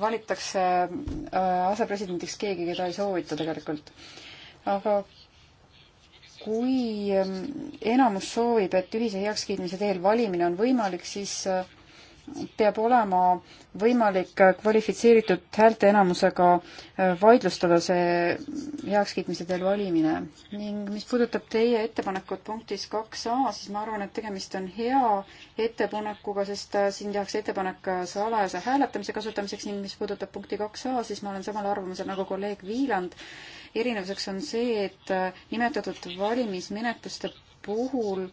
valitakse äh, asepresidendiks keegi, keda ei soovita tegelikult. aga kui ähm, enamus soovib, et ühise heakskiitmise teel valimine on võimalik, siis äh, peab olema võimalik kvalifitseeritud häälteenamusega äh, vaidlustada see heakskiitmise teel valimine. ning mis puudutab teie ettepanekut punktis kaks A, siis ma arvan, et tegemist on hea ettepanekuga, sest äh, siin tehakse ettepanek äh, salajase hääletamise kasutamiseks ning mis puudutab punkti kaks A, siis ma olen samal arvamusel nagu kolleeg Viiland. erinevuseks on see, et nimetatud valimismenetluste puhul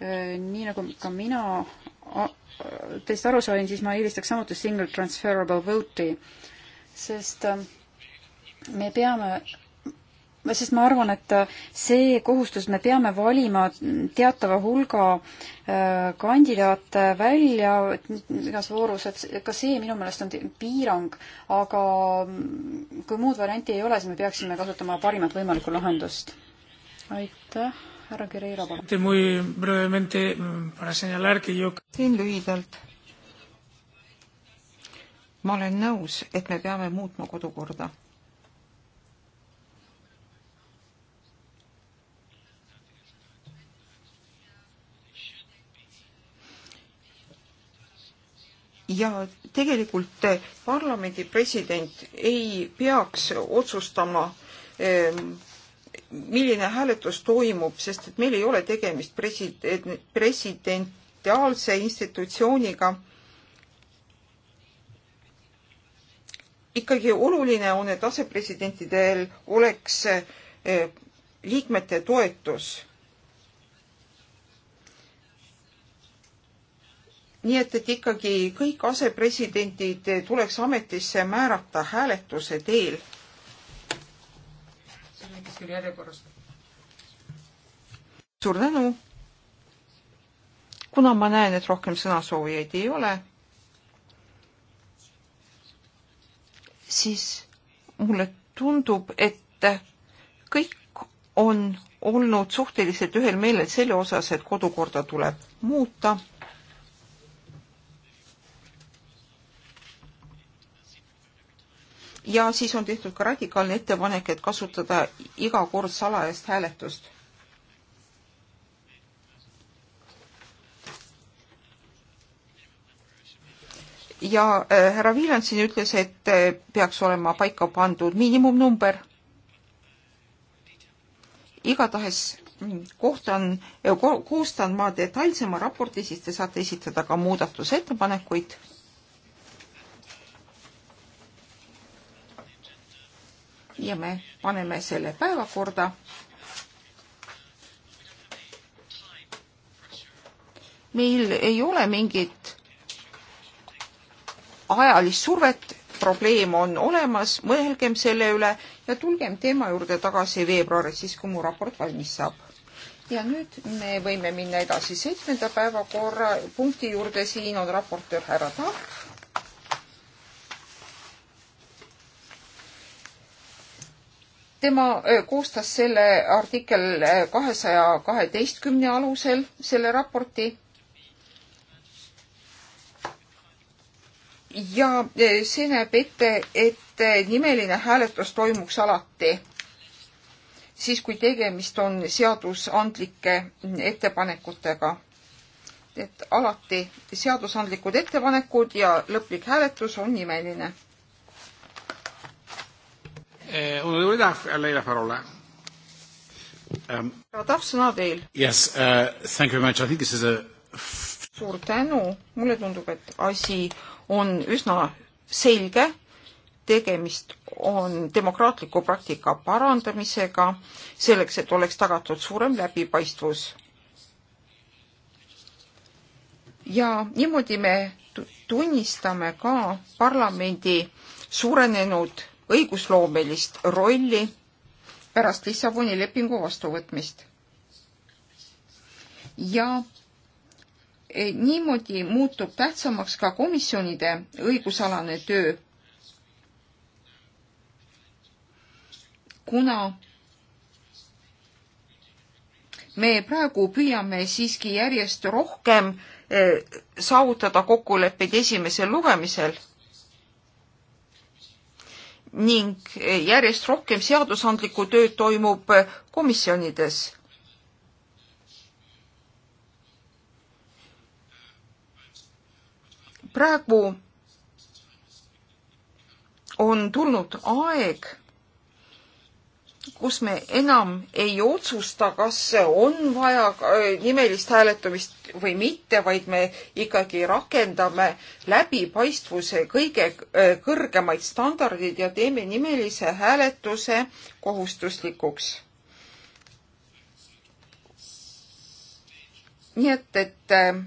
nii nagu ka mina teist aru sain, siis ma eelistaks samuti single transferable vote'i, sest ähm, me peame sest ma arvan, et äh, see kohustus, me peame valima teatava hulga äh, kandidaate välja igas voorus, et ka see minu meelest on piirang, aga mm, kui muud varianti ei ole, siis me peaksime kasutama parimat võimalikku lahendust. aitäh härra Guerreiro, palun. teen mm, lühidalt. ma olen nõus, et me peame muutma kodukorda. ja tegelikult eh, parlamendi president ei peaks otsustama ähm, milline hääletus toimub, sest et meil ei ole tegemist president, presidentiaalse institutsiooniga. ikkagi oluline on, et asepresidentidel oleks eh, liikmete toetus. nii et, et ikkagi kõik asepresidendid tuleks ametisse määrata hääletuse teel kuskil järjekorras. suur tänu. kuna ma näen, et rohkem sõnasoovijaid ei ole, siis mulle tundub, et kõik on olnud suhteliselt ühel meelel selle osas, et kodukorda tuleb muuta ja siis on tehtud ka radikaalne ettepanek, et kasutada iga kord salajast hääletust. ja äh, härra Viiland siin ütles, et äh, peaks olema paika pandud miinimumnumber. igatahes mm, kohtan äh, ko, koostan ma detailsema raporti, siis te saate esitada ka muudatusettepanekuid ja me paneme selle päevakorda. meil ei ole mingit ajalist survet, probleem on olemas, mõelgem selle üle ja tulgem teema juurde tagasi veebruaris, siis kui mu raport valmis saab. ja nüüd me võime minna edasi seitsmenda päevakorrapunkti juurde, siin on raportöör härra Tahv tema äh, koostas selle artikkel äh, kahesaja kaheteistkümne alusel, selle raporti. ja äh, see näeb ette, et nimeline hääletus toimuks alati siis, kui tegemist on seadusandlike ettepanekutega. et alati seadusandlikud ettepanekud ja lõplik hääletus on nimeline Eh, onorevole Daff, a lei la parola. Um, härra Tahv, sõna teil. Yes uh,, thank you very much, I think this is a suur tänu, mulle tundub, et asi on üsna selge, tegemist on demokraatliku praktika parandamisega, selleks, et oleks tagatud suurem läbipaistvus. ja niimoodi me tunnistame ka parlamendi suurenenud õigusloomelist rolli pärast Lissaboni lepingu vastuvõtmist. ja eh, niimoodi muutub tähtsamaks ka komisjonide õigusalane töö. kuna me praegu püüame siiski järjest rohkem eh, saavutada kokkuleppeid esimesel lugemisel ning järjest rohkem seadusandlikku tööd toimub komisjonides. praegu on tulnud aeg kus me enam ei otsusta, kas on vaja äh, nimelist hääletamist või mitte, vaid me ikkagi rakendame läbipaistvuse kõige äh, kõrgemaid standardeid ja teeme nimelise hääletuse kohustuslikuks. nii et, et äh,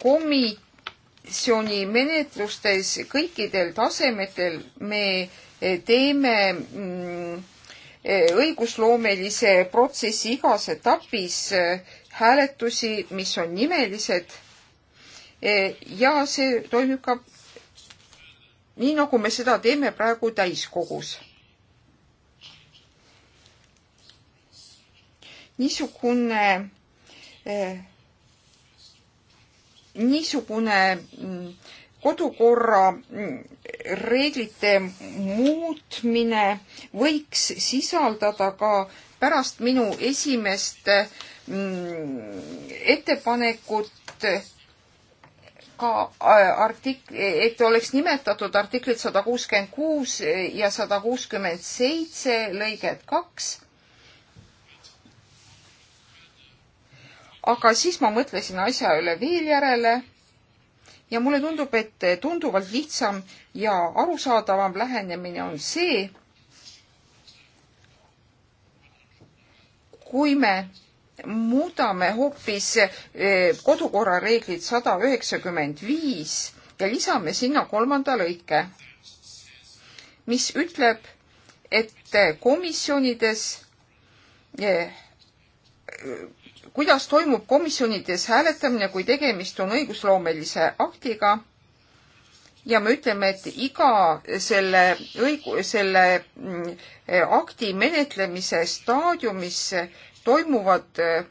komisjoni menetlustes kõikidel tasemetel me teeme mm, õigusloomelise protsessi igas etapis eh, hääletusi, mis on nimelised eh, ja see toimib ka nii, nagu me seda teeme praegu täiskogus. niisugune, eh, niisugune mm, kodukorra mm, reeglite muutmine võiks sisaldada ka pärast minu esimest mm, ettepanekut ka äh, artik-, et oleks nimetatud artiklid sada kuuskümmend kuus ja sada kuuskümmend seitse lõiget kaks. aga siis ma mõtlesin asja üle veel järele ja mulle tundub, et tunduvalt lihtsam ja arusaadavam lähenemine on see, kui me muudame hoopis eh, kodukorra reeglid sada üheksakümmend viis ja lisame sinna kolmanda lõike, mis ütleb, et komisjonides eh, kuidas toimub komisjonides hääletamine, kui tegemist on õigusloomelise aktiga ja me ütleme, et iga selle õigu-, selle mm, akti menetlemise staadiumis toimuvad äh,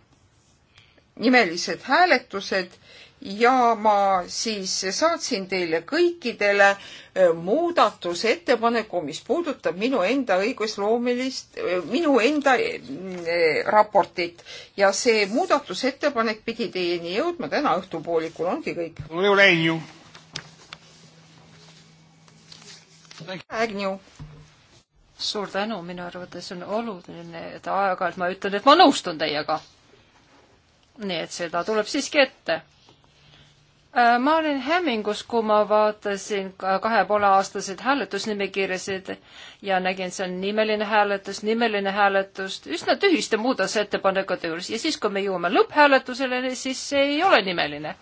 nimelised hääletused ja ma siis saatsin teile kõikidele äh, muudatusettepaneku, mis puudutab minu enda õigusloomelist, äh, minu enda äh, raportit ja see muudatusettepanek pidi teieni jõudma täna õhtupoolikul, ongi kõik. Agnew suur tänu, minu arvates on oluline, et aeg-ajalt ma ütlen, et ma nõustun teiega. nii et seda tuleb siiski ette Äh, ma olin hämmingus, kui ma vaatasin kahe poole aastaseid hääletusnimekirjasid ja nägin, see on nimeline hääletus, nimeline hääletus, üsna tühiste muudatusettepanekute juures ja siis, kui me jõuame lõpphääletusele, siis see ei ole nimeline.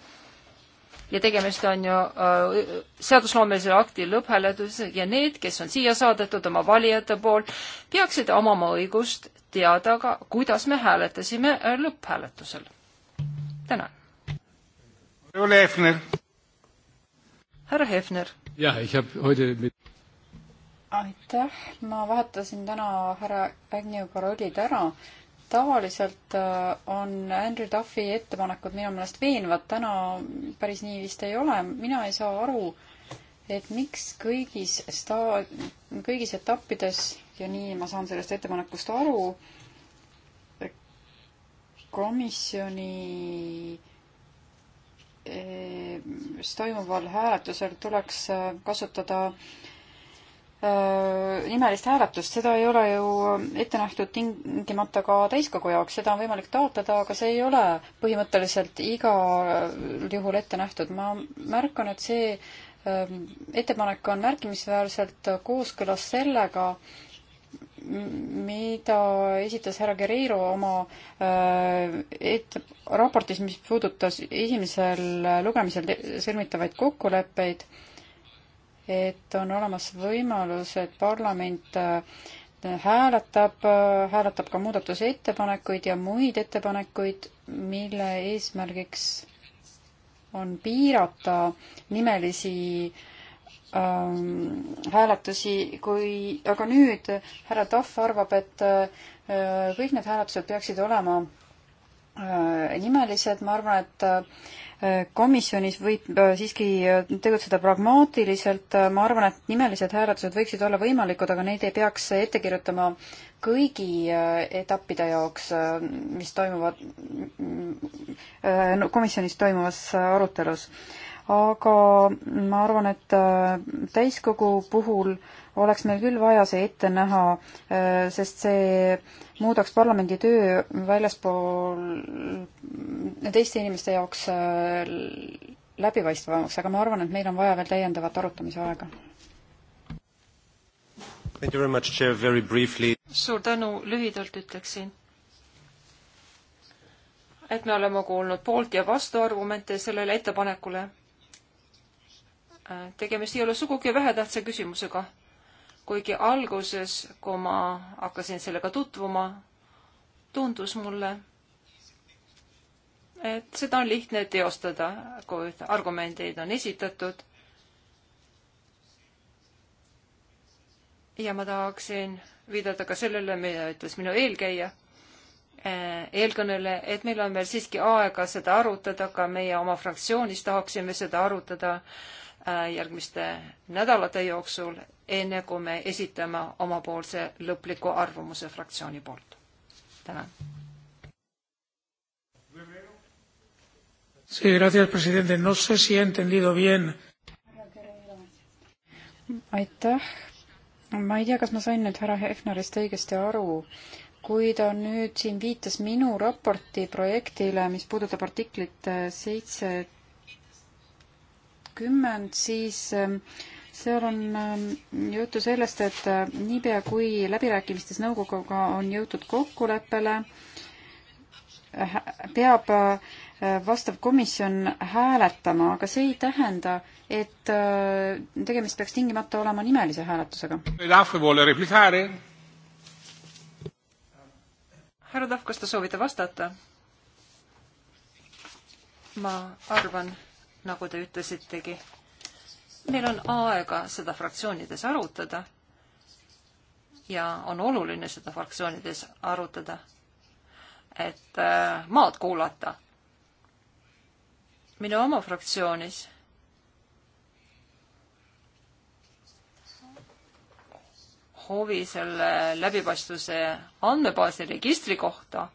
ja tegemist on ju äh, seadusloomelise akti lõpphääletusega ja need, kes on siia saadetud oma valijate poolt, peaksid omama õigust teada ka, kuidas me hääletasime äh, lõpphääletusel. tänan Ole Hefner. härra Hefner. jah, ich hab heute mit aitäh, ma vahetasin täna härra Agnewga rollid ära. tavaliselt äh, on Andrew Duffy ettepanekud minu meelest veenvad, täna päris nii vist ei ole. mina ei saa aru, et miks kõigis sta-, kõigis etappides ja nii ma saan sellest ettepanekust aru, komisjoni Ehm, toimuval hääletusel tuleks äh, kasutada äh, nimelist hääletust, seda ei ole ju ette nähtud tingimata ka täiskogu jaoks, seda on võimalik taotleda, aga see ei ole põhimõtteliselt igal juhul ette nähtud. ma märkan, et see ehm, ettepanek on märkimisväärselt kooskõlas sellega, mida esitas härra Guerreiro oma äh, et-, raportis, mis puudutas esimesel lugemisel sõlmitavaid kokkuleppeid, et on olemas võimalus, et parlament äh, hääletab, äh, hääletab ka muudatusettepanekuid ja muid ettepanekuid, mille eesmärgiks on piirata nimelisi äh, Ähm, hääletusi, kui, aga nüüd härra Tahv arvab, et äh, kõik need hääletused peaksid olema äh, nimelised, ma arvan, et äh, komisjonis võib siiski tegutseda pragmaatiliselt, ma arvan, et nimelised hääletused võiksid olla võimalikud, aga neid ei peaks ette kirjutama kõigi etappide jaoks, mis toimuvad mm, mm, komisjonis toimuvas arutelus aga ma arvan, et äh, täiskogu puhul oleks meil küll vaja see ette näha, äh, sest see muudaks parlamendi töö väljaspool teiste inimeste jaoks äh, läbipaistvamaks, aga ma arvan, et meil on vaja veel täiendavat arutamise aega. suur tänu, lühidalt ütleksin et me oleme kuulnud poolt- ja vastuargumente sellele ettepanekule tegemist ei ole sugugi vähetähtsa küsimusega, kuigi alguses, kui ma hakkasin sellega tutvuma, tundus mulle, et seda on lihtne teostada, kui argumendid on esitatud. ja ma tahaksin viidata ka sellele, mida ütles minu eelkäija, eh, eelkõneleja, et meil on veel siiski aega seda arutada, ka meie oma fraktsioonis tahaksime seda arutada äh, Äh, järgmiste nädalate jooksul, enne kui me esitame omapoolse lõpliku arvamuse fraktsiooni poolt. tänan. Sí, gracias, presidente. No sé si he entendido bien. aitäh. ma ei tea, kas ma sain nüüd härra Hefnerist õigesti aru kui ta nüüd siin viitas minu raporti projektile, mis puudutab artiklit seitse kakskümmend, siis ähm, seal on ähm, juttu sellest, et äh, niipea kui läbirääkimistes nõukoguga on jõutud kokkuleppele, äh, peab äh, vastav komisjon hääletama, aga see ei tähenda, et tegemist peaks tingimata olema nimelise hääletusega. härra Tahv, kas te soovite vastata? ma arvan, nagu te ütlesitegi. meil on aega seda fraktsioonides arutada ja on oluline seda fraktsioonides arutada, et äh, maad kuulata. minu oma fraktsioonis hoovi selle läbipaistvuse andmebaasi registri kohta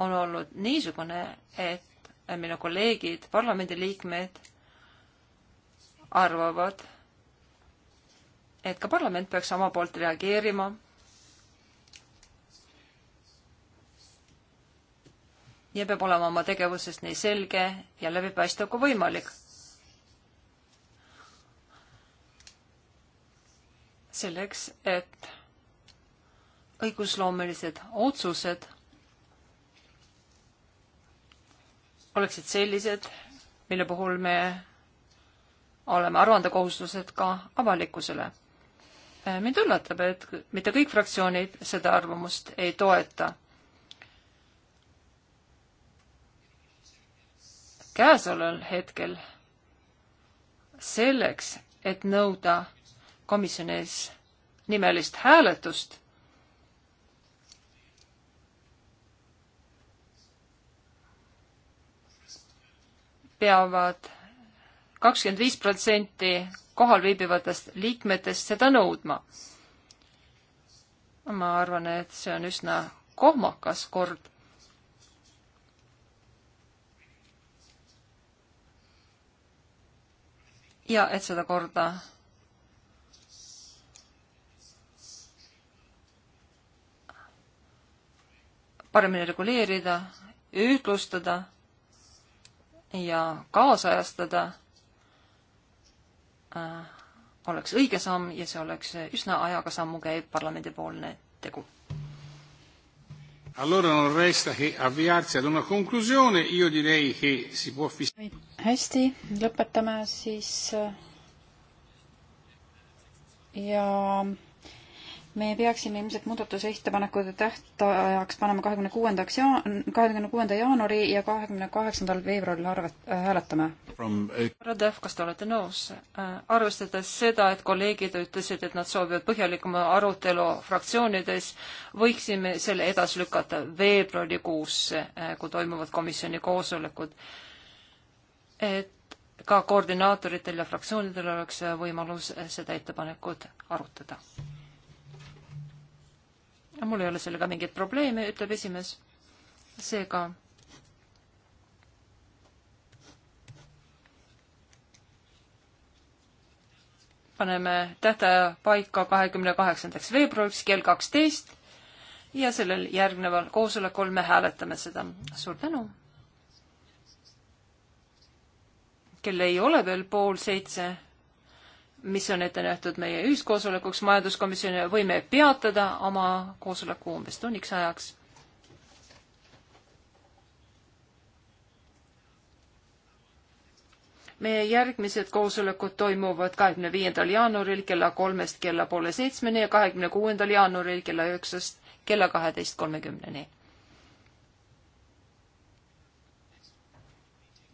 on olnud niisugune, et minu kolleegid, parlamendiliikmed arvavad, et ka parlament peaks oma poolt reageerima ja peab olema oma tegevuses nii selge ja läbipaistev kui võimalik. selleks, et õigusloomelised otsused oleksid sellised, mille puhul me oleme aruandekohustused ka avalikkusele. Äh, mind üllatab, et mitte kõik fraktsioonid seda arvamust ei toeta. käesoleval hetkel selleks, et nõuda komisjonis nimelist hääletust peavad kakskümmend viis protsenti kohal viibivatest liikmetest seda nõudma. ma arvan, et see on üsna kohmakas kord. ja et seda korda paremini reguleerida, ühtlustada ja kaasajastada äh, oleks õige samm ja see oleks üsna ajaga sammu käiv parlamendipoolne tegu. Allora non resta che avviarsi ad una conclusione, io direi che si può fissare. Hästi, lõpetame siis ja me peaksime ilmselt muudatusettepanekute tähtajaks panema kahekümne kuuendaks jaan-, kahekümne kuuenda jaanuari ja kahekümne kaheksandal veebruaril arvet-, äh, hääletame. härra Dev, kas te olete nõus? Äh, arvestades seda, et kolleegid ütlesid, et nad soovivad põhjalikuma arutelu fraktsioonides, võiksime selle edasi lükata veebruarikuusse, äh, kui toimuvad komisjoni koosolekud. et ka koordinaatoritel ja fraktsioonidel oleks võimalus seda ettepanekut arutada mul ei ole sellega mingeid probleeme, ütleb esimees. seega paneme tähtaja paika kahekümne kaheksandaks veebruariks kell kaksteist ja sellel järgneval koosolekul me hääletame seda. suur tänu! kell ei ole veel pool seitse mis on ette nähtud meie ühiskoosolekuks majanduskomisjonile, võime peatada oma koosoleku umbes tunniks ajaks. meie järgmised koosolekud toimuvad kahekümne viiendal jaanuaril kella kolmest kella poole seitsmeni ja kahekümne kuuendal jaanuaril kella üheksast kella kaheteist kolmekümneni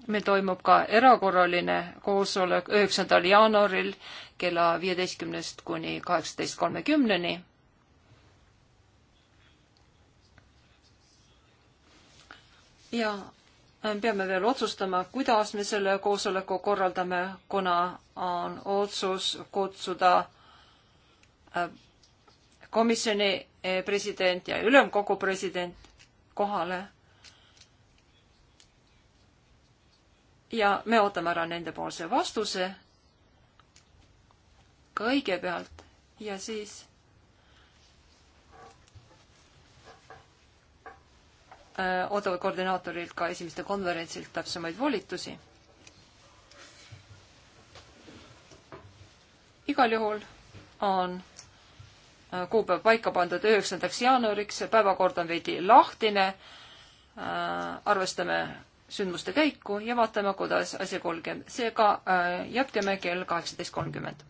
meil toimub ka erakorraline koosolek üheksandal jaanuaril kella viieteistkümnest kuni kaheksateist kolmekümneni. ja äh, peame veel otsustama, kuidas me selle koosoleku korraldame, kuna on otsus kutsuda äh, komisjoni eh, president ja ülemkogu president kohale ja me ootame ära nendepoolse vastuse kõigepealt ja siis äh, ootavad koordinaatorilt ka esimeste konverentsilt täpsemaid volitusi. igal juhul on äh, kuupäev paika pandud üheksandaks jaanuariks, päevakord on veidi lahtine, äh, arvestame sündmuste käiku ja vaatame, kuidas asi kulgeb. seega äh, jätkame kell kaheksateist kolmkümmend.